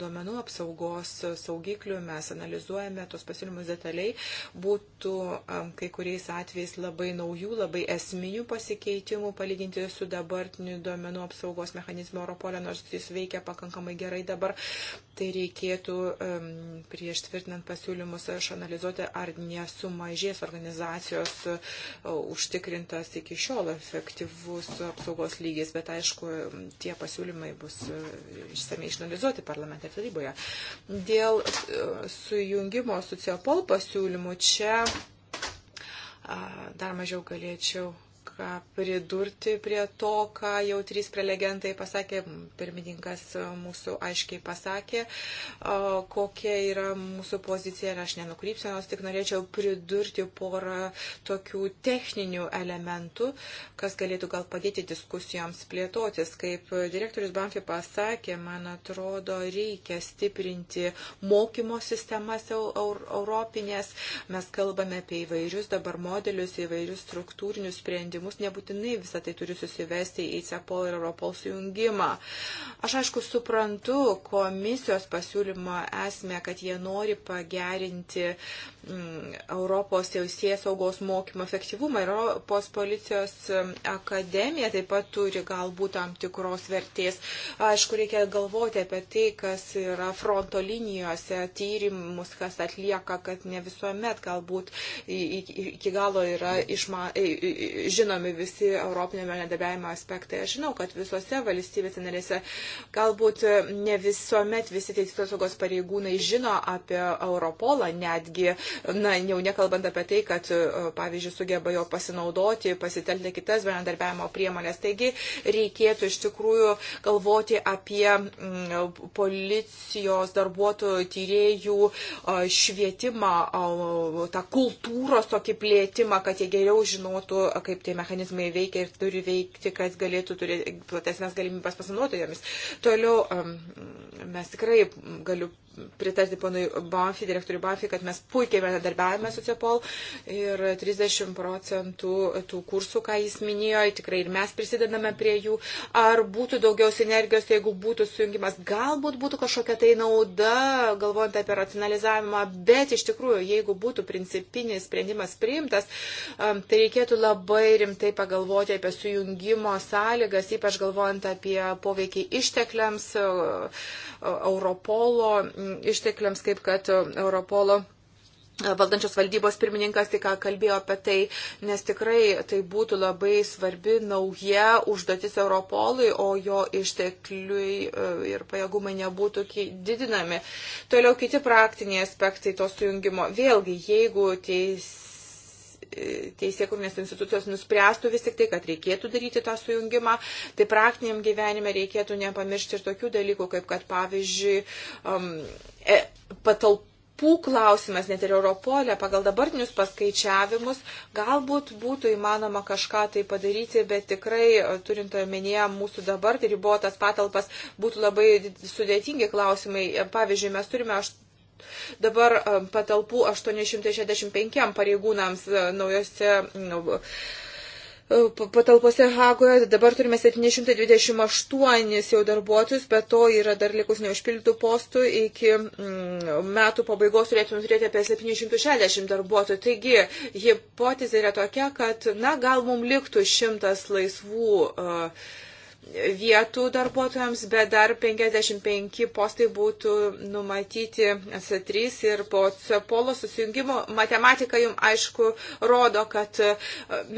duomenų apsaugos saugiklių mes analizuojame tos pasiūlymus detaliai, būtų kai kuriais atvejais labai naujų, labai esminių pasikeitimų palyginti su dabartiniu duomenų apsaugos mechanizmu Europolė, nors jis veikia pakankamai gerai dabar, tai reikėtų prieš tvirtinant pasiūlymus pasiūlymus aš analizuoti, ar nesumažės organizacijos e, užtikrintas iki šiol efektyvus apsaugos lygis, bet aišku, tie pasiūlymai bus e, išsamei išanalizuoti parlamente taryboje. Dėl e, sujungimo su CEPOL pasiūlymu čia dar mažiau galėčiau ką pridurti prie to, ką jau trys prelegentai pasakė. Pirmininkas mūsų aiškiai pasakė, kokia yra mūsų pozicija ir aš nenukrypsiu, nors tik norėčiau pridurti porą tokių techninių elementų, kas galėtų gal padėti diskusijoms plėtotis. Kaip direktorius Banfi pasakė, man atrodo, reikia stiprinti mokymo sistemas europinės. Mes kalbame apie įvairius dabar modelius, įvairius struktūrinius sprendimus klausimus, nebūtinai visą tai turi susivesti į CEPOL ir Europol sujungimą. Aš aišku suprantu komisijos pasiūlymo esmę, kad jie nori pagerinti mm, Europos teisės saugos mokymo efektyvumą. Europos policijos mm, akademija taip pat turi galbūt tam tikros vertės. Aišku, reikia galvoti apie tai, kas yra fronto linijose, tyrimus, kas atlieka, kad ne visuomet galbūt iki galo yra išma, žino vykdomi visi Europinio bendradarbiavimo aspektai. Aš žinau, kad visose valstybėse narėse galbūt ne visuomet visi teisėtos saugos pareigūnai žino apie Europolą, netgi, na, jau nekalbant apie tai, kad, e, pavyzdžiui, sugeba jo pasinaudoti, pasitelkti kitas bendradarbiavimo priemonės. Taigi reikėtų iš tikrųjų galvoti apie mm, policijos darbuotojų tyriejų e, švietimą, tą kultūros tokį plėtimą, kad jie geriau žinotų, kaip tie mechanizmai mechanizmai veikia ir turi veikti, kad galėtų turėti platesnės galimybės pasinaudoti jomis. Toliau mes tikrai galiu pritarti ponui Banfi, direktoriui Banfi, kad mes puikiai bendradarbiavame su CEPOL ir 30 procentų tų kursų, ką jis minėjo, tikrai ir mes prisidedame prie jų. Ar būtų daugiau sinergijos, jeigu būtų sujungimas? Galbūt būtų kažkokia tai nauda, galvojant apie racionalizavimą, bet iš tikrųjų, jeigu būtų principinis sprendimas priimtas, um, tai reikėtų labai rimtai pagalvoti apie sujungimo sąlygas, ypač galvojant apie poveikį ištekliams Europolo ištekliams, kaip kad Europolo e, valdančios valdybos pirmininkas tik ką kalbėjo apie tai, nes tikrai tai būtų labai svarbi nauja užduotis Europolui, o jo ištekliui e, ir pajėgumai nebūtų didinami. Toliau kiti praktiniai aspektai to sujungimo. Vėlgi, jeigu teis teisėkūrinės institucijos nuspręstų vis tik tai, kad reikėtų daryti tą sujungimą, tai praktiniam gyvenime reikėtų nepamiršti ir tokių dalykų, kaip kad pavyzdžiui um, e, patalpų aukų klausimas, net ir Europolė, pagal dabartinius paskaičiavimus, galbūt būtų įmanoma kažką tai padaryti, bet tikrai, turint omenyje mūsų dabar, tai ribotas patalpas, būtų labai sudėtingi klausimai. Pavyzdžiui, mes turime Dabar patalpų 865 pareigūnams e, naujose e, patalpose Hagoje, dabar turime 728 jau darbuotojus, bet to yra dar likus neužpildytų postų, iki mm, metų pabaigos turėtume turėti apie 760 darbuotojų. Taigi, hipotezė yra tokia, kad, na, gal mums liktų šimtas laisvų uh, vietų darbuotojams, bet dar 55 postai būtų numatyti C3 ir po CEPOLO susijungimo. Matematika jums aišku rodo, kad e,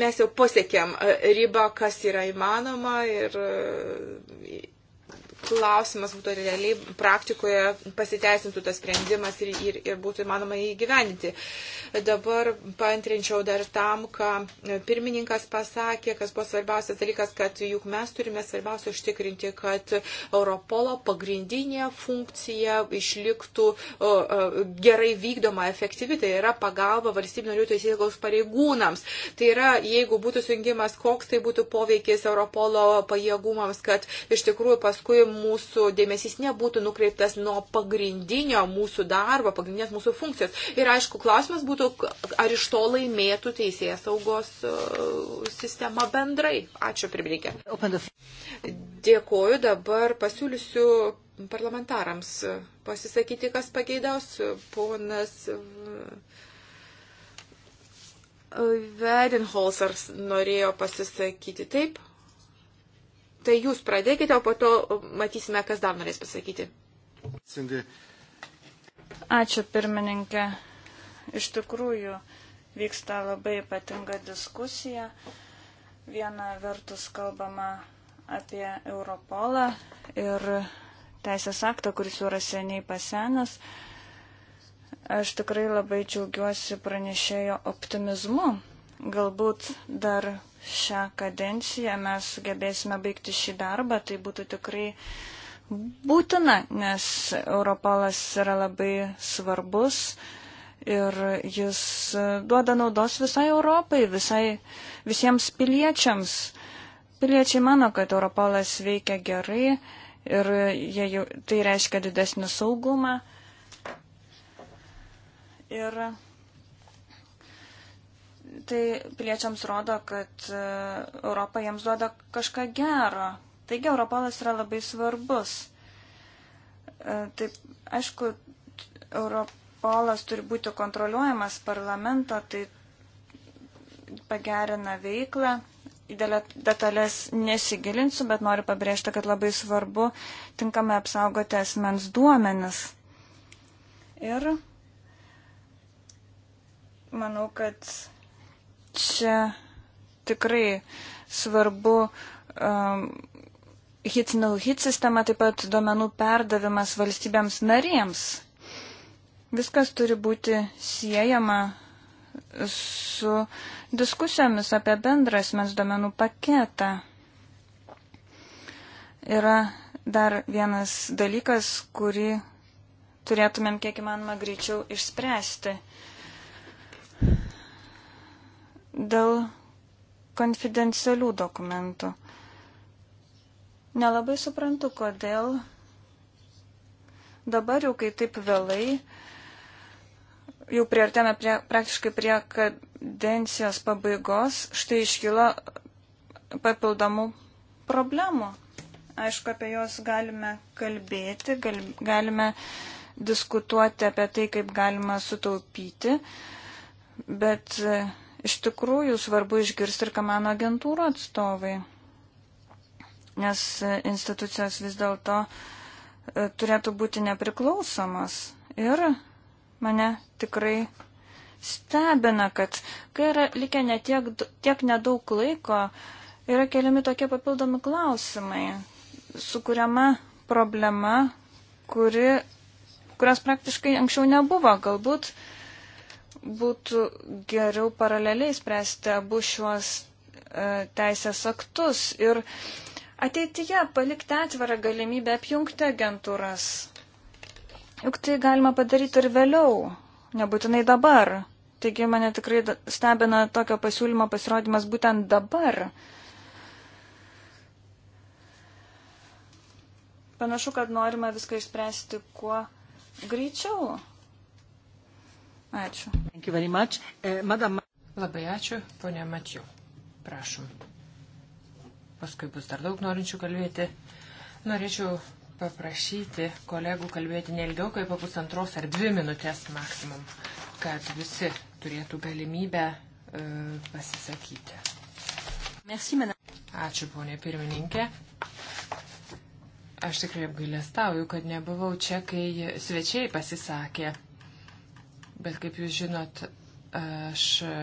mes jau pasiekėm e, ribą, kas yra įmanoma ir e, klausimas būtų realiai praktikoje pasiteisintų tas sprendimas ir, ir, ir būtų įmanoma įgyveninti. Dabar paantrinčiau dar tam, ką pirmininkas pasakė, kas buvo svarbiausias dalykas, kad juk mes turime svarbiausia užtikrinti, kad Europolo pagrindinė funkcija išliktų gerai vykdoma, efektyvi, tai yra pagalba valstybių narių teisėgaus pareigūnams. Tai yra, jeigu būtų sujungimas, koks tai būtų poveikis Europolo pajėgumams, kad iš tikrųjų pas paskui mūsų dėmesys nebūtų nukreiptas nuo pagrindinio mūsų darbo, pagrindinės mūsų funkcijos. Ir aišku, klausimas būtų, ar iš to laimėtų teisėjas saugos e, sistema bendrai. Ačiū, pirmininkė. Dėkoju, dabar pasiūlysiu parlamentarams pasisakyti, kas pageidaus. Ponas Vedenholzers norėjo pasisakyti taip. Tai jūs pradėkite, o po to matysime, kas dar norės pasakyti. Ačiū pirmininkė. Iš tikrųjų vyksta labai ypatinga diskusija. Viena vertus kalbama apie Europolą ir teisės aktą, kuris jau yra seniai pasenęs. Aš tikrai labai džiaugiuosi pranešėjo optimizmu. Galbūt dar šią kadenciją mes sugebėsime baigti šį darbą, tai būtų tikrai būtina, nes Europolas yra labai svarbus ir jis duoda naudos visai Europai, visai, visiems piliečiams. Piliečiai mano, kad Europolas veikia gerai ir jau, tai reiškia didesnį saugumą. Ir tai piliečiams rodo, kad e, Europa jiems duoda kažką gero. Taigi Europolas yra labai svarbus. E, taip, aišku, Europolas turi būti kontroliuojamas parlamento, tai pagerina veiklą. Į detalės nesigilinsiu, bet noriu pabrėžti, kad labai svarbu tinkamai apsaugoti asmens duomenis. Ir manau, kad čia tikrai svarbu um, hit no hit sistema, taip pat duomenų perdavimas valstybėms narėms. Viskas turi būti siejama su diskusijomis apie bendras mes duomenų paketą. Yra dar vienas dalykas, kurį turėtumėm kiek įmanoma greičiau išspręsti. Uh, dėl konfidencialių dokumentų. Nelabai suprantu, kodėl dabar jau, kai taip vėlai, jau priartėme prie, praktiškai prie kadencijos pabaigos, štai iškyla papildomų problemų. Aišku, apie juos galime kalbėti, gal, galime diskutuoti apie tai, kaip galima sutaupyti, bet Iš tikrųjų svarbu išgirsti ir ką mano agentūrų atstovai, nes institucijos vis dėlto e, turėtų būti nepriklausomas. Ir mane tikrai stebina, kad kai yra likę netiek, tiek nedaug laiko, yra keliami tokie papildomi klausimai, sukuriama problema, kuri, kurios praktiškai anksčiau nebuvo. Galbūt uh, būtų geriau paraleliai spręsti abu šiuos e, teisės aktus ir ateityje palikti atvirą galimybę apjungti agentūras. Juk tai galima padaryti ir vėliau, nebūtinai dabar. Taigi mane tikrai stebina tokio pasiūlymo pasirodymas būtent dabar. Panašu, kad norima viską išspręsti kuo greičiau. Ačiū. Eh, Madam... Labai ačiū, ponė Mačiu. Prašom. Paskui bus dar daug norinčių kalbėti. Norėčiau paprašyti kolegų kalbėti neilgiau kaip po pusantros ar dvi minutės maksimum, kad visi turėtų galimybę e, pasisakyti. Merci, Ačiū, ponė pirmininkė. Aš tikrai apgailestauju, kad nebuvau čia, kai svečiai pasisakė bet kaip jūs žinot, aš e,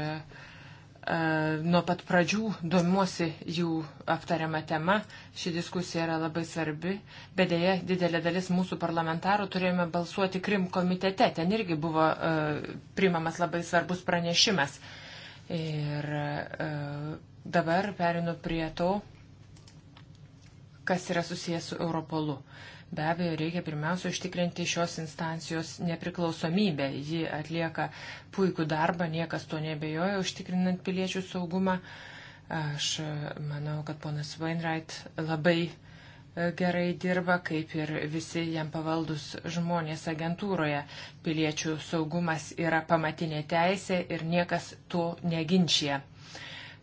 nuo pat pradžių domiuosi jų aptariamą temą. Ši diskusija yra labai svarbi, bet dėja didelė dalis mūsų parlamentarų turėjome balsuoti Krim komitete. Ten irgi buvo uh, e, primamas labai svarbus pranešimas. Ir uh, dabar perinu prie to, kas yra susijęs su Europolu. Uh, Be abejo, reikia pirmiausia užtikrinti šios instancijos nepriklausomybę. Ji atlieka puikų darbą, niekas to nebejoja, užtikrinant piliečių saugumą. Aš e, manau, kad ponas Wainwright labai e, gerai dirba, kaip ir visi jam pavaldus žmonės agentūroje. Piliečių saugumas yra pamatinė teisė ir niekas to neginčia.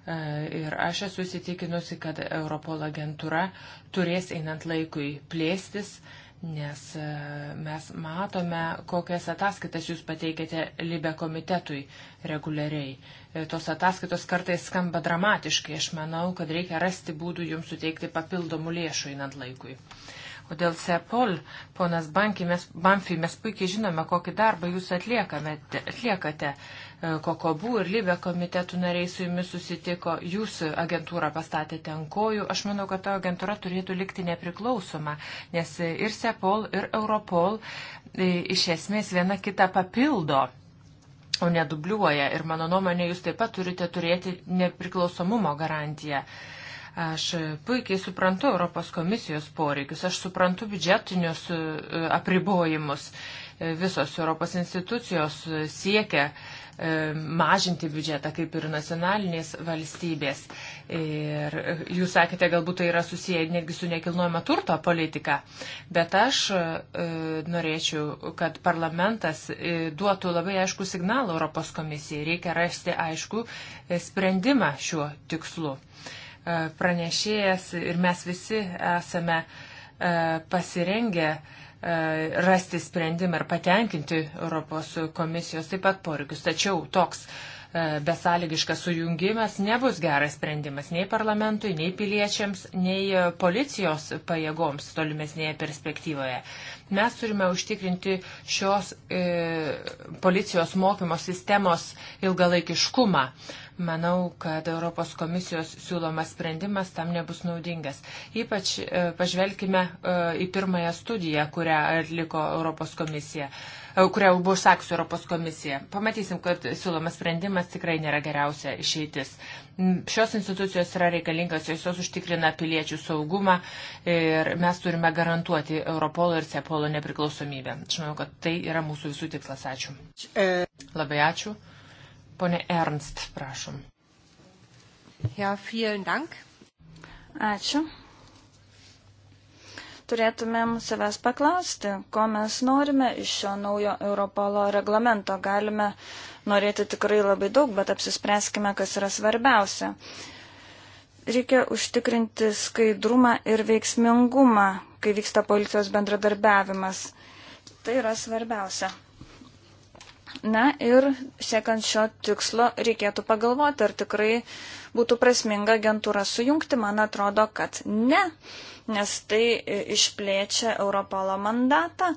E, ir aš esu įsitikinusi, kad Europol agentūra turės einant laikui plėstis, nes e, mes matome, kokias ataskaitas jūs pateikėte Libe komitetui reguliariai. E, tos ataskaitos kartais skamba dramatiškai. Aš manau, kad reikia rasti būdų jums suteikti papildomų lėšų einant laikui. O dėl Sepol, ponas Banfi, mes puikiai žinome, kokį darbą jūs atliekate. E, Kokobų ir Libė komitetų nariai su jumis susitiko, jūs agentūrą pastatėte ant kojų. Aš manau, kad ta agentūra turėtų likti nepriklausoma, nes ir Sepol, ir Europol e, iš esmės viena kitą papildo. O nedubliuoja. Ir mano nuomonė, jūs taip pat turite turėti nepriklausomumo garantiją. Aš puikiai suprantu Europos komisijos poreikius, aš suprantu biudžetinius e, apribojimus. Visos Europos institucijos siekia uh, E, mažinti biudžetą, kaip ir nacionalinės valstybės. Ir jūs sakėte, galbūt tai yra susiję netgi su nekilnojama turto politika, bet aš e, norėčiau, kad parlamentas e, duotų labai aišku signalą Europos komisijai. Reikia rasti aišku sprendimą šiuo tikslu. Pranešėjas ir mes visi esame pasirengę uh, E, rasti sprendimą ir patenkinti Europos komisijos taip pat poreikius. Tačiau toks e, besąlygiškas sujungimas nebus geras sprendimas nei parlamentui, nei piliečiams, nei e, policijos pajėgoms tolimesnėje perspektyvoje. Mes turime užtikrinti šios e, policijos mokymo sistemos ilgalaikiškumą. E, Manau, kad Europos komisijos siūlomas sprendimas tam nebus naudingas. Ypač e, pažvelkime e, į pirmąją studiją, kurią atliko Europos komisija e, kurią buvo užsakusi Europos komisija. Pamatysim, kad siūlomas sprendimas tikrai nėra geriausia išeitis. Šios institucijos yra reikalingos, jos užtikrina piliečių saugumą ir mes turime garantuoti Europolo ir Sepolo nepriklausomybę. Aš manau, kad tai yra mūsų visų tikslas. Ačiū. Labai ačiū. Pone Ernst, prašom. Ja, vielen dank. Ačiū. Turėtumėm savęs paklausti, ko mes norime iš šio naujo Europolo reglamento. Galime norėti tikrai labai daug, bet apsispręskime, kas yra svarbiausia. Reikia užtikrinti skaidrumą ir veiksmingumą, kai vyksta policijos bendradarbiavimas. Tai yra svarbiausia. Na ir siekiant šio tikslo reikėtų pagalvoti, ar tikrai būtų prasminga agentūrą sujungti. Man atrodo, kad ne, nes tai išplėčia Europolo mandatą.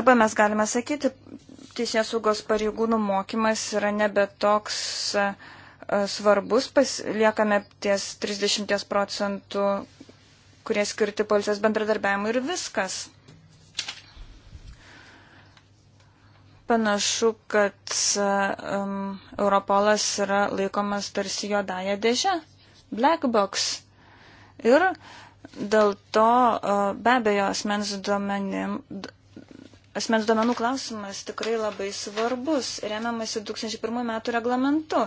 Arba mes galime sakyti, teisės saugos pareigūnų mokymas yra nebe toks e, svarbus, liekame ties 30 procentų, kurie skirti policijos bendradarbiavimui ir viskas. panašu, kad um, Europolas yra laikomas tarsi juodąją dėžę, black box. Ir dėl to uh, be abejo asmens, duomenim, asmens duomenų klausimas tikrai labai svarbus, remiamasi 2001 metų reglamentu.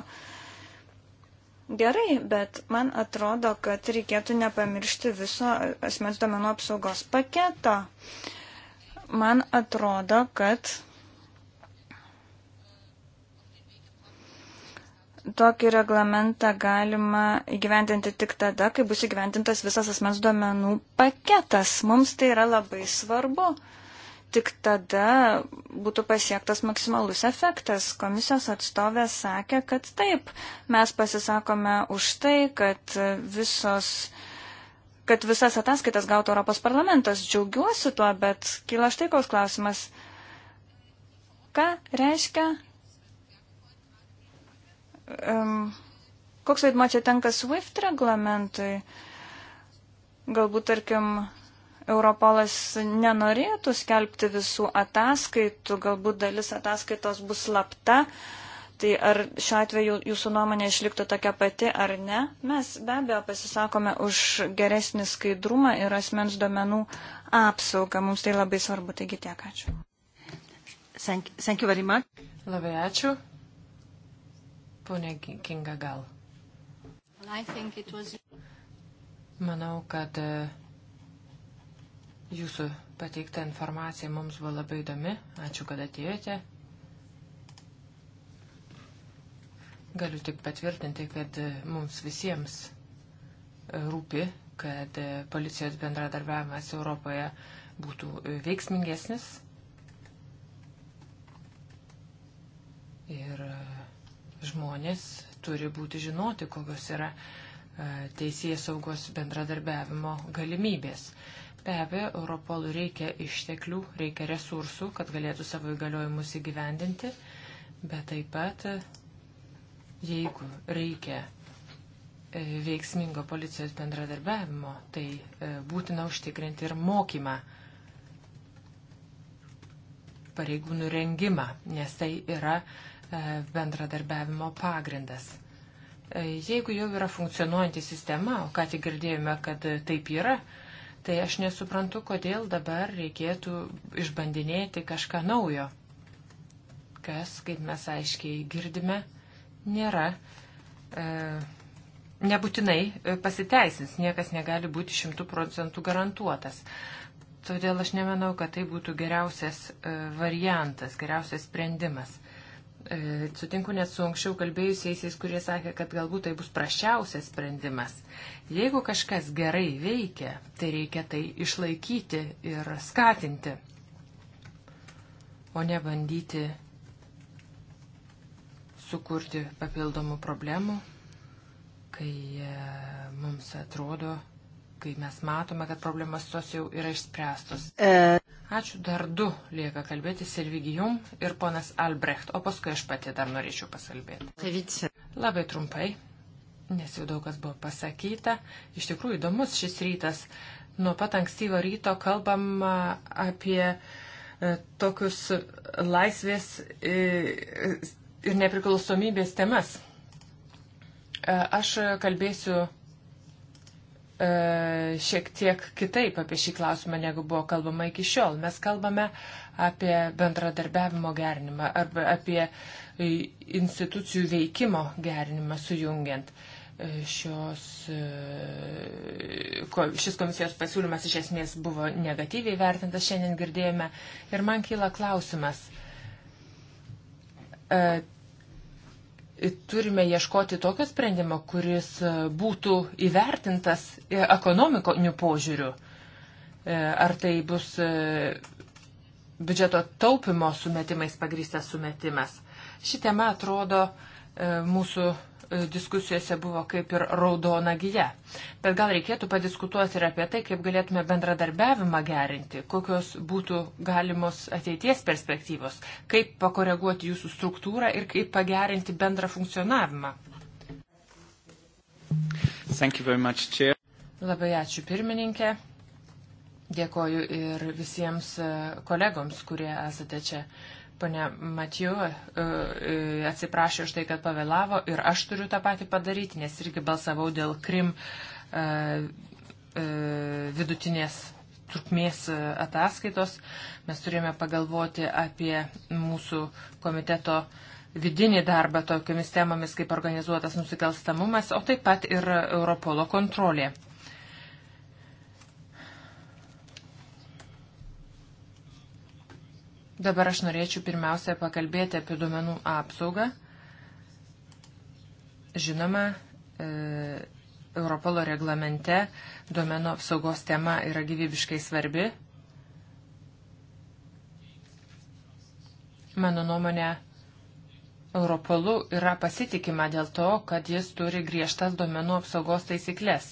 Gerai, bet man atrodo, kad reikėtų nepamiršti viso asmens duomenų apsaugos paketo. Man atrodo, kad tokį reglamentą galima įgyventinti tik tada, kai bus įgyventintas visas asmens duomenų paketas. Mums tai yra labai svarbu. Tik tada būtų pasiektas maksimalus efektas. Komisijos atstovė sakė, kad taip, mes pasisakome už tai, kad, visos, kad visas ataskaitas gautų Europos parlamentas. Džiaugiuosi tuo, bet kyla štai koks klausimas. Ką reiškia um, koks vaidmo čia tenka SWIFT reglamentui? Galbūt, tarkim, Europolas nenorėtų skelbti visų ataskaitų, galbūt dalis ataskaitos bus slapta. Tai ar šiuo atveju jūsų nuomonė išliktų tokia pati ar ne? Mes be abejo pasisakome už geresnį skaidrumą ir asmens duomenų apsaugą. Mums tai labai svarbu. Taigi tiek ačiū. Thank, thank you very much. Labai ačiū. Pone Kinga, gal. Was... Manau, kad e, jūsų pateikta informacija mums buvo labai įdomi. Ačiū, kad atėjote. Galiu tik patvirtinti, kad e, mums visiems e, rūpi, kad policijos bendradarbiavimas Europoje būtų veiksmingesnis. Ir žmonės turi būti žinoti, kokios yra e, teisės saugos bendradarbiavimo galimybės. Be abejo, Europolui reikia išteklių, reikia resursų, kad galėtų savo įgaliojimus įgyvendinti, bet taip pat, jeigu reikia e, veiksmingo policijos bendradarbiavimo, tai e, būtina užtikrinti ir mokymą, pareigūnų rengimą, nes tai yra uh, E, bendradarbiavimo pagrindas. E, jeigu jau yra funkcionuojanti sistema, o ką tik girdėjome, kad taip yra, tai aš nesuprantu, kodėl dabar reikėtų išbandinėti kažką naujo, kas, kaip mes aiškiai girdime, nėra. E, nebūtinai pasiteisins, niekas negali būti šimtų procentų garantuotas. Todėl aš nemanau, kad tai būtų geriausias e, variantas, geriausias sprendimas. E, sutinku net su anksčiau kalbėjusiais, kurie sakė, kad galbūt tai bus prašiausias sprendimas. Jeigu kažkas gerai veikia, tai reikia tai išlaikyti ir skatinti, o ne bandyti sukurti papildomų problemų, kai e, mums atrodo, kai mes matome, kad problemas tos jau yra išspręstos. E. Ačiū dar du lieka kalbėti Silvigijum ir ponas Albrecht, o paskui aš pati dar norėčiau pasalbėti. Tai Labai trumpai, nes jau daug kas buvo pasakyta. Iš tikrųjų įdomus šis rytas. Nuo pat ankstyvo ryto kalbam apie e, tokius laisvės e, ir nepriklausomybės temas. Aš kalbėsiu E, šiek tiek kitaip apie šį klausimą, negu buvo kalbama iki šiol. Mes kalbame apie bendradarbiavimo gerinimą arba apie e, institucijų veikimo gerinimą sujungiant. E, šios, šis komisijos pasiūlymas iš esmės buvo negatyviai vertintas, šiandien girdėjome. Ir man kyla klausimas turime ieškoti tokio sprendimo, kuris būtų įvertintas e, ekonomikoniu požiūriu. E, ar tai bus e, biudžeto taupimo sumetimais pagrįstas sumetimas. Ši tema atrodo mūsų E, diskusijose buvo kaip ir raudona gyja. Bet gal reikėtų padiskutuoti ir apie tai, kaip galėtume bendradarbiavimą gerinti, kokios būtų galimos ateities perspektyvos, kaip pakoreguoti jūsų struktūrą ir kaip pagerinti bendrą funkcionavimą. Much, Chair. Labai ačiū pirmininkė. Dėkoju ir visiems e, kolegoms, kurie esate čia. Pone Matiju e, e, atsiprašė už tai, kad pavėlavo ir aš turiu tą patį padaryti, nes irgi balsavau dėl Krim e, vidutinės trukmės ataskaitos. Mes turėjome pagalvoti apie mūsų komiteto vidinį darbą tokiomis temomis kaip organizuotas nusikalstamumas, o taip pat ir Europolo kontrolė. Dabar aš norėčiau pirmiausia pakalbėti apie duomenų apsaugą. Žinoma, e, Europolo reglamente duomenų apsaugos tema yra gyvybiškai svarbi. Mano nuomonė, Europolu yra pasitikima dėl to, kad jis turi griežtas duomenų apsaugos taisyklės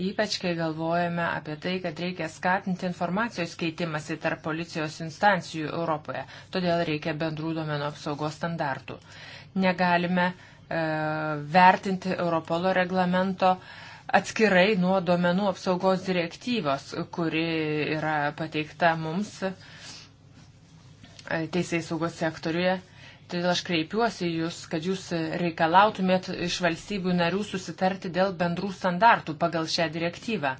ypač kai galvojame apie tai, kad reikia skatinti informacijos keitimasi tarp policijos instancijų Europoje, todėl reikia bendrų domenų apsaugos standartų. Negalime e, vertinti Europolo reglamento atskirai nuo domenų apsaugos direktyvos, kuri yra pateikta mums e, teisėjai saugos sektoriuje Todėl aš kreipiuosi jūs, kad jūs reikalautumėt iš valstybių narių susitarti dėl bendrų standartų pagal šią direktyvą.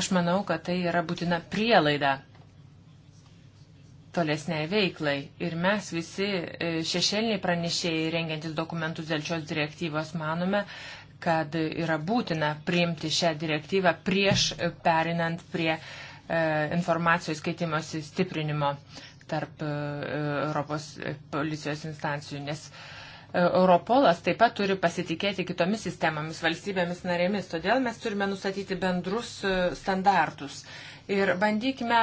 Aš manau, kad tai yra būtina prielaida tolesniai veiklai. Ir mes visi e, šešėliniai pranešėjai rengiantis dokumentus dėl šios direktyvos manome, kad yra būtina priimti šią direktyvą prieš e, perinant prie e, informacijos keitimosi stiprinimo. E, tarp e, Europos e, policijos instancijų, nes e, Europolas taip pat turi pasitikėti kitomis sistemomis, valstybėmis narėmis, todėl mes turime nustatyti bendrus standartus ir bandykime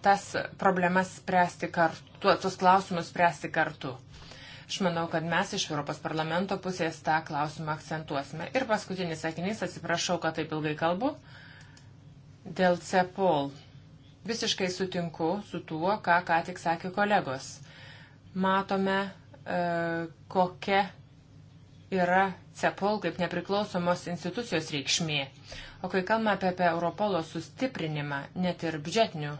tas problemas spręsti kartu, tuos klausimus spręsti kartu. Aš manau, kad mes iš Europos parlamento pusės tą klausimą akcentuosime. Ir paskutinis sakinys, atsiprašau, kad taip ilgai kalbu, dėl CEPOL. Visiškai sutinku su tuo, ką ką tik sakė kolegos. Matome, e, kokia yra CEPOL kaip nepriklausomos institucijos reikšmė. O kai kalbame apie, apie Europolo sustiprinimą, net ir biudžetinių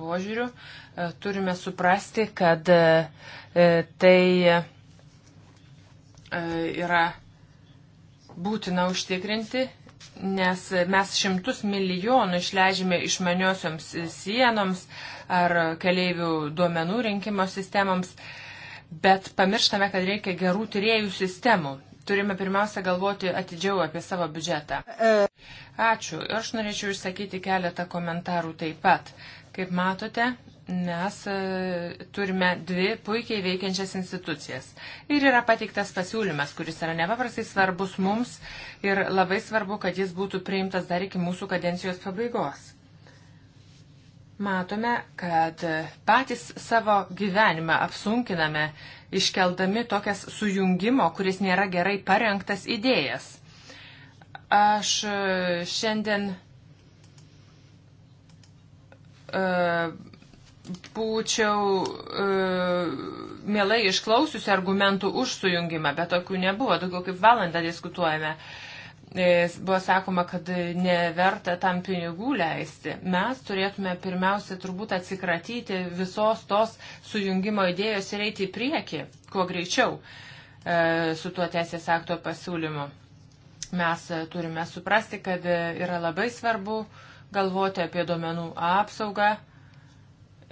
požiūrių, e, turime suprasti, kad e, tai yra būtina užtikrinti nes mes šimtus milijonų išleidžiame išmaniosioms sienoms ar keleivių duomenų rinkimo sistemoms, bet pamirštame, kad reikia gerų tyriejų sistemų. Turime pirmiausia galvoti atidžiau apie savo biudžetą. Ačiū. Aš norėčiau išsakyti keletą komentarų taip pat. Kaip matote, mes e, turime dvi puikiai veikiančias institucijas. Ir yra pateiktas pasiūlymas, kuris yra nepaprastai svarbus mums ir labai svarbu, kad jis būtų priimtas dar iki mūsų kadencijos pabaigos. Matome, kad patys savo gyvenimą apsunkiname, iškeldami tokias sujungimo, kuris nėra gerai parengtas idėjas. Aš e, šiandien uh, būčiau e, mielai išklausiusi argumentų už sujungimą, bet tokių nebuvo, daugiau kaip valandą diskutuojame. E, buvo sakoma, kad neverta tam pinigų leisti. Mes turėtume pirmiausia turbūt atsikratyti visos tos sujungimo idėjos ir eiti į priekį, kuo greičiau e, su tuo teisės akto pasiūlymu. Mes turime suprasti, kad yra labai svarbu galvoti apie duomenų apsaugą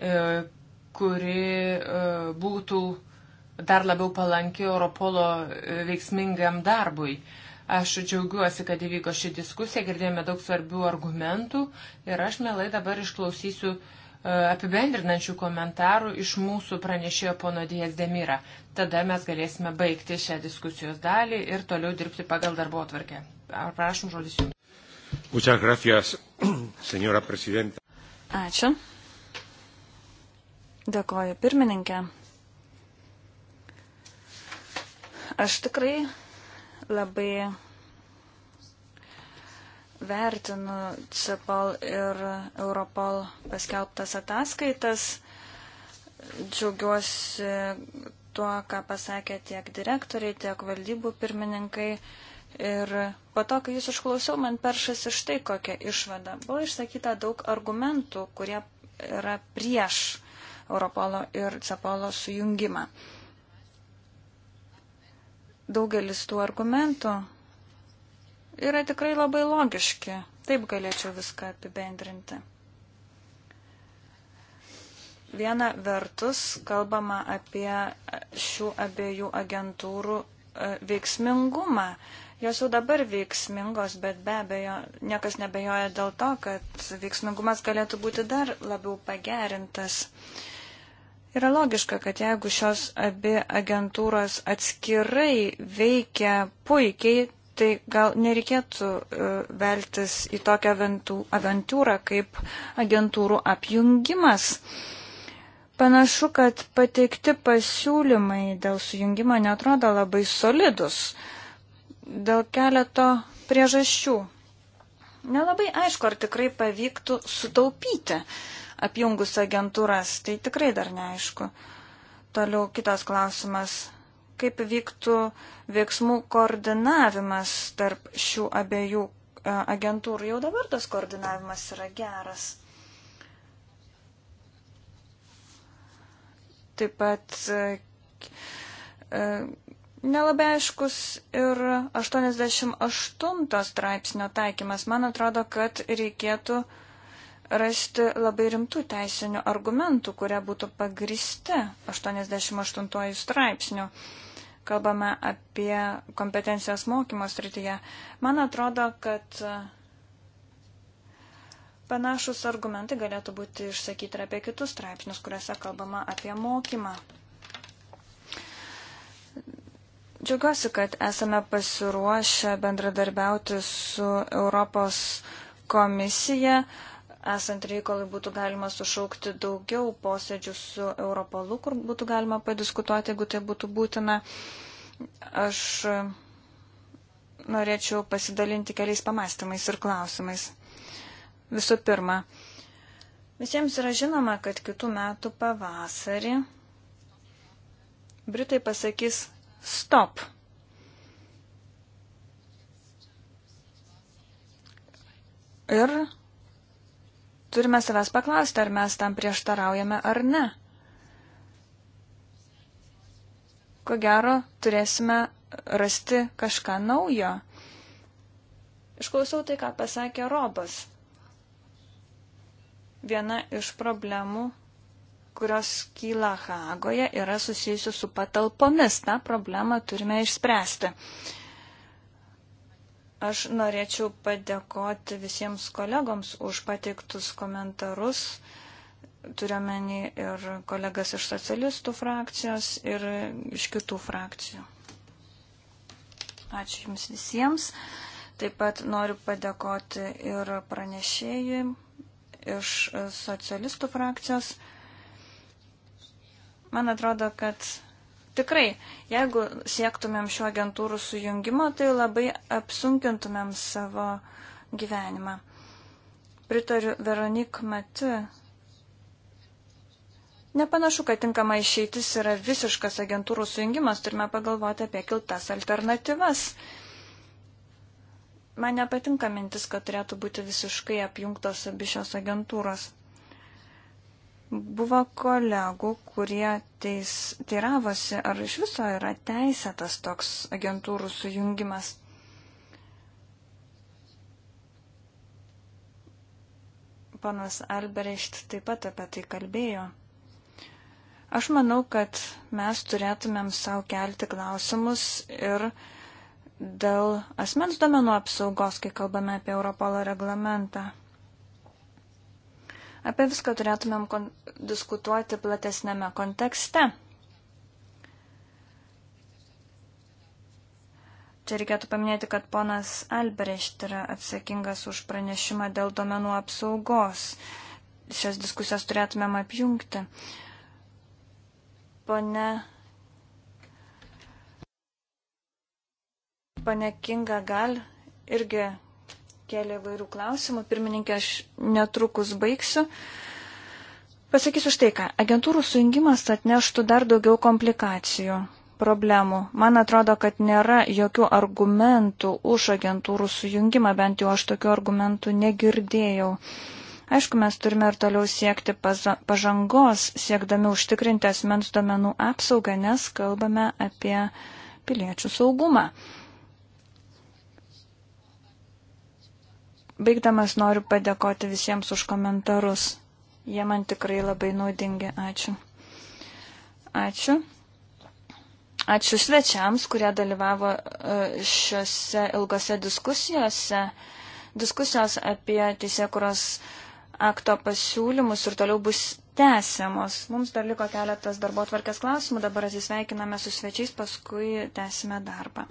E, kuri e, būtų dar labiau palanki Europolo e, veiksmingam darbui. Aš džiaugiuosi, kad įvyko ši diskusija, girdėjome daug svarbių argumentų ir aš mielai dabar išklausysiu apibendrinančių komentarų iš mūsų pranešėjo pono Dijas Demira. Tada mes galėsime baigti šią diskusijos dalį ir toliau dirbti pagal darbo atvarkę. Ar prašom žodis jums. Muchas gracias, señora presidenta. Ačiū, Dėkoju pirmininkė. Aš tikrai labai vertinu CEPOL ir Europol paskelbtas ataskaitas. Džiaugiuosi tuo, ką pasakė tiek direktoriai, tiek valdybų pirmininkai. Ir po to, kai jūs išklausiau, man peršasi štai kokia išvada. Buvo išsakyta daug argumentų, kurie yra prieš Europolo ir Cepolo sujungimą. Daugelis tų argumentų yra tikrai labai logiški. Taip galėčiau viską apibendrinti. Viena vertus kalbama apie šių abiejų agentūrų e, veiksmingumą. Jos jau dabar veiksmingos, bet be abejo, niekas nebejoja dėl to, kad veiksmingumas galėtų būti dar labiau pagerintas. Uh, Yra logiška, kad jeigu šios abi agentūros atskirai veikia puikiai, tai gal nereikėtų e, veltis į tokią aventūrą kaip agentūrų apjungimas. Panašu, kad pateikti pasiūlymai dėl sujungimo netrodo labai solidus dėl keleto priežasčių. Nelabai aišku, ar tikrai pavyktų sutaupyti uh, apjungus agentūras, tai tikrai dar neaišku. Toliau kitas klausimas, kaip vyktų veiksmų koordinavimas tarp šių abiejų e, agentūrų. Jau dabar tas koordinavimas yra geras. Taip pat e, e, nelabai aiškus ir 88 straipsnio taikymas. Man atrodo, kad reikėtų uh, rasti labai rimtų teisinių argumentų, kurie būtų pagristi 88 straipsnių. Kalbame apie kompetencijos mokymo srityje. Man atrodo, kad panašus argumentai galėtų būti išsakyti ir apie kitus straipsnius, kuriuose kalbama apie mokymą. Džiaugiuosi, kad esame pasiruošę bendradarbiauti su Europos komisija, uh, esant reikalui būtų galima sušaukti daugiau posėdžių su Europolu, kur būtų galima padiskutuoti, jeigu tai būtų būtina. Aš norėčiau pasidalinti keliais pamastymais ir klausimais. Visų pirma, visiems yra žinoma, kad kitų metų pavasarį Britai pasakys stop. Ir turime savęs paklausti, ar mes tam prieštaraujame ar ne. Ko gero, turėsime rasti kažką naujo. Išklausau tai, ką pasakė Robas. Viena iš problemų, kurios kyla Hagoje, yra susijusi su patalpomis. Ta problema turime išspręsti. Uh, Aš norėčiau padėkoti visiems kolegoms už pateiktus komentarus, turiuomenį ir kolegas iš socialistų frakcijos ir iš kitų frakcijų. Ačiū Jums visiems. Taip pat noriu padėkoti ir pranešėjui iš socialistų frakcijos. Man atrodo, kad Tikrai, jeigu siektumėm šio agentūrų sujungimo, tai labai apsunkintumėm savo gyvenimą. Pritariu Veronik Mati. Nepanašu, kad tinkama išeitis yra visiškas agentūrų sujungimas, turime pagalvoti apie kiltas alternatyvas. Man nepatinka mintis, kad turėtų būti visiškai apjungtos abi šios agentūros. Buvo kolegų, kurie teis, teiravosi, ar iš viso yra teisėtas toks agentūrų sujungimas. Panas Albrecht taip pat apie tai kalbėjo. Aš manau, kad mes turėtumėm savo kelti klausimus ir dėl asmens domenų apsaugos, kai kalbame apie Europolo reglamentą. Apie viską turėtumėm diskutuoti platesnėme kontekste. Čia reikėtų paminėti, kad ponas Albrecht yra atsakingas už pranešimą dėl domenų apsaugos. Šias diskusijas turėtumėm apjungti. Pone. Pane Kinga gal irgi kėlė vairių klausimų. Pirmininkė, aš netrukus baigsiu. Pasakysiu štai ką. Agentūrų sujungimas atneštų dar daugiau komplikacijų, problemų. Man atrodo, kad nėra jokių argumentų už agentūrų sujungimą, bent jau aš tokių argumentų negirdėjau. Aišku, mes turime ir toliau siekti pažangos, siekdami užtikrinti asmens duomenų apsaugą, nes kalbame apie piliečių saugumą. Baigdamas noriu padėkoti visiems už komentarus. Jie man tikrai labai naudingi. Ačiū. Ačiū. Ačiū svečiams, kurie dalyvavo e, šiuose ilgose diskusijose. Diskusijos apie teisėkuros akto pasiūlymus ir toliau bus tęsiamos. Mums dar liko keletas darbo tvarkės klausimų, dabar atsisveikiname su svečiais, paskui tęsime darbą.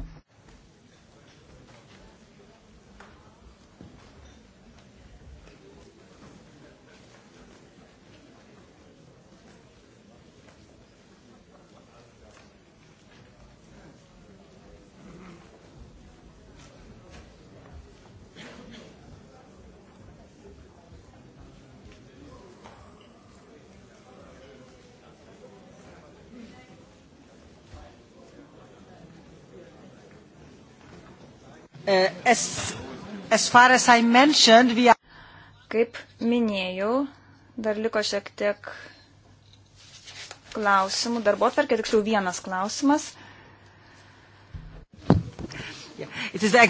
Eh, as, as far as I mentioned, we are... Kaip minėjau, dar liko šiek tiek klausimų. Darbo atverkė tiksliau vienas klausimas. E tai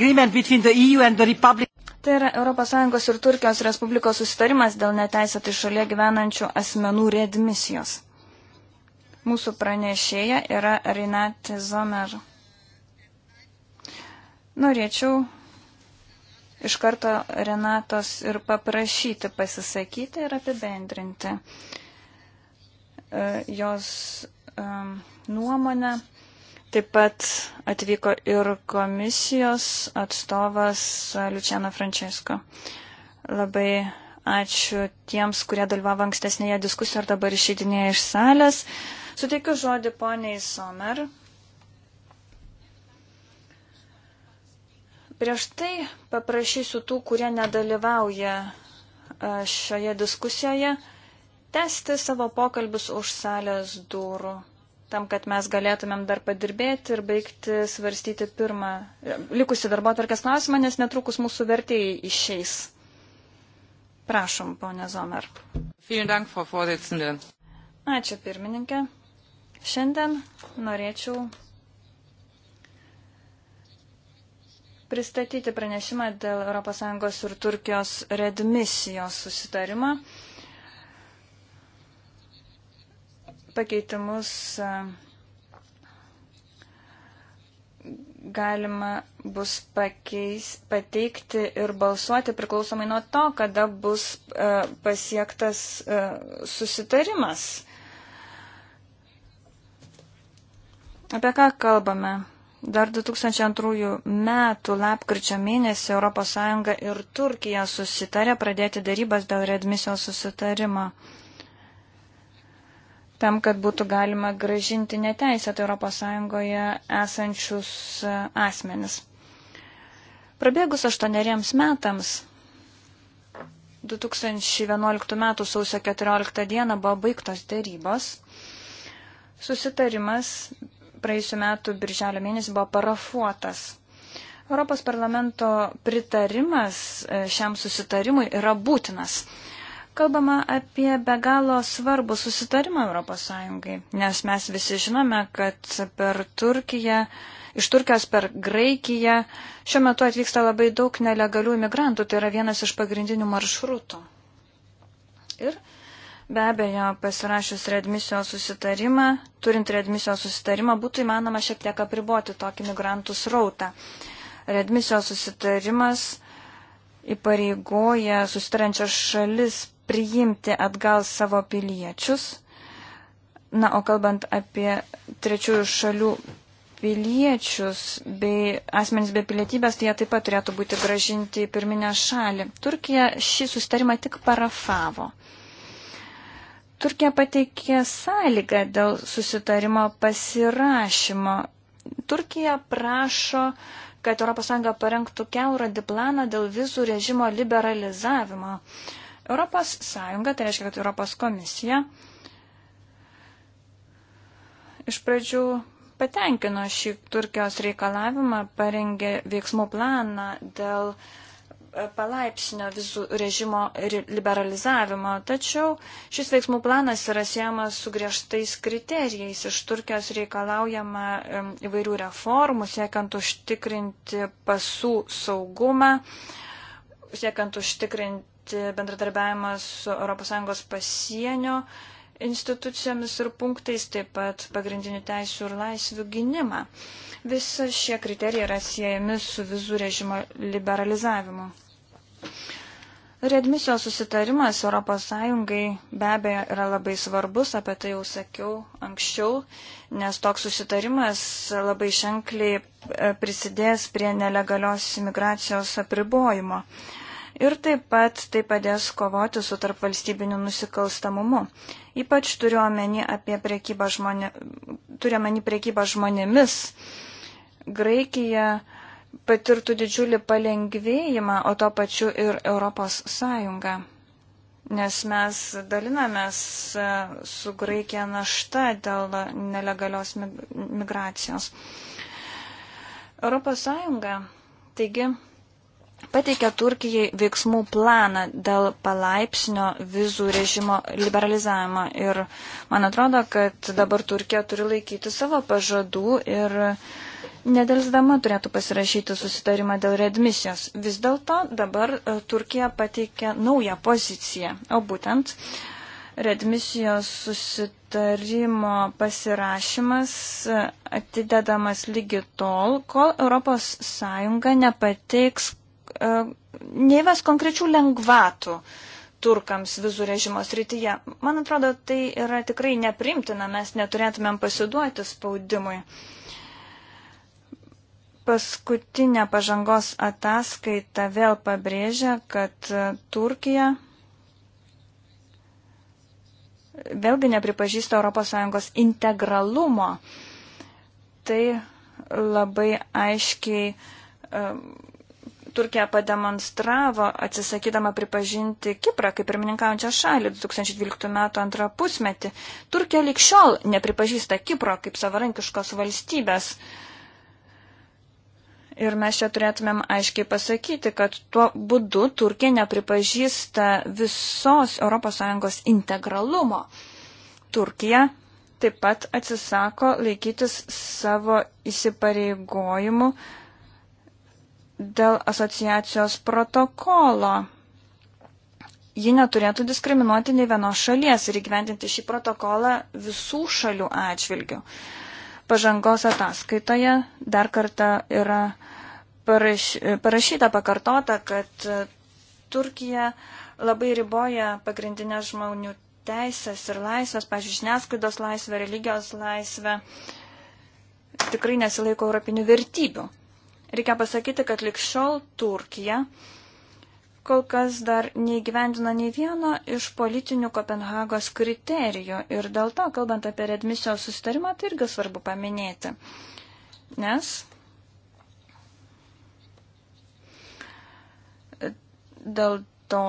yra ES ir Turkijos Respublikos susitarimas dėl neteisėtai šalia gyvenančių asmenų readmisijos. Mūsų pranešėja yra Rinat Zomer. Norėčiau iš karto Renatos ir paprašyti pasisakyti ir apibendrinti e, jos e, nuomonę. Taip pat atvyko ir komisijos atstovas Luciano Francesco. Labai ačiū tiems, kurie dalyvavo ankstesnėje diskusijoje ir dabar išeidinėje iš salės. Suteikiu žodį poniai Somer. Prieš tai paprašysiu tų, kurie nedalyvauja e, šioje diskusijoje, tęsti savo pokalbius už salės durų, tam, kad mes galėtumėm dar padirbėti ir baigti svarstyti pirmą e, likusi darbo tvarkės klausimą, nes netrukus mūsų vertėjai išeis. Prašom, ponė Zomer. Ačiū, pirmininkė. Šiandien norėčiau pristatyti pranešimą dėl ES ir Turkijos redmisijos susitarimą. Pakeitimus e, galima bus pakeis, pateikti ir balsuoti priklausomai nuo to, kada bus e, pasiektas e, susitarimas. Apie ką kalbame? Dar 2002 metų lapkričio mėnesį ES ir Turkija susitarė pradėti darybas dėl redmisijos susitarimo tam, kad būtų galima gražinti neteisėtai ES esančius asmenis. Prabėgus aštuoneriems metams, 2011 m. sausio 14 d. buvo baigtos dėrybos, susitarimas praėjusiu metu birželio mėnesį buvo parafuotas. Europos parlamento pritarimas e, šiam susitarimui yra būtinas. Kalbama apie be galo svarbų susitarimą ES, nes mes visi žinome, kad per Turkiją, iš Turkijos per Graikiją šiuo metu atvyksta labai daug nelegalių imigrantų, tai yra vienas iš pagrindinių maršrutų. Ir uh, Be abejo, pasirašius readmisijos susitarimą, turint readmisijos susitarimą, būtų įmanoma šiek tiek apriboti tokį migrantų srautą. Readmisijos susitarimas įpareigoja susitarančias šalis priimti atgal savo piliečius. Na, o kalbant apie trečiųjų šalių piliečius bei asmenys be pilietybės, tai jie taip pat turėtų būti gražinti į pirminę šalį. Turkija šį sustarimą tik parafavo. Turkija pateikė sąlygą dėl susitarimo pasirašymo. Turkija prašo, kad ES parengtų kelrodį planą dėl vizų režimo liberalizavimo. ES, tai reiškia, kad Europos komisija iš pradžių patenkino šį Turkijos reikalavimą, parengė veiksmų planą dėl uh, E, palaipsnio vizų režimo liberalizavimo, tačiau šis veiksmų planas yra siejamas su griežtais kriterijais. Iš Turkijos reikalaujama įvairių reformų, siekiant užtikrinti pasų saugumą, siekiant užtikrinti bendradarbiavimą su ES pasienio institucijomis ir punktais, taip pat pagrindinių teisų ir laisvių gynimą. Visi šie kriterijai yra siejami su vizų režimo liberalizavimu. Redmisijos susitarimas ES be abejo yra labai svarbus, apie tai jau sakiau anksčiau, nes toks susitarimas labai ženkliai e, prisidės prie nelegalios imigracijos apribojimo. Ir taip pat tai padės kovoti su tarpvalstybiniu nusikalstamumu. Ypač turiuomenį apie priekybą, žmonė, turiuomenį priekybą žmonėmis. Graikija patirtų didžiulį palengvėjimą, o to pačiu ir Europos Sąjunga. Nes mes dalinamės e, su Graikija našta dėl nelegalios migracijos. Europos Sąjunga, taigi, pateikė Turkijai veiksmų planą dėl palaipsnio vizų režimo liberalizavimo. Ir man atrodo, kad dabar Turkija turi laikyti savo pažadų ir nedelsdama turėtų pasirašyti susitarimą dėl redmisijos. Vis dėlto dabar e, Turkija pateikė naują poziciją, o būtent redmisijos susitarimo pasirašymas e, atidedamas lygi tol, kol ES nepateiks E, neįves konkrečių lengvatų turkams vizų režimo srityje. Man atrodo, tai yra tikrai neprimtina, mes neturėtumėm pasiduoti spaudimui. Paskutinė pažangos ataskaita vėl pabrėžia, kad e, Turkija vėlgi nepripažįsta ES integralumo. Tai labai aiškiai e, Turkija pademonstravo, atsisakydama pripažinti Kiprą kaip pirmininkaujančią šalį 2012 m. antrą pusmetį. Turkija likščiol nepripažįsta Kipro kaip savarankiškos valstybės. Ir mes čia turėtumėm aiškiai pasakyti, kad tuo būdu Turkija nepripažįsta visos ES integralumo. Turkija taip pat atsisako laikytis savo įsipareigojimų uh, dėl asociacijos protokolo. Ji neturėtų diskriminuoti nei vienos šalies ir įgyventinti šį protokolą visų šalių atžvilgių. Pažangos ataskaitoje dar kartą yra paraš, parašyta, pakartota, kad Turkija labai riboja pagrindinės žmonių teisės ir laisvės, pažiūrėjau, žiniasklaidos laisvę, religijos laisvę, tikrai nesilaiko europinių vertybių. Reikia pasakyti, kad likščiol Turkija kol kas dar neįgyvendino nei vieno iš politinių Kopenhagos kriterijų ir dėl to, kalbant apie redmisijos sustarimą, tai irgi svarbu paminėti. Nes dėl to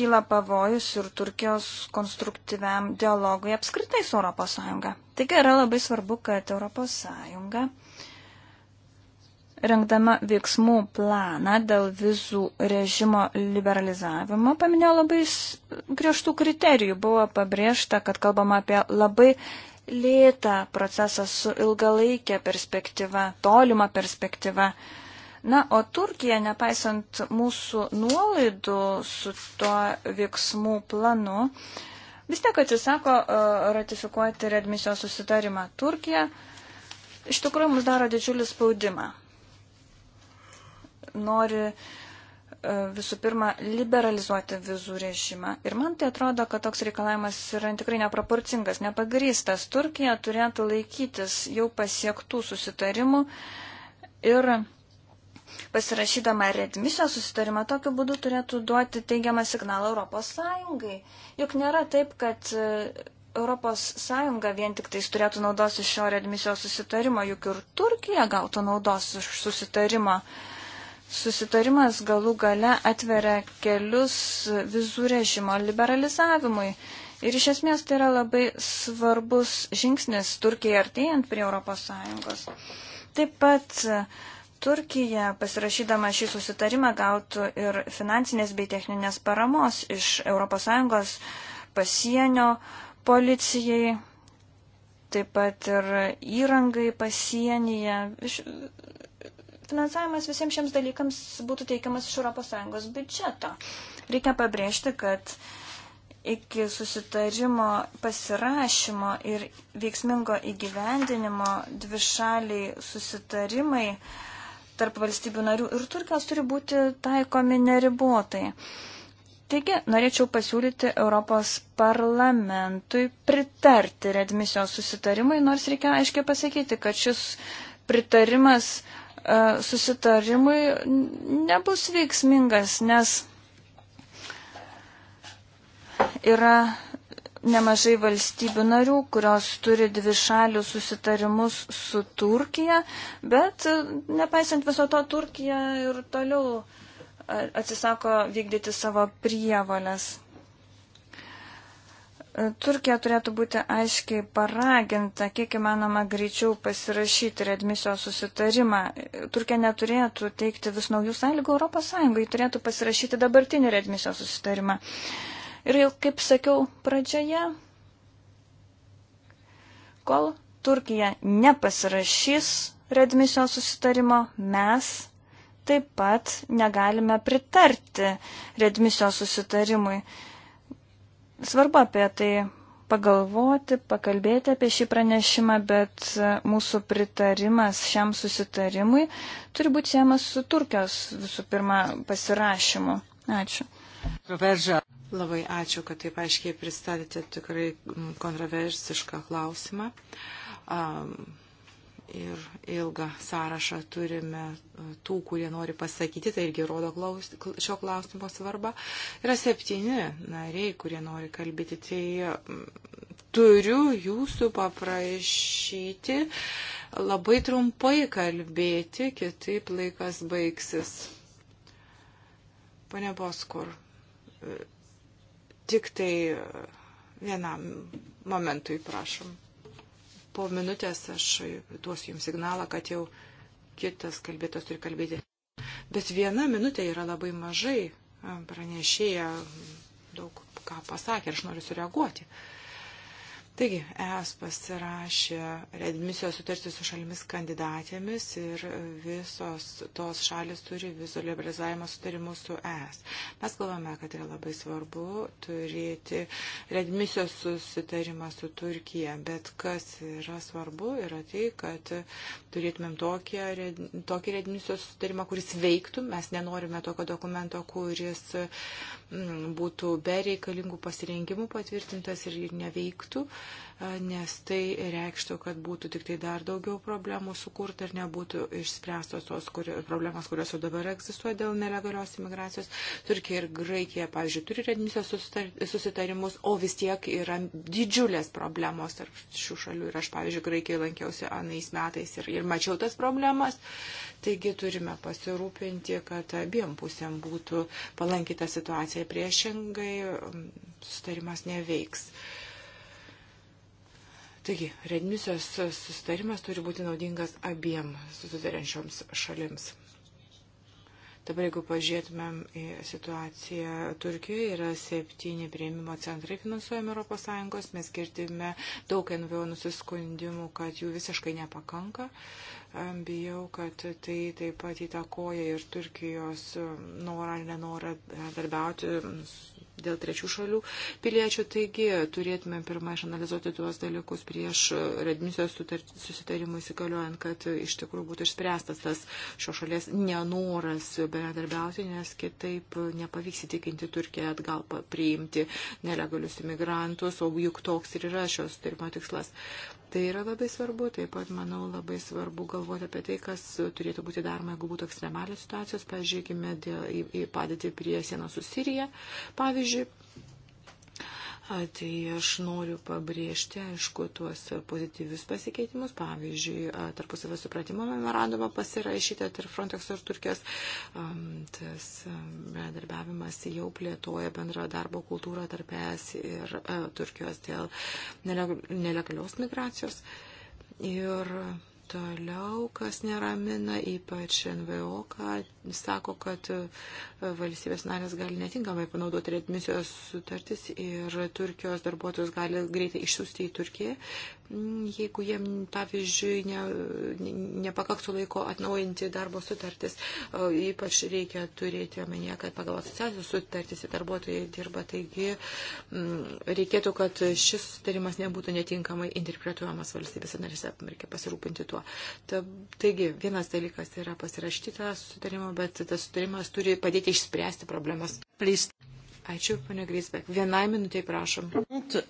kyla pavojus ir Turkijos konstruktyviam dialogui apskritai su Europos Sąjunga. Taigi yra labai svarbu, kad ES rengdama veiksmų planą dėl vizų režimo liberalizavimo, paminėjo labai griežtų kriterijų. Buvo pabrėžta, kad kalbama apie labai lėtą procesą su ilgalaikė perspektyva, tolima perspektyva. Na, o Turkija, nepaisant mūsų nuolaidų su tuo veiksmų planu, uh, vis tiek atsisako e, ratifikuoti redmisijos susitarimą. Turkija iš tikrųjų mums daro didžiulį spaudimą. Nori e, visų pirma liberalizuoti vizų režimą. Ir man tai atrodo, kad toks reikalavimas yra tikrai neproporcingas, nepagrystas. Turkija turėtų laikytis jau pasiektų susitarimų ir pasirašydama redmisijos susitarimą, tokiu būdu turėtų duoti teigiamą signalą Europos Sąjungai. Juk nėra taip, kad e, Europos Sąjunga vien tik tais turėtų naudos iš šio redmisijos susitarimo, juk ir Turkija gautų naudos iš susitarimo. Susitarimas galų gale atveria kelius vizų režimo liberalizavimui. Ir iš esmės tai yra labai svarbus žingsnis Turkijai artėjant prie ES. Taip pat Turkija, pasirašydama šį susitarimą, gautų ir finansinės bei techninės paramos iš ES pasienio policijai, taip pat ir įrangai pasienyje. Finansavimas visiems šiems dalykams būtų teikiamas iš ES biudžeto. Reikia pabrėžti, kad iki susitarimo pasirašymo ir veiksmingo įgyvendinimo dvišaliai susitarimai uh, tarp valstybių narių ir Turkijos turi būti taikomi neribotai. Taigi, norėčiau pasiūlyti Europos parlamentui pritarti redmisijos susitarimai, nors reikia aiškiai pasakyti, kad šis pritarimas e, susitarimui nebus veiksmingas, nes yra nemažai valstybių narių, kurios turi dvi šalių susitarimus su Turkija, bet e, nepaisant viso to Turkija ir toliau e, atsisako vykdyti savo prievalės. E, Turkija turėtų būti aiškiai paraginta, kiek įmanoma greičiau pasirašyti redmisijos susitarimą. Turkija neturėtų teikti vis naujų sąlygų Europos Sąjungai, turėtų pasirašyti dabartinį redmisijos susitarimą. Uh, Ir jau, kaip sakiau pradžioje, kol Turkija nepasirašys redmisijos susitarimo, mes taip pat negalime pritarti redmisijos susitarimui. Svarbu apie tai pagalvoti, pakalbėti apie šį pranešimą, bet mūsų pritarimas šiam susitarimui turi būti siejamas su Turkijos visų pirma pasirašymu. Ačiū. Verža. Labai ačiū, kad taip aiškiai pristatėte tikrai mm, kontroversišką klausimą. Um, ir ilgą sąrašą turime e, tų, kurie nori pasakyti, tai irgi rodo klaus, šio klausimo svarbą. Yra septyni nariai, kurie nori kalbėti, tai mm, turiu jūsų paprašyti labai trumpai kalbėti, kitaip laikas baigsis. Pane Boskur, e, tik tai e, vienam momentui, prašom. Po minutės aš duosiu jums signalą, kad jau kitas kalbėtas turi kalbėti. Bet viena minutė yra labai mažai. E, pranešėja daug ką pasakė ir aš noriu sureaguoti. Uh, Taigi, ES pasirašė redmisijos sutartį su šalimis kandidatėmis ir visos tos šalis turi viso liberalizavimo sutarimus su ES. Mes galvome, kad yra labai svarbu turėti redmisijos susitarimą su Turkija, bet kas yra svarbu yra tai, kad turėtumėm tokią, tokį redmisijos sutarimą, kuris veiktų. Mes nenorime tokio dokumento, kuris m, mm, būtų be reikalingų pasirinkimų patvirtintas ir neveiktų nes tai reikštų, kad būtų tik tai dar daugiau problemų sukurta ir nebūtų išspręstos tos kur, problemas, kurios jau dabar egzistuoja dėl nelegalios imigracijos. Turkija ir Graikija, pavyzdžiui, turi redmisijos susitarimus, o vis tiek yra didžiulės problemos tarp šių šalių. Ir aš, pavyzdžiui, Graikijoje lankiausi anais metais ir, ir mačiau tas problemas. Taigi turime pasirūpinti, kad abiem pusėm būtų palankita situacija priešingai, sustarimas neveiks. Taigi, redmisijos susitarimas turi būti naudingas abiem susitariančioms šalims. Dabar, jeigu pažiūrėtumėm į situaciją Turkijoje, yra septyni prieimimo centrai finansuojami ES, mes girdime daug NVO nusiskundimų, kad jų visiškai nepakanka. Uh, Bijau, kad tai taip pat įtakoja ir Turkijos norą ar nenorą e, darbiauti dėl trečių šalių piliečių. Taigi turėtume pirmą išanalizuoti tuos dalykus prieš e, redmisijos susitarimų įsigaliojant, kad iš tikrųjų būtų išspręstas tas šios šalies nenoras bendradarbiauti, nes kitaip nepavyks įtikinti Turkiją atgal priimti nelegalius imigrantus, o juk toks ir yra šios sutarimo tikslas. Tai yra labai svarbu, taip pat, manau, labai svarbu galvoti apie tai, kas turėtų būti daroma, jeigu būtų ekstremalios situacijos. Pažiūrėkime dėl, į, į padėtį prie sienos su Sirija. Pavyzdžiui, Tai aš noriu pabrėžti, aišku, tuos pozityvius pasikeitimus. Pavyzdžiui, tarpusavio supratimo memorandumą pasirašyta tarp Frontex ir Turkijos. Tas bendradarbiavimas jau plėtoja bendrą darbo kultūrą tarp ES ir Turkijos dėl nelegalios migracijos. Ir toliau, kas neramina, ypač NVO, kad sako, kad e, valstybės narės gali netinkamai panaudoti readmisijos sutartis ir Turkijos darbuotojus gali greitai išsiųsti į Turkiją, mm, jeigu jiem, pavyzdžiui, ne, ne, nepakaktų laiko atnaujinti darbo sutartis. Ypač reikia turėti omenyje, kad pagal asociacijos sutartis į darbuotojai dirba, taigi mm, reikėtų, kad šis sutarimas nebūtų netinkamai interpretuojamas valstybės narėse, reikia pasirūpinti tuo. Ta, taigi, vienas dalykas yra pasirašyti tą sutarimą, bet tas sutarimas turi padėti išspręsti problemas. Please. Ačiū, ponia Grisbek. Vienai minutiai prašom. Uh,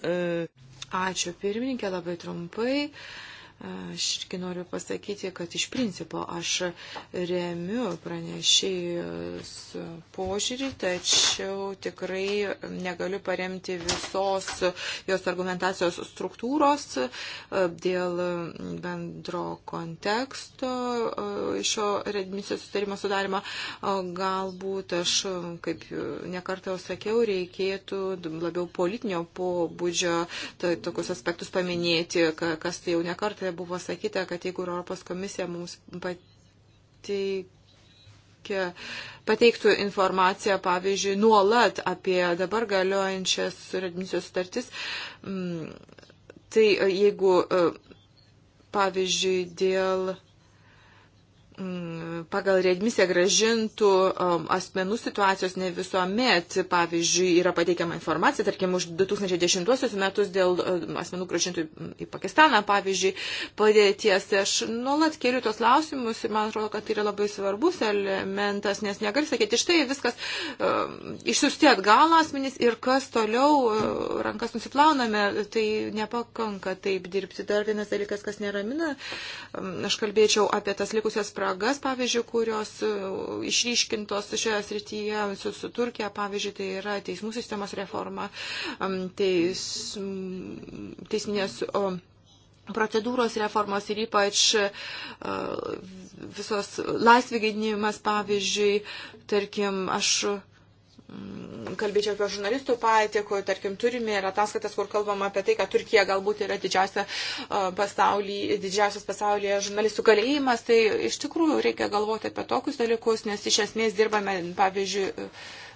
Ačiū, pirmininkė, labai trumpai. Uh, Aš irgi noriu pasakyti, kad iš principo aš remiu pranešėjus požiūrį, tačiau tikrai negaliu paremti visos jos argumentacijos struktūros e, dėl bendro konteksto e, šio redmisijos sutarimo sudarimo. Galbūt aš, kaip nekartą jau sakiau, reikėtų labiau politinio pobūdžio tai tokius aspektus paminėti, kas tai jau nekartą ataskaitoje buvo sakyta, kad jeigu Europos komisija mums pateikia, pateiktų informaciją, pavyzdžiui, nuolat apie dabar galiojančias redmisijos sutartis, mm, tai e, jeigu, e, pavyzdžiui, dėl Mm, pagal readmisiją gražintų um, asmenų situacijos ne visuomet, pavyzdžiui, yra pateikiama informacija, tarkim, už 2010 metus dėl um, asmenų gražintų į Pakistaną, pavyzdžiui, padėties. Aš nuolat keliu tos klausimus ir man atrodo, kad tai yra labai svarbus elementas, nes negali sakyti, štai viskas um, išsiusti atgal asmenys ir kas toliau uh, rankas nusiplauname, tai nepakanka taip dirbti. Dar vienas dalykas, kas neramina, aš kalbėčiau apie tas likusias prasmes spragas, pavyzdžiui, kurios uh, išryškintos šioje srityje su, su Turkija, pavyzdžiui, tai yra teismų sistemos reforma, um, teis, teisminės. O, procedūros reformos ir ypač uh, visos laisvėginimas, pavyzdžiui, tarkim, aš kalbėčiau apie žurnalistų patikų, tarkim, turime ir ataskaitas, kur kalbama apie tai, kad Turkija galbūt yra didžiausia pasaulyje, didžiausias pasaulyje žurnalistų kalėjimas, tai iš tikrųjų reikia galvoti apie tokius dalykus, nes iš esmės dirbame, pavyzdžiui,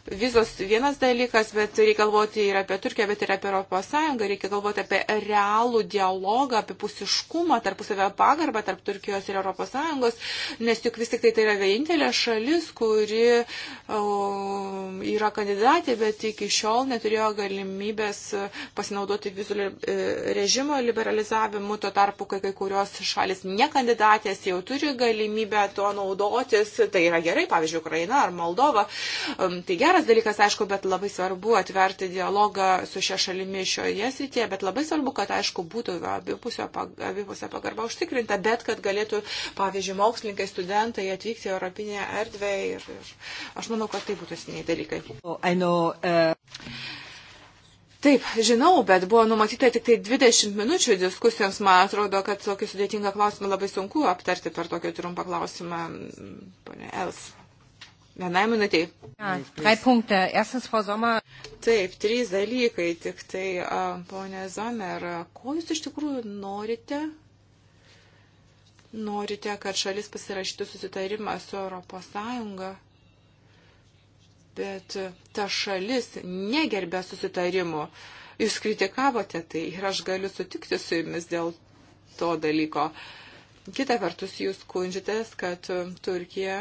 vizos vienas dalykas, bet reikia galvoti ir apie Turkiją, bet ir apie Europos Sąjungą, reikia galvoti apie realų dialogą, apie pusiškumą, tarpusavę pagarbą tarp Turkijos ir Europos Sąjungos, nes juk vis tik tai tai yra vienintelė šalis, kuri o, yra kandidatė, bet iki šiol neturėjo galimybės pasinaudoti vizų e, režimo liberalizavimu, tuo tarpu, kai kai kurios šalis nekandidatės jau turi galimybę tuo naudotis, tai yra gerai, pavyzdžiui, Ukraina ar Moldova. Tai gerai, geras dalykas, aišku, bet labai svarbu atverti dialogą su šia šalimi šioje srityje, bet labai svarbu, kad, aišku, būtų abipusio, abipusio pagarba užtikrinta, bet kad galėtų, pavyzdžiui, mokslininkai, studentai atvykti į Europinę erdvę ir, ir aš manau, kad tai būtų esminiai dalykai. Oh, know, uh... Taip, žinau, bet buvo numatyta tik tai 20 minučių diskusijoms. Man atrodo, kad tokį sudėtingą klausimą labai sunku aptarti per tokį trumpą klausimą, ponė Els. Vienai minutiai. Taip, trys dalykai, tik tai, ponė Zomer, ko jūs iš tikrųjų norite? Norite, kad šalis pasirašytų susitarimą su Europos Sąjunga, bet ta šalis negerbė susitarimų. Jūs kritikavote tai ir aš galiu sutikti su jumis dėl to dalyko. Kita vertus, jūs skundžiatės, kad Turkija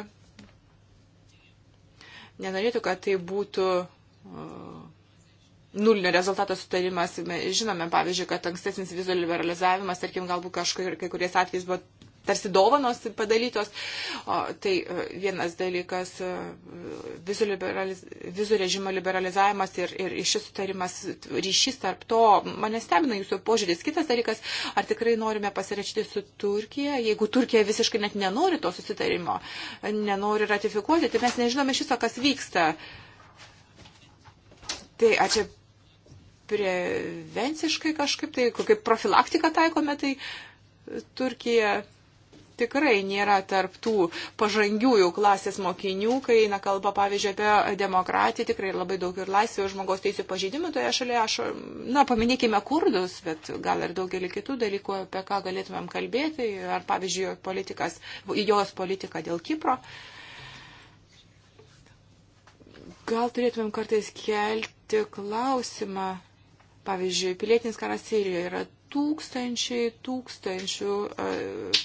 nenorėtų, kad tai būtų uh, nulinio rezultato sutarimas. Žinome, pavyzdžiui, kad ankstesnis vizų liberalizavimas, tarkim, galbūt kažkur kai kuriais atvejais buvo tarsi dovanos padalytos. O, tai e, vienas dalykas e, - vizų, liberaliz... vizų režimo liberalizavimas ir, ir šis sutarimas ryšys tarp to. Mane stebina jūsų požiūris. Kitas dalykas - ar tikrai norime pasirašyti su Turkija, jeigu Turkija visiškai net nenori to susitarimo, nenori ratifikuoti, tai mes nežinome šito, kas vyksta. Tai ar čia prevenciškai kažkaip, tai kaip profilaktika taikome, tai Turkija tikrai nėra tarptų pažangiųjų klasės mokinių, kai eina kalba, pavyzdžiui, apie demokratiją, tikrai labai daug ir laisvių žmogaus teisų pažeidimų toje šalyje. Aš, na, paminėkime kurdus, bet gal ir daugelį kitų dalykų, apie ką galėtumėm kalbėti, ar pavyzdžiui, politikas, jos politika dėl Kipro. Gal turėtumėm kartais kelti klausimą, pavyzdžiui, pilietinis karas Sirijoje yra tūkstančiai tūkstančių e,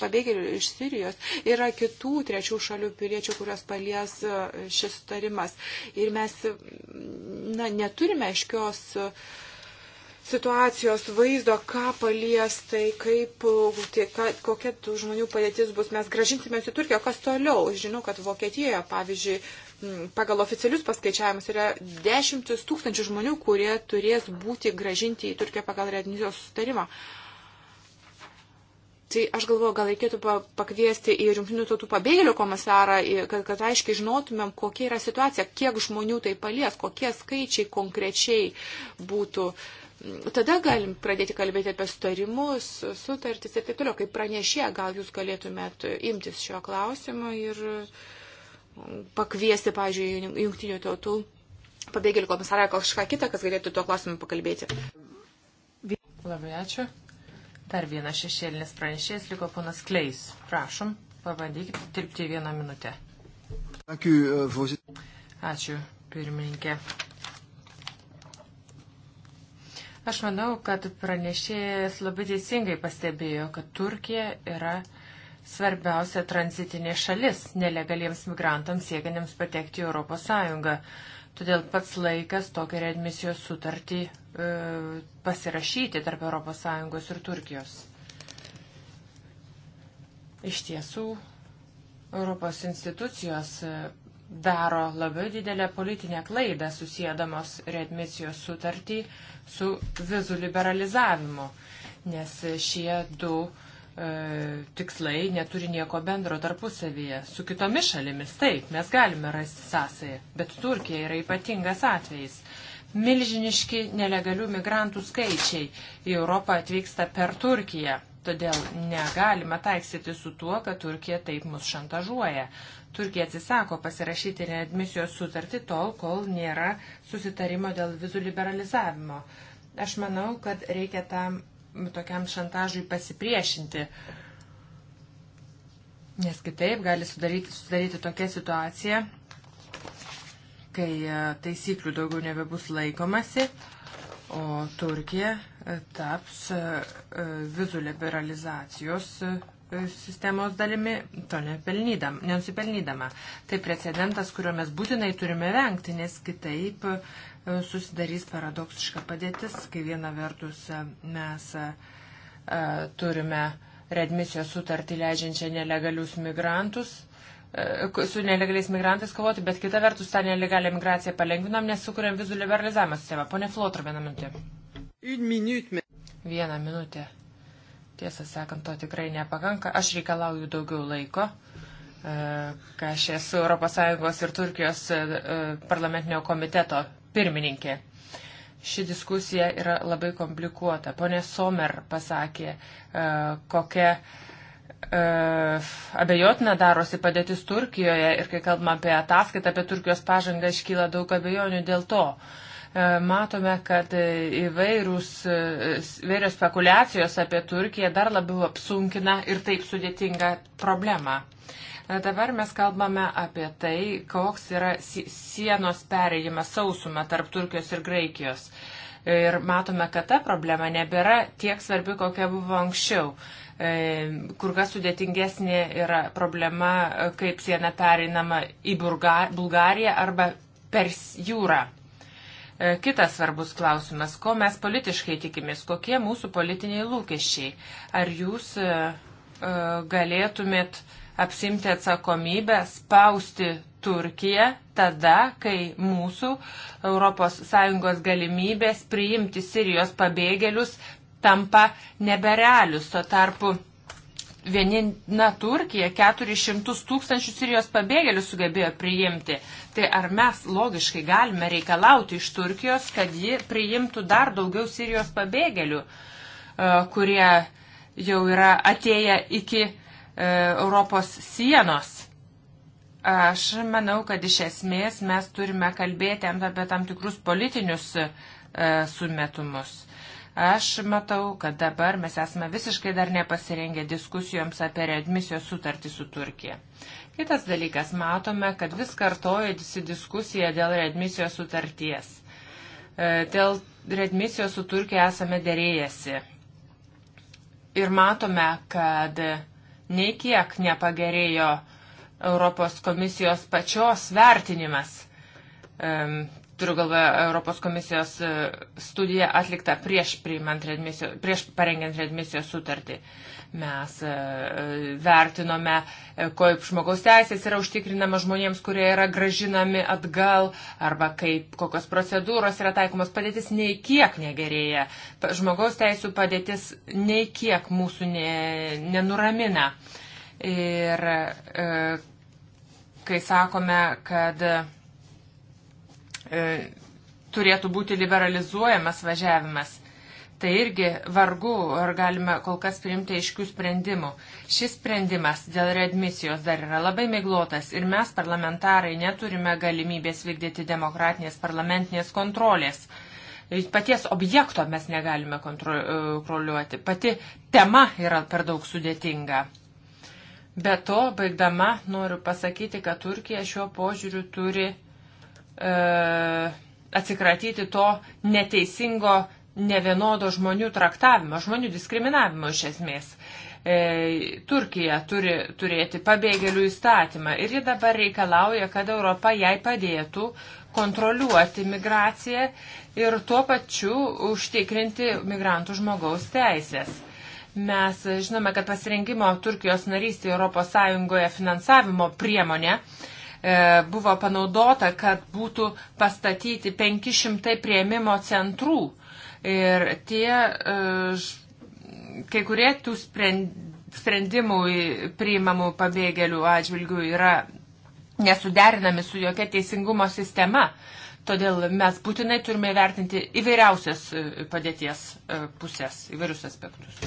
pabėgėlių iš Sirijos, yra kitų trečių šalių piliečių, kurios palies e, šis sutarimas. Ir mes na, neturime aiškios e, situacijos vaizdo, ką palies, tai kaip, tai, ka, kokia tų žmonių padėtis bus. Mes gražinsimės į Turkiją, kas toliau. Žinau, kad Vokietijoje, pavyzdžiui, pagal oficialius paskaičiavimus yra dešimtis tūkstančių žmonių, kurie turės būti gražinti į Turkiją pagal readmisijos sustarimą. Tai aš galvoju, gal reikėtų pakviesti į Junktinių tautų pabėgėlių komisarą, kad, kad aiškiai žinotumėm, kokia yra situacija, kiek žmonių tai palies, kokie skaičiai konkrečiai būtų. Tada galim pradėti kalbėti apie sutarimus, sutartis ir taip toliau. Kaip pranešė, gal jūs galėtumėt imtis šio klausimo ir. Uh, pakviesti, pavyzdžiui, jungtinių tautų pabėgėlių komisarą kažką kitą, kas galėtų tuo klausimu pakalbėti. Labai ačiū. Dar vienas šešėlinis pranešėjas liko ponas Kleis. Prašom, pabandykite tilpti vieną minutę. Uh, ačiū, pirmininkė. Aš manau, kad pranešėjas labai teisingai pastebėjo, kad Turkija yra svarbiausia tranzitinė šalis nelegaliems migrantams siekiantiems patekti į Europos Sąjungą. Todėl pats laikas tokią readmisijos sutartį e, pasirašyti tarp Europos Sąjungos ir Turkijos. Iš tiesų, Europos institucijos e, daro labai didelę politinę klaidą susėdamos readmisijos sutartį su vizų liberalizavimu, nes šie du uh, E, tikslai neturi nieko bendro tarpusavyje. Su kitomis šalimis taip, mes galime rasti sąsąją, bet Turkija yra ypatingas atvejis. Milžiniški nelegalių migrantų skaičiai į Europą atvyksta per Turkiją. Todėl negalima taiksyti su tuo, kad Turkija taip mus šantažuoja. Turkija atsisako pasirašyti readmisijos sutartį tol, kol nėra susitarimo dėl vizų liberalizavimo. Aš manau, kad reikia tam tokiam šantažui pasipriešinti. Nes kitaip gali sudaryti, sudaryti tokia situacija, kai e, taisyklių daugiau nebebus laikomasi, o Turkija e, taps e, vizų liberalizacijos sistemos dalimi, to nenusipelnydama. Tai precedentas, kurio mes būtinai turime vengti, nes kitaip susidarys paradoksiška padėtis, kai viena vertus e, mes e, e, turime redmisijos sutartį leidžiančią nelegalius migrantus su nelegaliais migrantais kovoti, bet kita vertus tą nelegalią migraciją palengvinam, nes sukūrėm vizų liberalizavimo sistemą. Pone Flotra, vieną minutę. Vieną minutę. Tiesą sakant, to tikrai nepakanka. Aš reikalauju daugiau laiko ką aš esu ES ir Turkijos parlamentinio komiteto pirmininkė. Ši diskusija yra labai komplikuota. Pone Somer pasakė, e, kokia e, abejotina darosi padėtis Turkijoje ir kai kalbam apie ataskaitą apie Turkijos pažangą, iškyla daug abejonių dėl to e, matome, kad įvairūs, įvairios spekulacijos apie Turkiją dar labiau apsunkina ir taip sudėtingą problemą. E, dabar mes kalbame apie tai, koks yra sienos perėjimas sausumą tarp Turkijos ir Graikijos. Ir matome, kad ta problema nebėra tiek svarbi, kokia buvo anksčiau. E, kur kas sudėtingesnė yra problema, e, kaip siena pereinama į Bulgariją arba per jūrą. Kitas svarbus klausimas, ko mes politiškai tikimės, kokie mūsų politiniai lūkesčiai. Ar jūs galėtumėt uh, apsimti atsakomybę, spausti Turkiją tada, kai mūsų ES galimybės priimti Sirijos pabėgėlius tampa neberealius. Tuo tarpu vienina Turkija 400 tūkstančių Sirijos pabėgėlių sugebėjo priimti. Tai ar mes logiškai galime reikalauti iš Turkijos, kad ji priimtų dar daugiau Sirijos pabėgėlių, e, kurie jau yra atėję iki E, Europos sienos. Aš manau, kad iš esmės mes turime kalbėti apie tam tikrus politinius e, sumetumus. Aš matau, kad dabar mes esame visiškai dar nepasirengę diskusijoms apie readmisijos sutartį su Turkija. Kitas dalykas, matome, kad vis kartojasi diskusija dėl readmisijos sutarties. E, dėl readmisijos su Turkija esame dėrėjęsi. Ir matome, kad nei kiek nepagerėjo Europos komisijos pačios vertinimas. Turiu galvoje Europos komisijos e, studiją atliktą prieš, prieš parengiant redmisijos sutartį. Mes e, e, vertinome, e, kaip žmogaus teisės yra užtikrinama žmonėms, kurie yra gražinami atgal, arba kaip kokios procedūros yra taikomos. Padėtis nei kiek negerėja. Žmogaus teisų padėtis nei kiek mūsų ne, nenuramina. Ir kai sakome, kad turėtų būti liberalizuojamas važiavimas, tai irgi vargu, ar galime kol kas priimti aiškių sprendimų. Šis sprendimas dėl readmisijos dar yra labai miglotas ir mes, parlamentarai, neturime galimybės vykdyti demokratinės parlamentinės kontrolės. Paties objekto mes negalime e, kontroliuoti. Pati tema yra per daug sudėtinga. Be to, baigdama, noriu pasakyti, kad Turkija šiuo požiūriu turi e, atsikratyti to neteisingo nevienodo žmonių traktavimo, žmonių diskriminavimo iš esmės. E, Turkija turi turėti pabėgėlių įstatymą ir ji dabar reikalauja, kad Europa jai padėtų kontroliuoti migraciją ir tuo pačiu užtikrinti migrantų žmogaus teisės. Mes žinome, kad pasirinkimo Turkijos narystė ES finansavimo priemonė e, buvo panaudota, kad būtų pastatyti 500 prieimimo centrų Ir tie, e, kai kurie tų sprendimų priimamų pabėgėlių atžvilgių yra nesuderinami su jokia teisingumo sistema. Todėl mes būtinai turime vertinti įvairiausias e, padėties e, pusės, įvairius aspektus.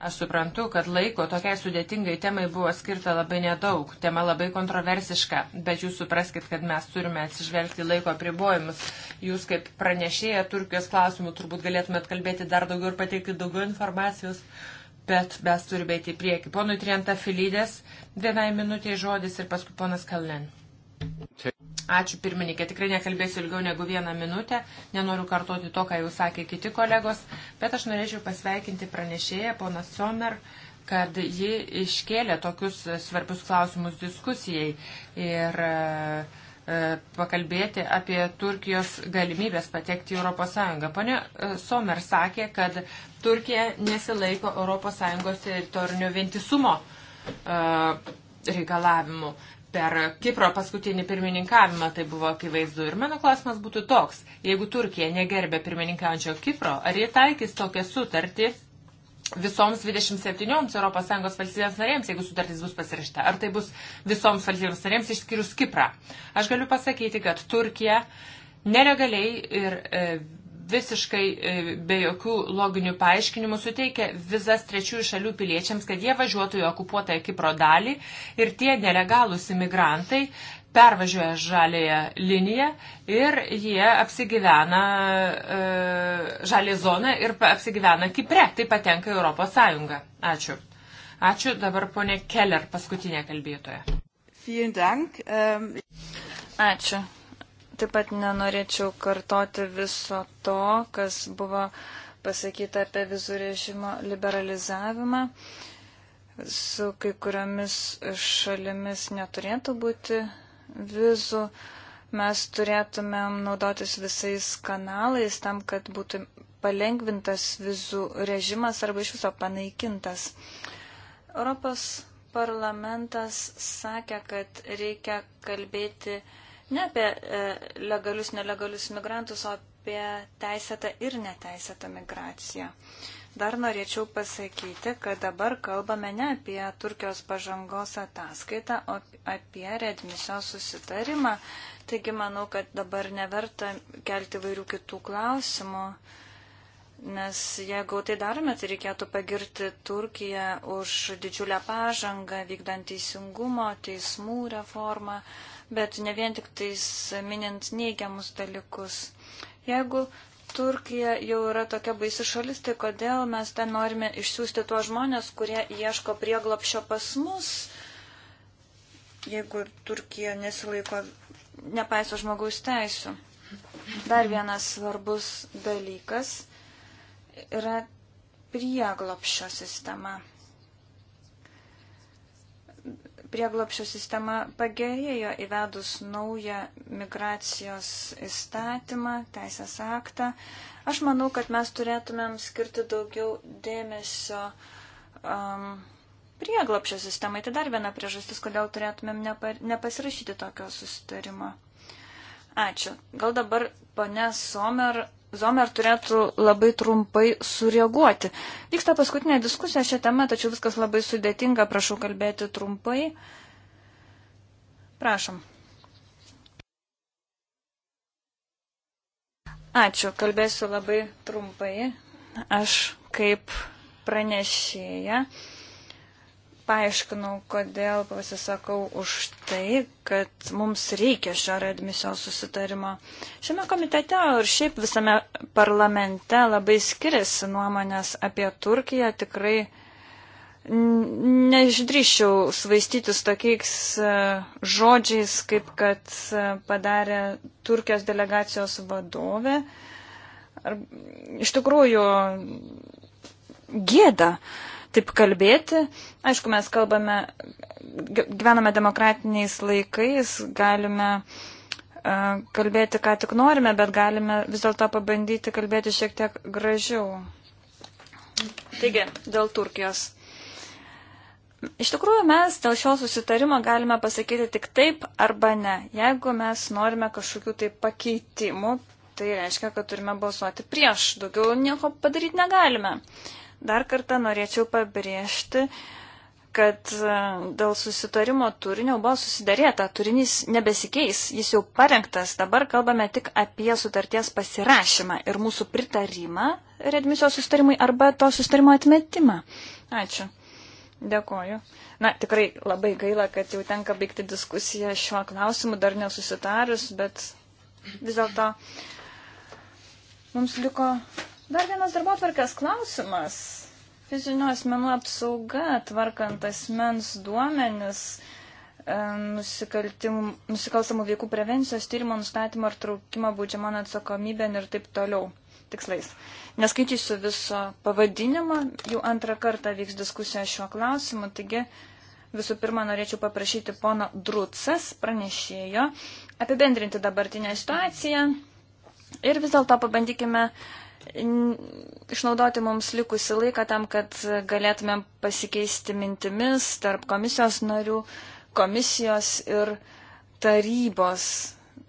Aš suprantu, kad laiko tokiai sudėtingai temai buvo skirta labai nedaug, tema labai kontroversiška, bet jūs supraskite, kad mes turime atsižvelgti laiko pribojimus. Jūs kaip pranešėja Turkijos klausimų turbūt galėtumėt kalbėti dar daugiau ir pateikti daugiau informacijos, bet mes turime eiti į priekį. Ponui Trienta Filydės, vienai minutiai žodis ir paskui ponas Kalnen. Taip. Ačiū pirmininkė, tikrai nekalbėsiu ilgiau negu vieną minutę, nenoriu kartoti to, ką jau sakė kiti kolegos, bet aš norėčiau pasveikinti pranešėją, poną Somer, kad ji iškėlė tokius svarbius klausimus diskusijai ir e, e, pakalbėti apie Turkijos galimybės patekti į ES. Pane e, Somer sakė, kad Turkija nesilaiko ES teritorinio vientisumo reikalavimų. Per Kipro paskutinį pirmininkavimą tai buvo akivaizdu. Ir mano klausimas būtų toks, jeigu Turkija negerbė pirmininkaujančio Kipro, ar jie taikys tokią sutartį visoms 27 ES valstybėms narėms, jeigu sutartis bus pasirašta. Ar tai bus visoms valstybėms narėms išskyrus Kiprą? Aš galiu pasakyti, kad Turkija nelegaliai ir e, visiškai e, be jokių loginių paaiškinimų suteikia vizas trečiųjų šalių piliečiams, kad jie važiuotų į okupuotąją Kipro dalį ir tie nelegalūs imigrantai pervažiuoja žalėje liniją ir jie apsigyvena e, žalė zoną ir apsigyvena Kipre, tai patenka į Europos Sąjungą. Ačiū. Ačiū dabar ponė Keller, paskutinė kalbėtoja. Ähm, Ačiū. Taip pat nenorėčiau kartoti viso to, kas buvo pasakyta apie vizų režimo liberalizavimą. Su kai kuriomis šalimis neturėtų būti vizų. Mes turėtumėm naudotis visais kanalais tam, kad būtų palengvintas vizų režimas arba iš viso panaikintas. Europos parlamentas sakė, kad reikia kalbėti ne apie e, legalius, nelegalius migrantus, o apie teisėtą ir neteisėtą migraciją. Dar norėčiau pasakyti, kad dabar kalbame ne apie Turkijos pažangos ataskaitą, o apie redmisijos susitarimą. Taigi manau, kad dabar neverta kelti vairių kitų klausimų. Nes jeigu tai darome, tai reikėtų pagirti Turkiją už didžiulę pažangą, vykdant teisingumo, teismų reformą bet ne vien tik tais minint neigiamus dalykus. Jeigu Turkija jau yra tokia baisi šalis, tai kodėl mes ten norime išsiųsti tuos žmonės, kurie ieško prieglapšio pas mus, jeigu Turkija nesilaiko, nepaiso žmogaus teisų. Dar vienas svarbus dalykas yra prieglopščio sistema prieglopšio sistema pagerėjo įvedus naują migracijos įstatymą, teisės aktą. Aš manau, kad mes turėtumėm skirti daugiau dėmesio um, prieglopšio sistemai. Tai dar viena priežastis, kodėl turėtumėm nepa, nepasirašyti tokio susitarimo. Ačiū. Gal dabar ponė Somer Zomer turėtų labai trumpai sureaguoti. Vyksta paskutinė diskusija šią temą, tačiau viskas labai sudėtinga, prašau kalbėti trumpai. Prašom. Ačiū, kalbėsiu labai trumpai. Aš kaip pranešėja. Uh, paaiškinau, kodėl pasisakau už tai, kad mums reikia šio readmisijos susitarimo. Šiame komitete ir šiaip visame parlamente labai skiriasi nuomonės apie Turkiją. Tikrai neišdryščiau svaistytis tokiais e, žodžiais, kaip kad e, padarė Turkijos delegacijos vadovė. Ar, iš tikrųjų, gėda. Uh, taip kalbėti. Aišku, mes kalbame, gyvename demokratiniais laikais, galime kalbėti, ką tik norime, bet galime vis dėlto pabandyti kalbėti šiek tiek gražiau. Taigi, dėl Turkijos. Iš tikrųjų, mes dėl šio susitarimo galime pasakyti tik taip arba ne. Jeigu mes norime kažkokių tai pakeitimų, tai reiškia, kad turime balsuoti prieš. Daugiau nieko padaryti negalime. Uh, Dar kartą norėčiau pabrėžti, kad e, dėl susitarimo turinio buvo susidarėta, turinys nebesikeis, jis jau parengtas, dabar kalbame tik apie sutarties pasirašymą ir mūsų pritarimą redmisijos susitarimui arba to susitarimo atmetimą. Ačiū. Dėkoju. Na, tikrai labai gaila, kad jau tenka baigti diskusiją šiuo klausimu, dar nesusitarius, bet vis dėlto mums liko Dar vienas darbo atvarkės klausimas. Fizinių asmenų apsauga, tvarkant asmens duomenis, e, nusikalstamų veikų prevencijos tyrimo nustatymo ar traukimo baudžiamon atsakomybėn ir taip toliau tikslais. Neskaitysiu viso pavadinimo, jau antrą kartą vyks diskusija šiuo klausimu, taigi visų pirma norėčiau paprašyti pono Drucas, pranešėjo, apibendrinti dabartinę situaciją ir vis dėlto pabandykime išnaudoti mums likusi laiką tam, kad galėtumėm pasikeisti mintimis tarp komisijos narių, komisijos ir tarybos.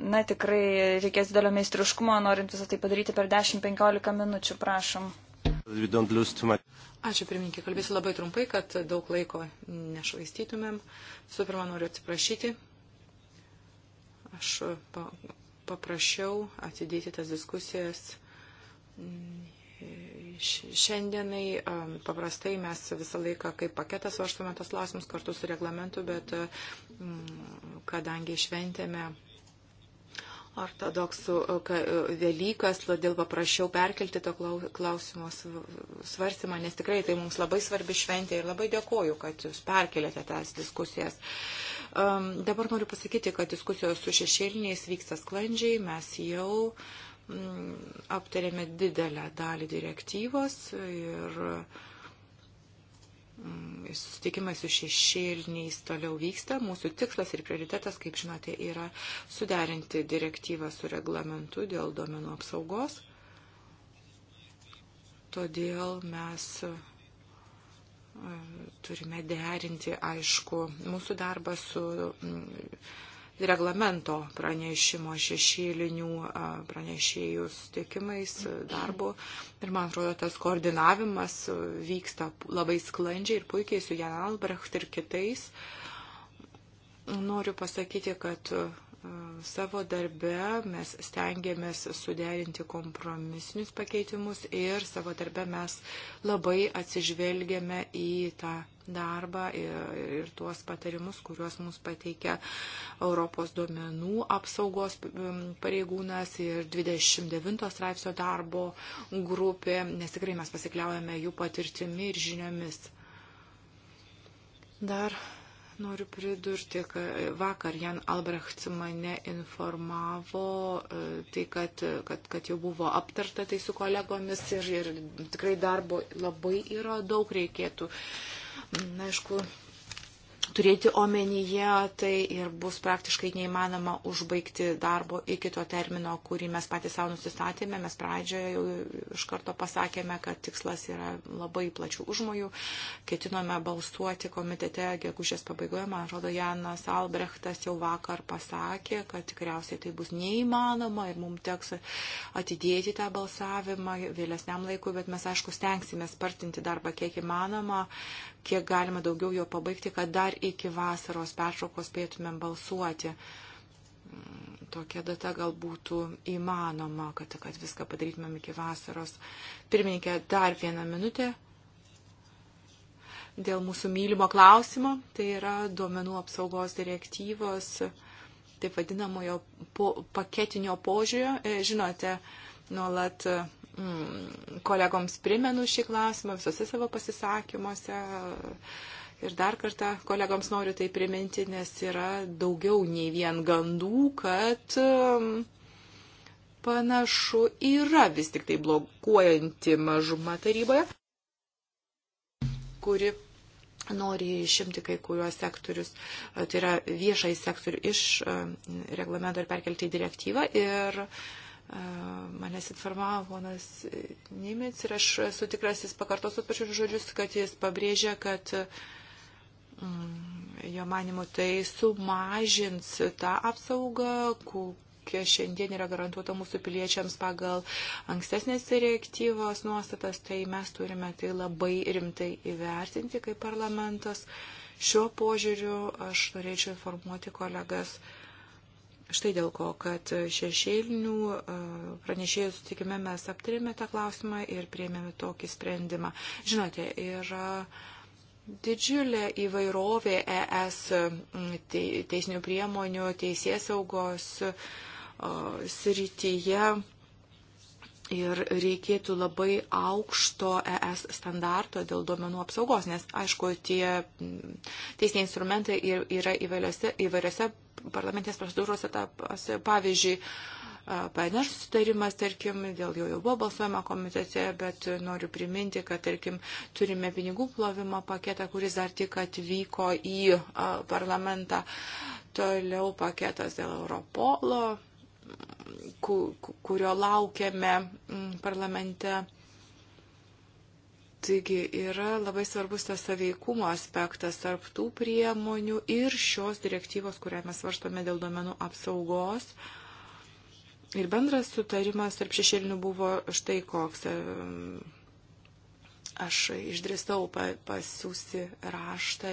Na tikrai reikės didelio meistriškumo, norint visą tai padaryti per 10-15 minučių, prašom. Ačiū pirmininkė, kalbėsiu labai trumpai, kad daug laiko nešvaistytumėm. Visų pirma, noriu atsiprašyti. Aš paprašiau atidėti tas diskusijas Šiandienai um, paprastai mes visą laiką kaip paketas varstame tas klausimus kartu su reglamentu, bet mm, kadangi šventėme ortodoksų Velykas, todėl paprašiau perkelti to klausimo svarstymą, nes tikrai tai mums labai svarbi šventė ir labai dėkoju, kad jūs perkelėte tas diskusijas. Um, dabar noriu pasakyti, kad diskusijos su šešėliniais vyksta sklandžiai, mes jau uh, Mm, aptarėme didelę dalį direktyvos mm, ir susitikimai su šešėliniais toliau vyksta. Mūsų tikslas ir prioritetas, kaip žinote, yra suderinti direktyvą su reglamentu dėl duomenų apsaugos. Todėl mes mm, turime derinti, aišku, mūsų darbą su. Mm, reglamento pranešimo šešėlinių pranešėjų sutikimais, darbu. Ir man atrodo, tas koordinavimas vyksta labai sklandžiai ir puikiai su Jan Albrecht ir kitais. Noriu pasakyti, kad savo darbe mes stengiamės suderinti kompromisinius pakeitimus ir savo darbe mes labai atsižvelgiame į tą darbą ir, ir tuos patarimus, kuriuos mums pateikia Europos duomenų apsaugos pareigūnas ir 29 straipsnio darbo grupė, nes tikrai mes pasikliaujame jų patirtimi ir žiniomis. Dar Noriu pridurti, kad vakar Jan Albrecht mane informavo, e, tai kad, kad, kad jau buvo aptarta tai su kolegomis ir, ir tikrai darbo labai yra daug reikėtų. Na, aišku, turėti omenyje, tai ir bus praktiškai neįmanoma užbaigti darbo iki to termino, kurį mes patys savo nusistatėme. Mes pradžioje jau iš karto pasakėme, kad tikslas yra labai plačių užmojų. Ketinome balsuoti komitete gegužės pabaigoje. Man atrodo, Janas Albrechtas jau vakar pasakė, kad tikriausiai tai bus neįmanoma ir mums teks atidėti tą balsavimą vėlesniam laikui, bet mes, aišku, stengsime spartinti darbą kiek įmanoma kiek galima daugiau jo pabaigti, kad dar iki vasaros pertraukos spėtumėm balsuoti. Mm, tokia data gal būtų įmanoma, kad, kad viską padarytumėm iki vasaros. Pirmininkė, dar vieną minutę dėl mūsų mylimo klausimo, tai yra duomenų apsaugos direktyvos, taip vadinamojo po, paketinio požiūrio. E, žinote, nuolat Mm, kolegoms primenu šį klausimą visose savo pasisakymuose. Ir dar kartą kolegoms noriu tai priminti, nes yra daugiau nei vien gandų, kad mm, panašu yra vis tik tai blokuojanti mažuma taryboje, kuri nori išimti kai kuriuos sektorius, tai yra viešai sektorių iš mm, reglamento ir perkelti į direktyvą. Ir uh, manęs informavo ponas Nimits ir aš esu tikras, jis pakartos pačius žodžius, kad jis pabrėžia, kad mm, jo manimu tai sumažins tą apsaugą, kokia šiandien yra garantuota mūsų piliečiams pagal ankstesnės direktyvos nuostatas, tai mes turime tai labai rimtai įvertinti kaip parlamentas. Šiuo požiūriu aš norėčiau informuoti kolegas Štai dėl ko, kad šešėlinių e, pranešėjų sutikime mes aptarėme tą klausimą ir priėmėme tokį sprendimą. Žinote, yra didžiulė įvairovė ES teisinių priemonių, teisės saugos e, srityje Ir reikėtų labai aukšto ES standarto dėl duomenų apsaugos, nes, aišku, tie teisiniai instrumentai yra įvairiose, įvairiose parlamentinės procedūrose. Ta, pavyzdžiui, PNR sutarimas, tarkim, dėl jo jau buvo balsuojama komitete, bet noriu priminti, kad, tarkim, turime pinigų plovimo paketą, kuris dar tik atvyko į parlamentą. Toliau paketas dėl Europolo kurio laukiame mm, parlamente. Taigi yra labai svarbus tas saveikumo aspektas tarp tų priemonių ir šios direktyvos, kurią mes varstome dėl duomenų apsaugos. Ir bendras sutarimas tarp šešėlinių buvo štai koks. E, Aš išdrįstau pasiūsti raštą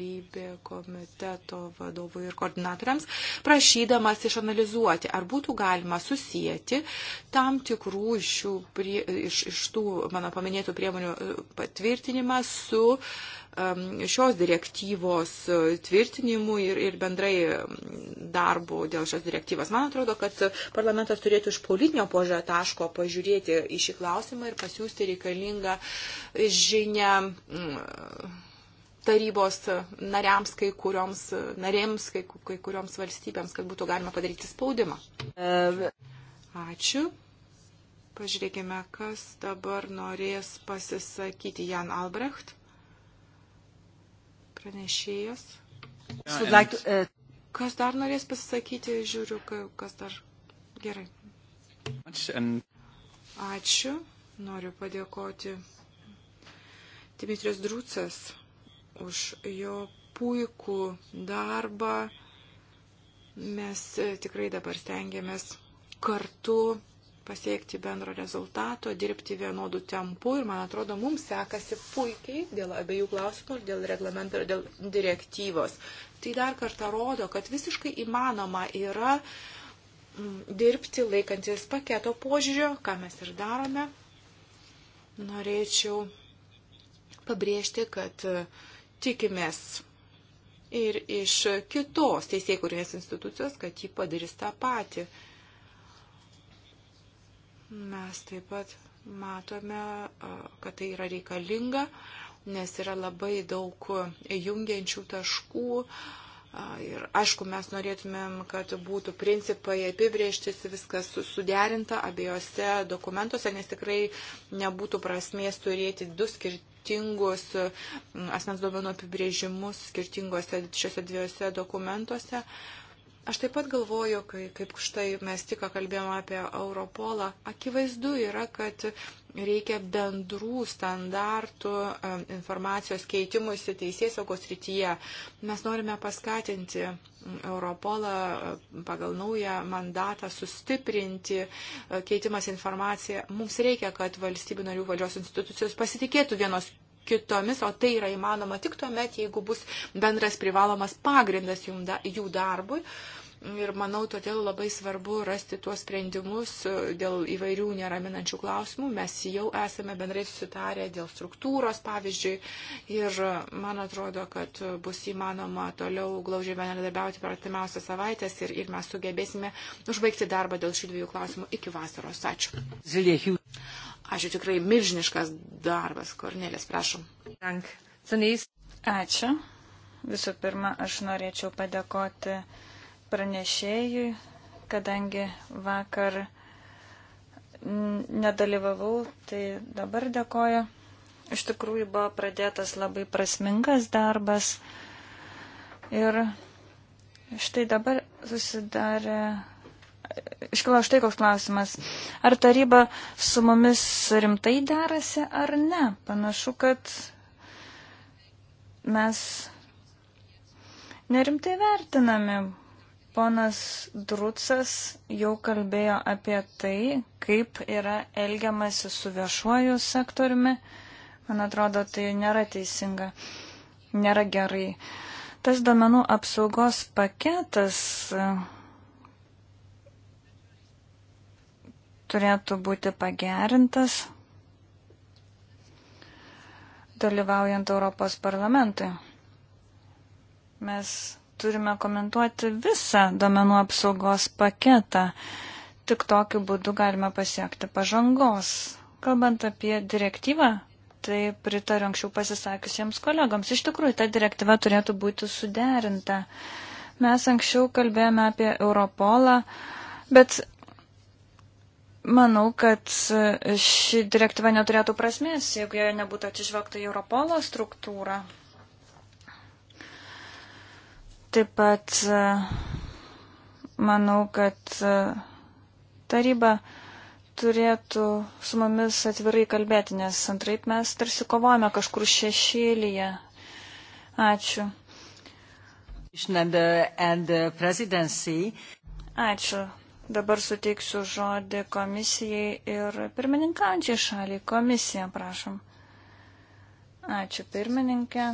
lybė komiteto vadovui ir koordinatoriams, prašydamas išanalizuoti, ar būtų galima susijęti tam tikrų šių, prie, iš, iš tų mano paminėtų priemonių e, patvirtinimą su uh, Um, šios direktyvos uh, tvirtinimu ir, ir bendrai um, darbu dėl šios direktyvos. Man atrodo, kad parlamentas turėtų iš politinio požiūrio taško pažiūrėti į šį klausimą ir pasiūsti reikalingą žinę mm, tarybos nariams, kai kurioms, narėms, kai, kai kurioms valstybėms, kad būtų galima padaryti spaudimą. Ačiū. Pažiūrėkime, kas dabar norės pasisakyti Jan Albrecht pranešėjas. E, kas dar norės pasisakyti, žiūriu, kas dar. Gerai. Ačiū. Noriu padėkoti Dimitrijos Drūcas už jo puikų darbą. Mes e, tikrai dabar stengiamės kartu pasiekti bendro rezultato, dirbti vienodų tempų ir, man atrodo, mums sekasi puikiai dėl abiejų klausimų ir dėl reglamento ir dėl direktyvos. Tai dar kartą rodo, kad visiškai įmanoma yra mm, dirbti laikantis paketo požiūrio, ką mes ir darome. Norėčiau pabrėžti, kad e, tikimės ir iš kitos teisėkurinės institucijos, kad ji padarys tą patį. Mes taip pat matome, kad tai yra reikalinga, nes yra labai daug jungiančių taškų. Ir aišku, mes norėtumėm, kad būtų principai apibrieštis viskas suderinta abiejose dokumentuose, nes tikrai nebūtų prasmės turėti du skirtingus asmens duomenų apibrėžimus skirtingose šiuose dviejose dokumentuose. Uh, Aš taip pat galvoju, kai, kaip štai mes tik kalbėjome apie Europolą, akivaizdu yra, kad reikia bendrų standartų informacijos keitimuisi teisės saugos rytyje. Mes norime paskatinti Europolą pagal naują mandatą sustiprinti keitimas informaciją. Mums reikia, kad valstybių narių valdžios institucijos pasitikėtų vienos kitomis, o tai yra įmanoma tik tuomet, jeigu bus bendras privalomas pagrindas jų darbui. Uh, Ir manau, todėl labai svarbu rasti tuos sprendimus e, dėl įvairių neraminančių klausimų. Mes jau esame bendrai sutarę dėl struktūros, pavyzdžiui, ir man atrodo, kad bus įmanoma toliau glaužiai bendradarbiauti per artimiausias savaitės ir, ir mes sugebėsime užbaigti darbą dėl šių dviejų klausimų iki vasaros. Ačiū. Zilėkiu. Ačiū tikrai milžiniškas darbas. Kornelės, prašom. Ačiū. Visų pirma, aš norėčiau padėkoti pranešėjui, kadangi vakar nedalyvavau, tai dabar dėkoju. Iš tikrųjų buvo pradėtas labai prasmingas darbas ir štai dabar susidarė iškilo štai koks klausimas. Ar taryba su mumis rimtai derasi ar ne? Panašu, kad mes nerimtai vertinami. Ponas Drucas jau kalbėjo apie tai, kaip yra elgiamasi su viešuoju sektoriumi. Man atrodo, tai nėra teisinga, nėra gerai. Tas domenų apsaugos paketas e, turėtų būti pagerintas, dalyvaujant Europos parlamentui. Mes turime komentuoti visą domenų apsaugos paketą. Tik tokiu būdu galime pasiekti pažangos. Kalbant apie direktyvą, tai pritariu anksčiau pasisakiusiems kolegams. Iš tikrųjų, ta direktyva turėtų būti suderinta. Mes anksčiau kalbėjome apie Europolą, bet manau, kad ši direktyva neturėtų prasmės, jeigu joje nebūtų atsižvelgta į Europolo struktūrą. Taip pat e, manau, kad e, taryba turėtų su mumis atvirai kalbėti, nes antraip mes tarsi kovojame kažkur šešėlyje. Ačiū. Ačiū. Dabar suteiksiu žodį komisijai ir pirmininkaujančiai šaliai. Komisija, prašom. Ačiū pirmininkė.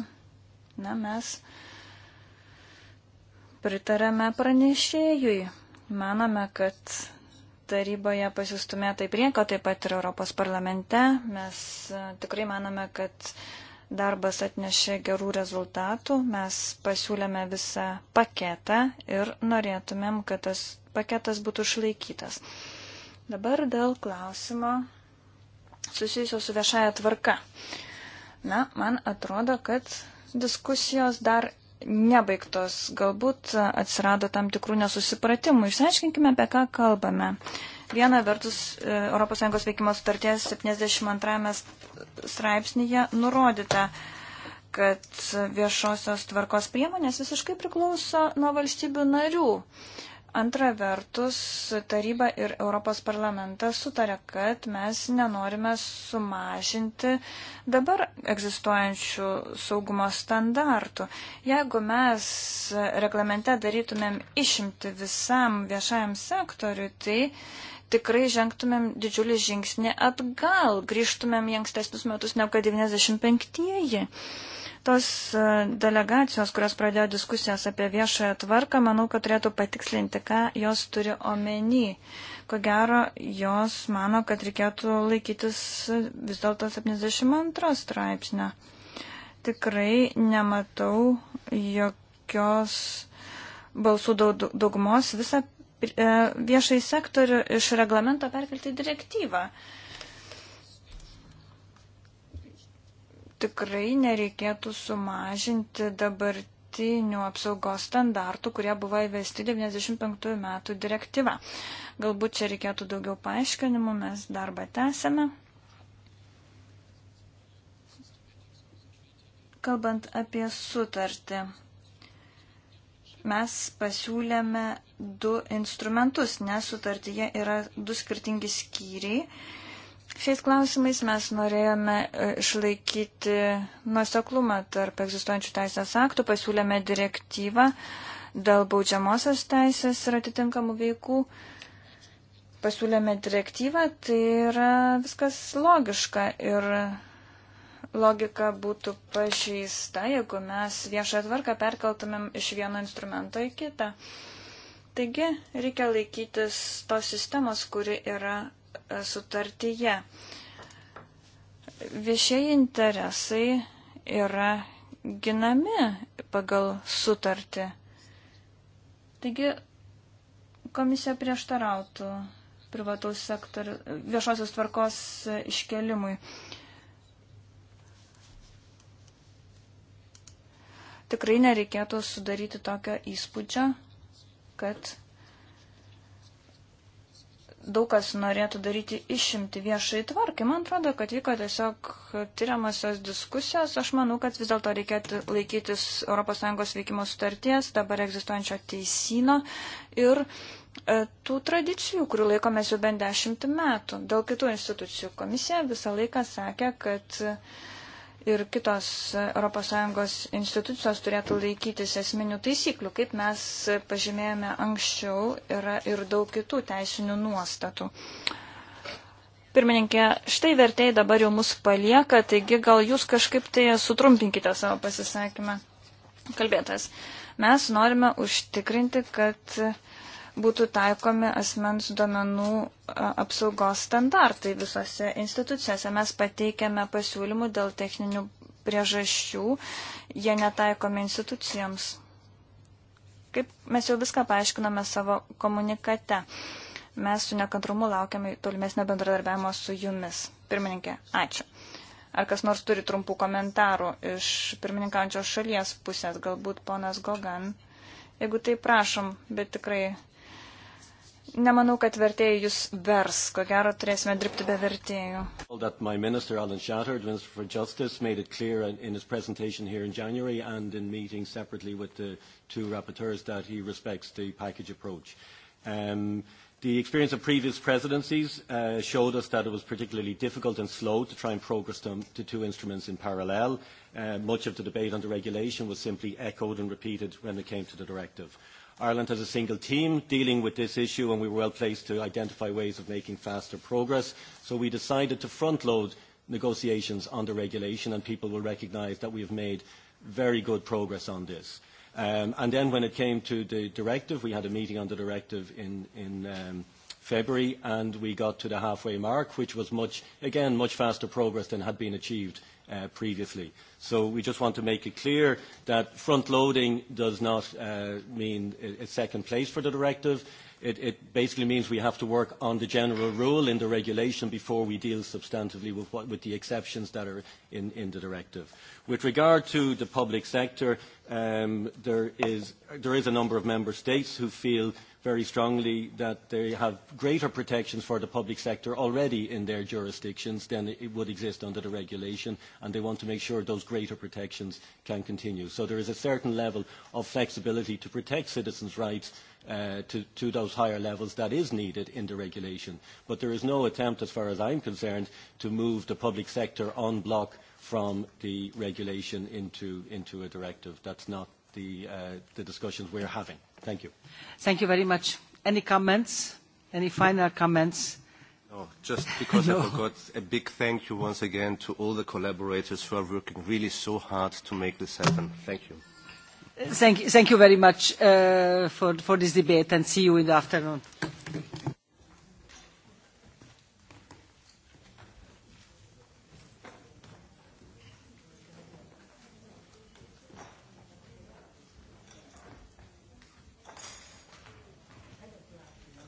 Na, mes Pritarame pranešėjui. Manome, kad taryboje pasistumėta į priekį, taip pat ir Europos parlamente. Mes e, tikrai manome, kad darbas atnešė gerų rezultatų. Mes pasiūlėme visą paketą ir norėtumėm, kad tas paketas būtų išlaikytas. Dabar dėl klausimo susijusio su viešaja tvarka. Na, man atrodo, kad diskusijos dar nebaigtos. Galbūt atsirado tam tikrų nesusipratimų. Išsiaiškinkime, apie ką kalbame. Viena vertus, ES veikimo sutarties 72 straipsnėje nurodyta, kad viešosios tvarkos priemonės visiškai priklauso nuo valstybių narių. Uh, Antra vertus, taryba ir Europos parlamentas sutarė, kad mes nenorime sumažinti dabar egzistuojančių saugumo standartų. Jeigu mes reglamente darytumėm išimti visam viešajam sektoriui, tai tikrai žengtumėm didžiulį žingsnį atgal, grįžtumėm į ankstesnius metus negu kad 95-ieji. Tos e, delegacijos, kurios pradėjo diskusijas apie viešąją tvarką, manau, kad turėtų patikslinti, ką jos turi omeny. Ko gero, jos mano, kad reikėtų laikytis vis dėlto 72 straipsnio. Tikrai nematau jokios balsų daugumos visą E, viešai sektorių iš reglamento perkelti direktyvą. Tikrai nereikėtų sumažinti dabartinių apsaugos standartų, kurie buvo įvesti 95 metų direktyva. Galbūt čia reikėtų daugiau paaiškinimų, mes darbą tęsėme. Kalbant apie sutartį, mes pasiūlėme du instrumentus, nes sutartyje yra du skirtingi skyriai. Šiais klausimais mes norėjome e, išlaikyti nuoseklumą tarp egzistuojančių teisės aktų, pasiūlėme direktyvą dėl baudžiamosios teisės ir atitinkamų veikų. Pasiūlėme direktyvą, tai yra viskas logiška ir logika būtų pažeista, jeigu mes viešą tvarką perkeltumėm iš vieno instrumento į kitą. Uh, Taigi reikia laikytis tos sistemos, kuri yra e, sutartyje. Viešieji interesai yra ginami pagal sutartį. Taigi komisija prieštarautų privataus sektorių, viešosios tvarkos iškelimui. Tikrai nereikėtų sudaryti tokio įspūdžio, kad daug kas norėtų daryti išimti viešai tvarkai. Man atrodo, kad vyko tiesiog tyriamasios diskusijos. Aš manau, kad vis dėlto reikėtų laikytis ES veikimo sutarties, dabar egzistuojančio teisino ir e, tų tradicijų, kurių laikomės jau bent dešimt metų. Dėl kitų institucijų komisija visą laiką sakė, kad e, ir kitos ES institucijos turėtų laikytis esminių taisyklių. Kaip mes pažymėjome anksčiau, yra ir daug kitų teisinių nuostatų. Pirmininkė, štai vertėjai dabar jau mus palieka, taigi gal jūs kažkaip tai sutrumpinkite savo pasisakymą. Kalbėtas. Mes norime užtikrinti, kad uh, būtų taikomi asmens duomenų apsaugos standartai visose institucijose. Mes pateikėme pasiūlymų dėl techninių priežasčių, jie netaikomi institucijoms. Kaip mes jau viską paaiškiname savo komunikate. Mes su nekantrumu laukiame tolimesnio bendradarbiavimo su jumis. Pirmininkė, ačiū. Ar kas nors turi trumpų komentarų iš pirmininkančios šalies pusės, galbūt ponas Gogan? Jeigu tai prašom, bet tikrai Nemanau, kad vertėjai jūs vers, ko gero turėsime dirbti be vertėjų. Um, the experience of previous presidencies uh, showed us that it was particularly difficult and slow to try and progress them, the two instruments in parallel. Uh, much of the debate on the regulation was simply echoed and repeated when it came to the directive. Uh, Ireland has a single team dealing with this issue and we were well placed to identify ways of making faster progress. So we decided to front load negotiations on the regulation and people will recognise that we have made very good progress on this. Um, and then when it came to the directive, we had a meeting on the directive in, in um, February and we got to the halfway mark, which was much, again, much faster progress than had been achieved uh, previously. So we just want to make it clear that front-loading does not uh, mean a uh, second place for the directive it, it basically means we have to work on the general rule in the regulation before we deal substantively with, what, with the exceptions that are in, in the directive. With regard to the public sector, um, there, is, there is a number of member states who feel very strongly that they have greater protections for the public sector already in their jurisdictions than it would exist under the regulation, and they want to make sure those greater protections can continue. So there is a certain level of flexibility to protect citizens' rights uh, to, to those higher levels that is needed in the regulation. But there is no attempt, as far as I'm concerned, to move the public sector en bloc from the regulation into, into a directive. That's not the, uh, the discussions we're having. Thank you. Thank you very much. Any comments? Any final comments? No, just because no. I forgot, a big thank you once again to all the collaborators who are working really so hard to make this happen. Thank you. Thank you, thank you very much uh, for, for this debate and see you in the afternoon.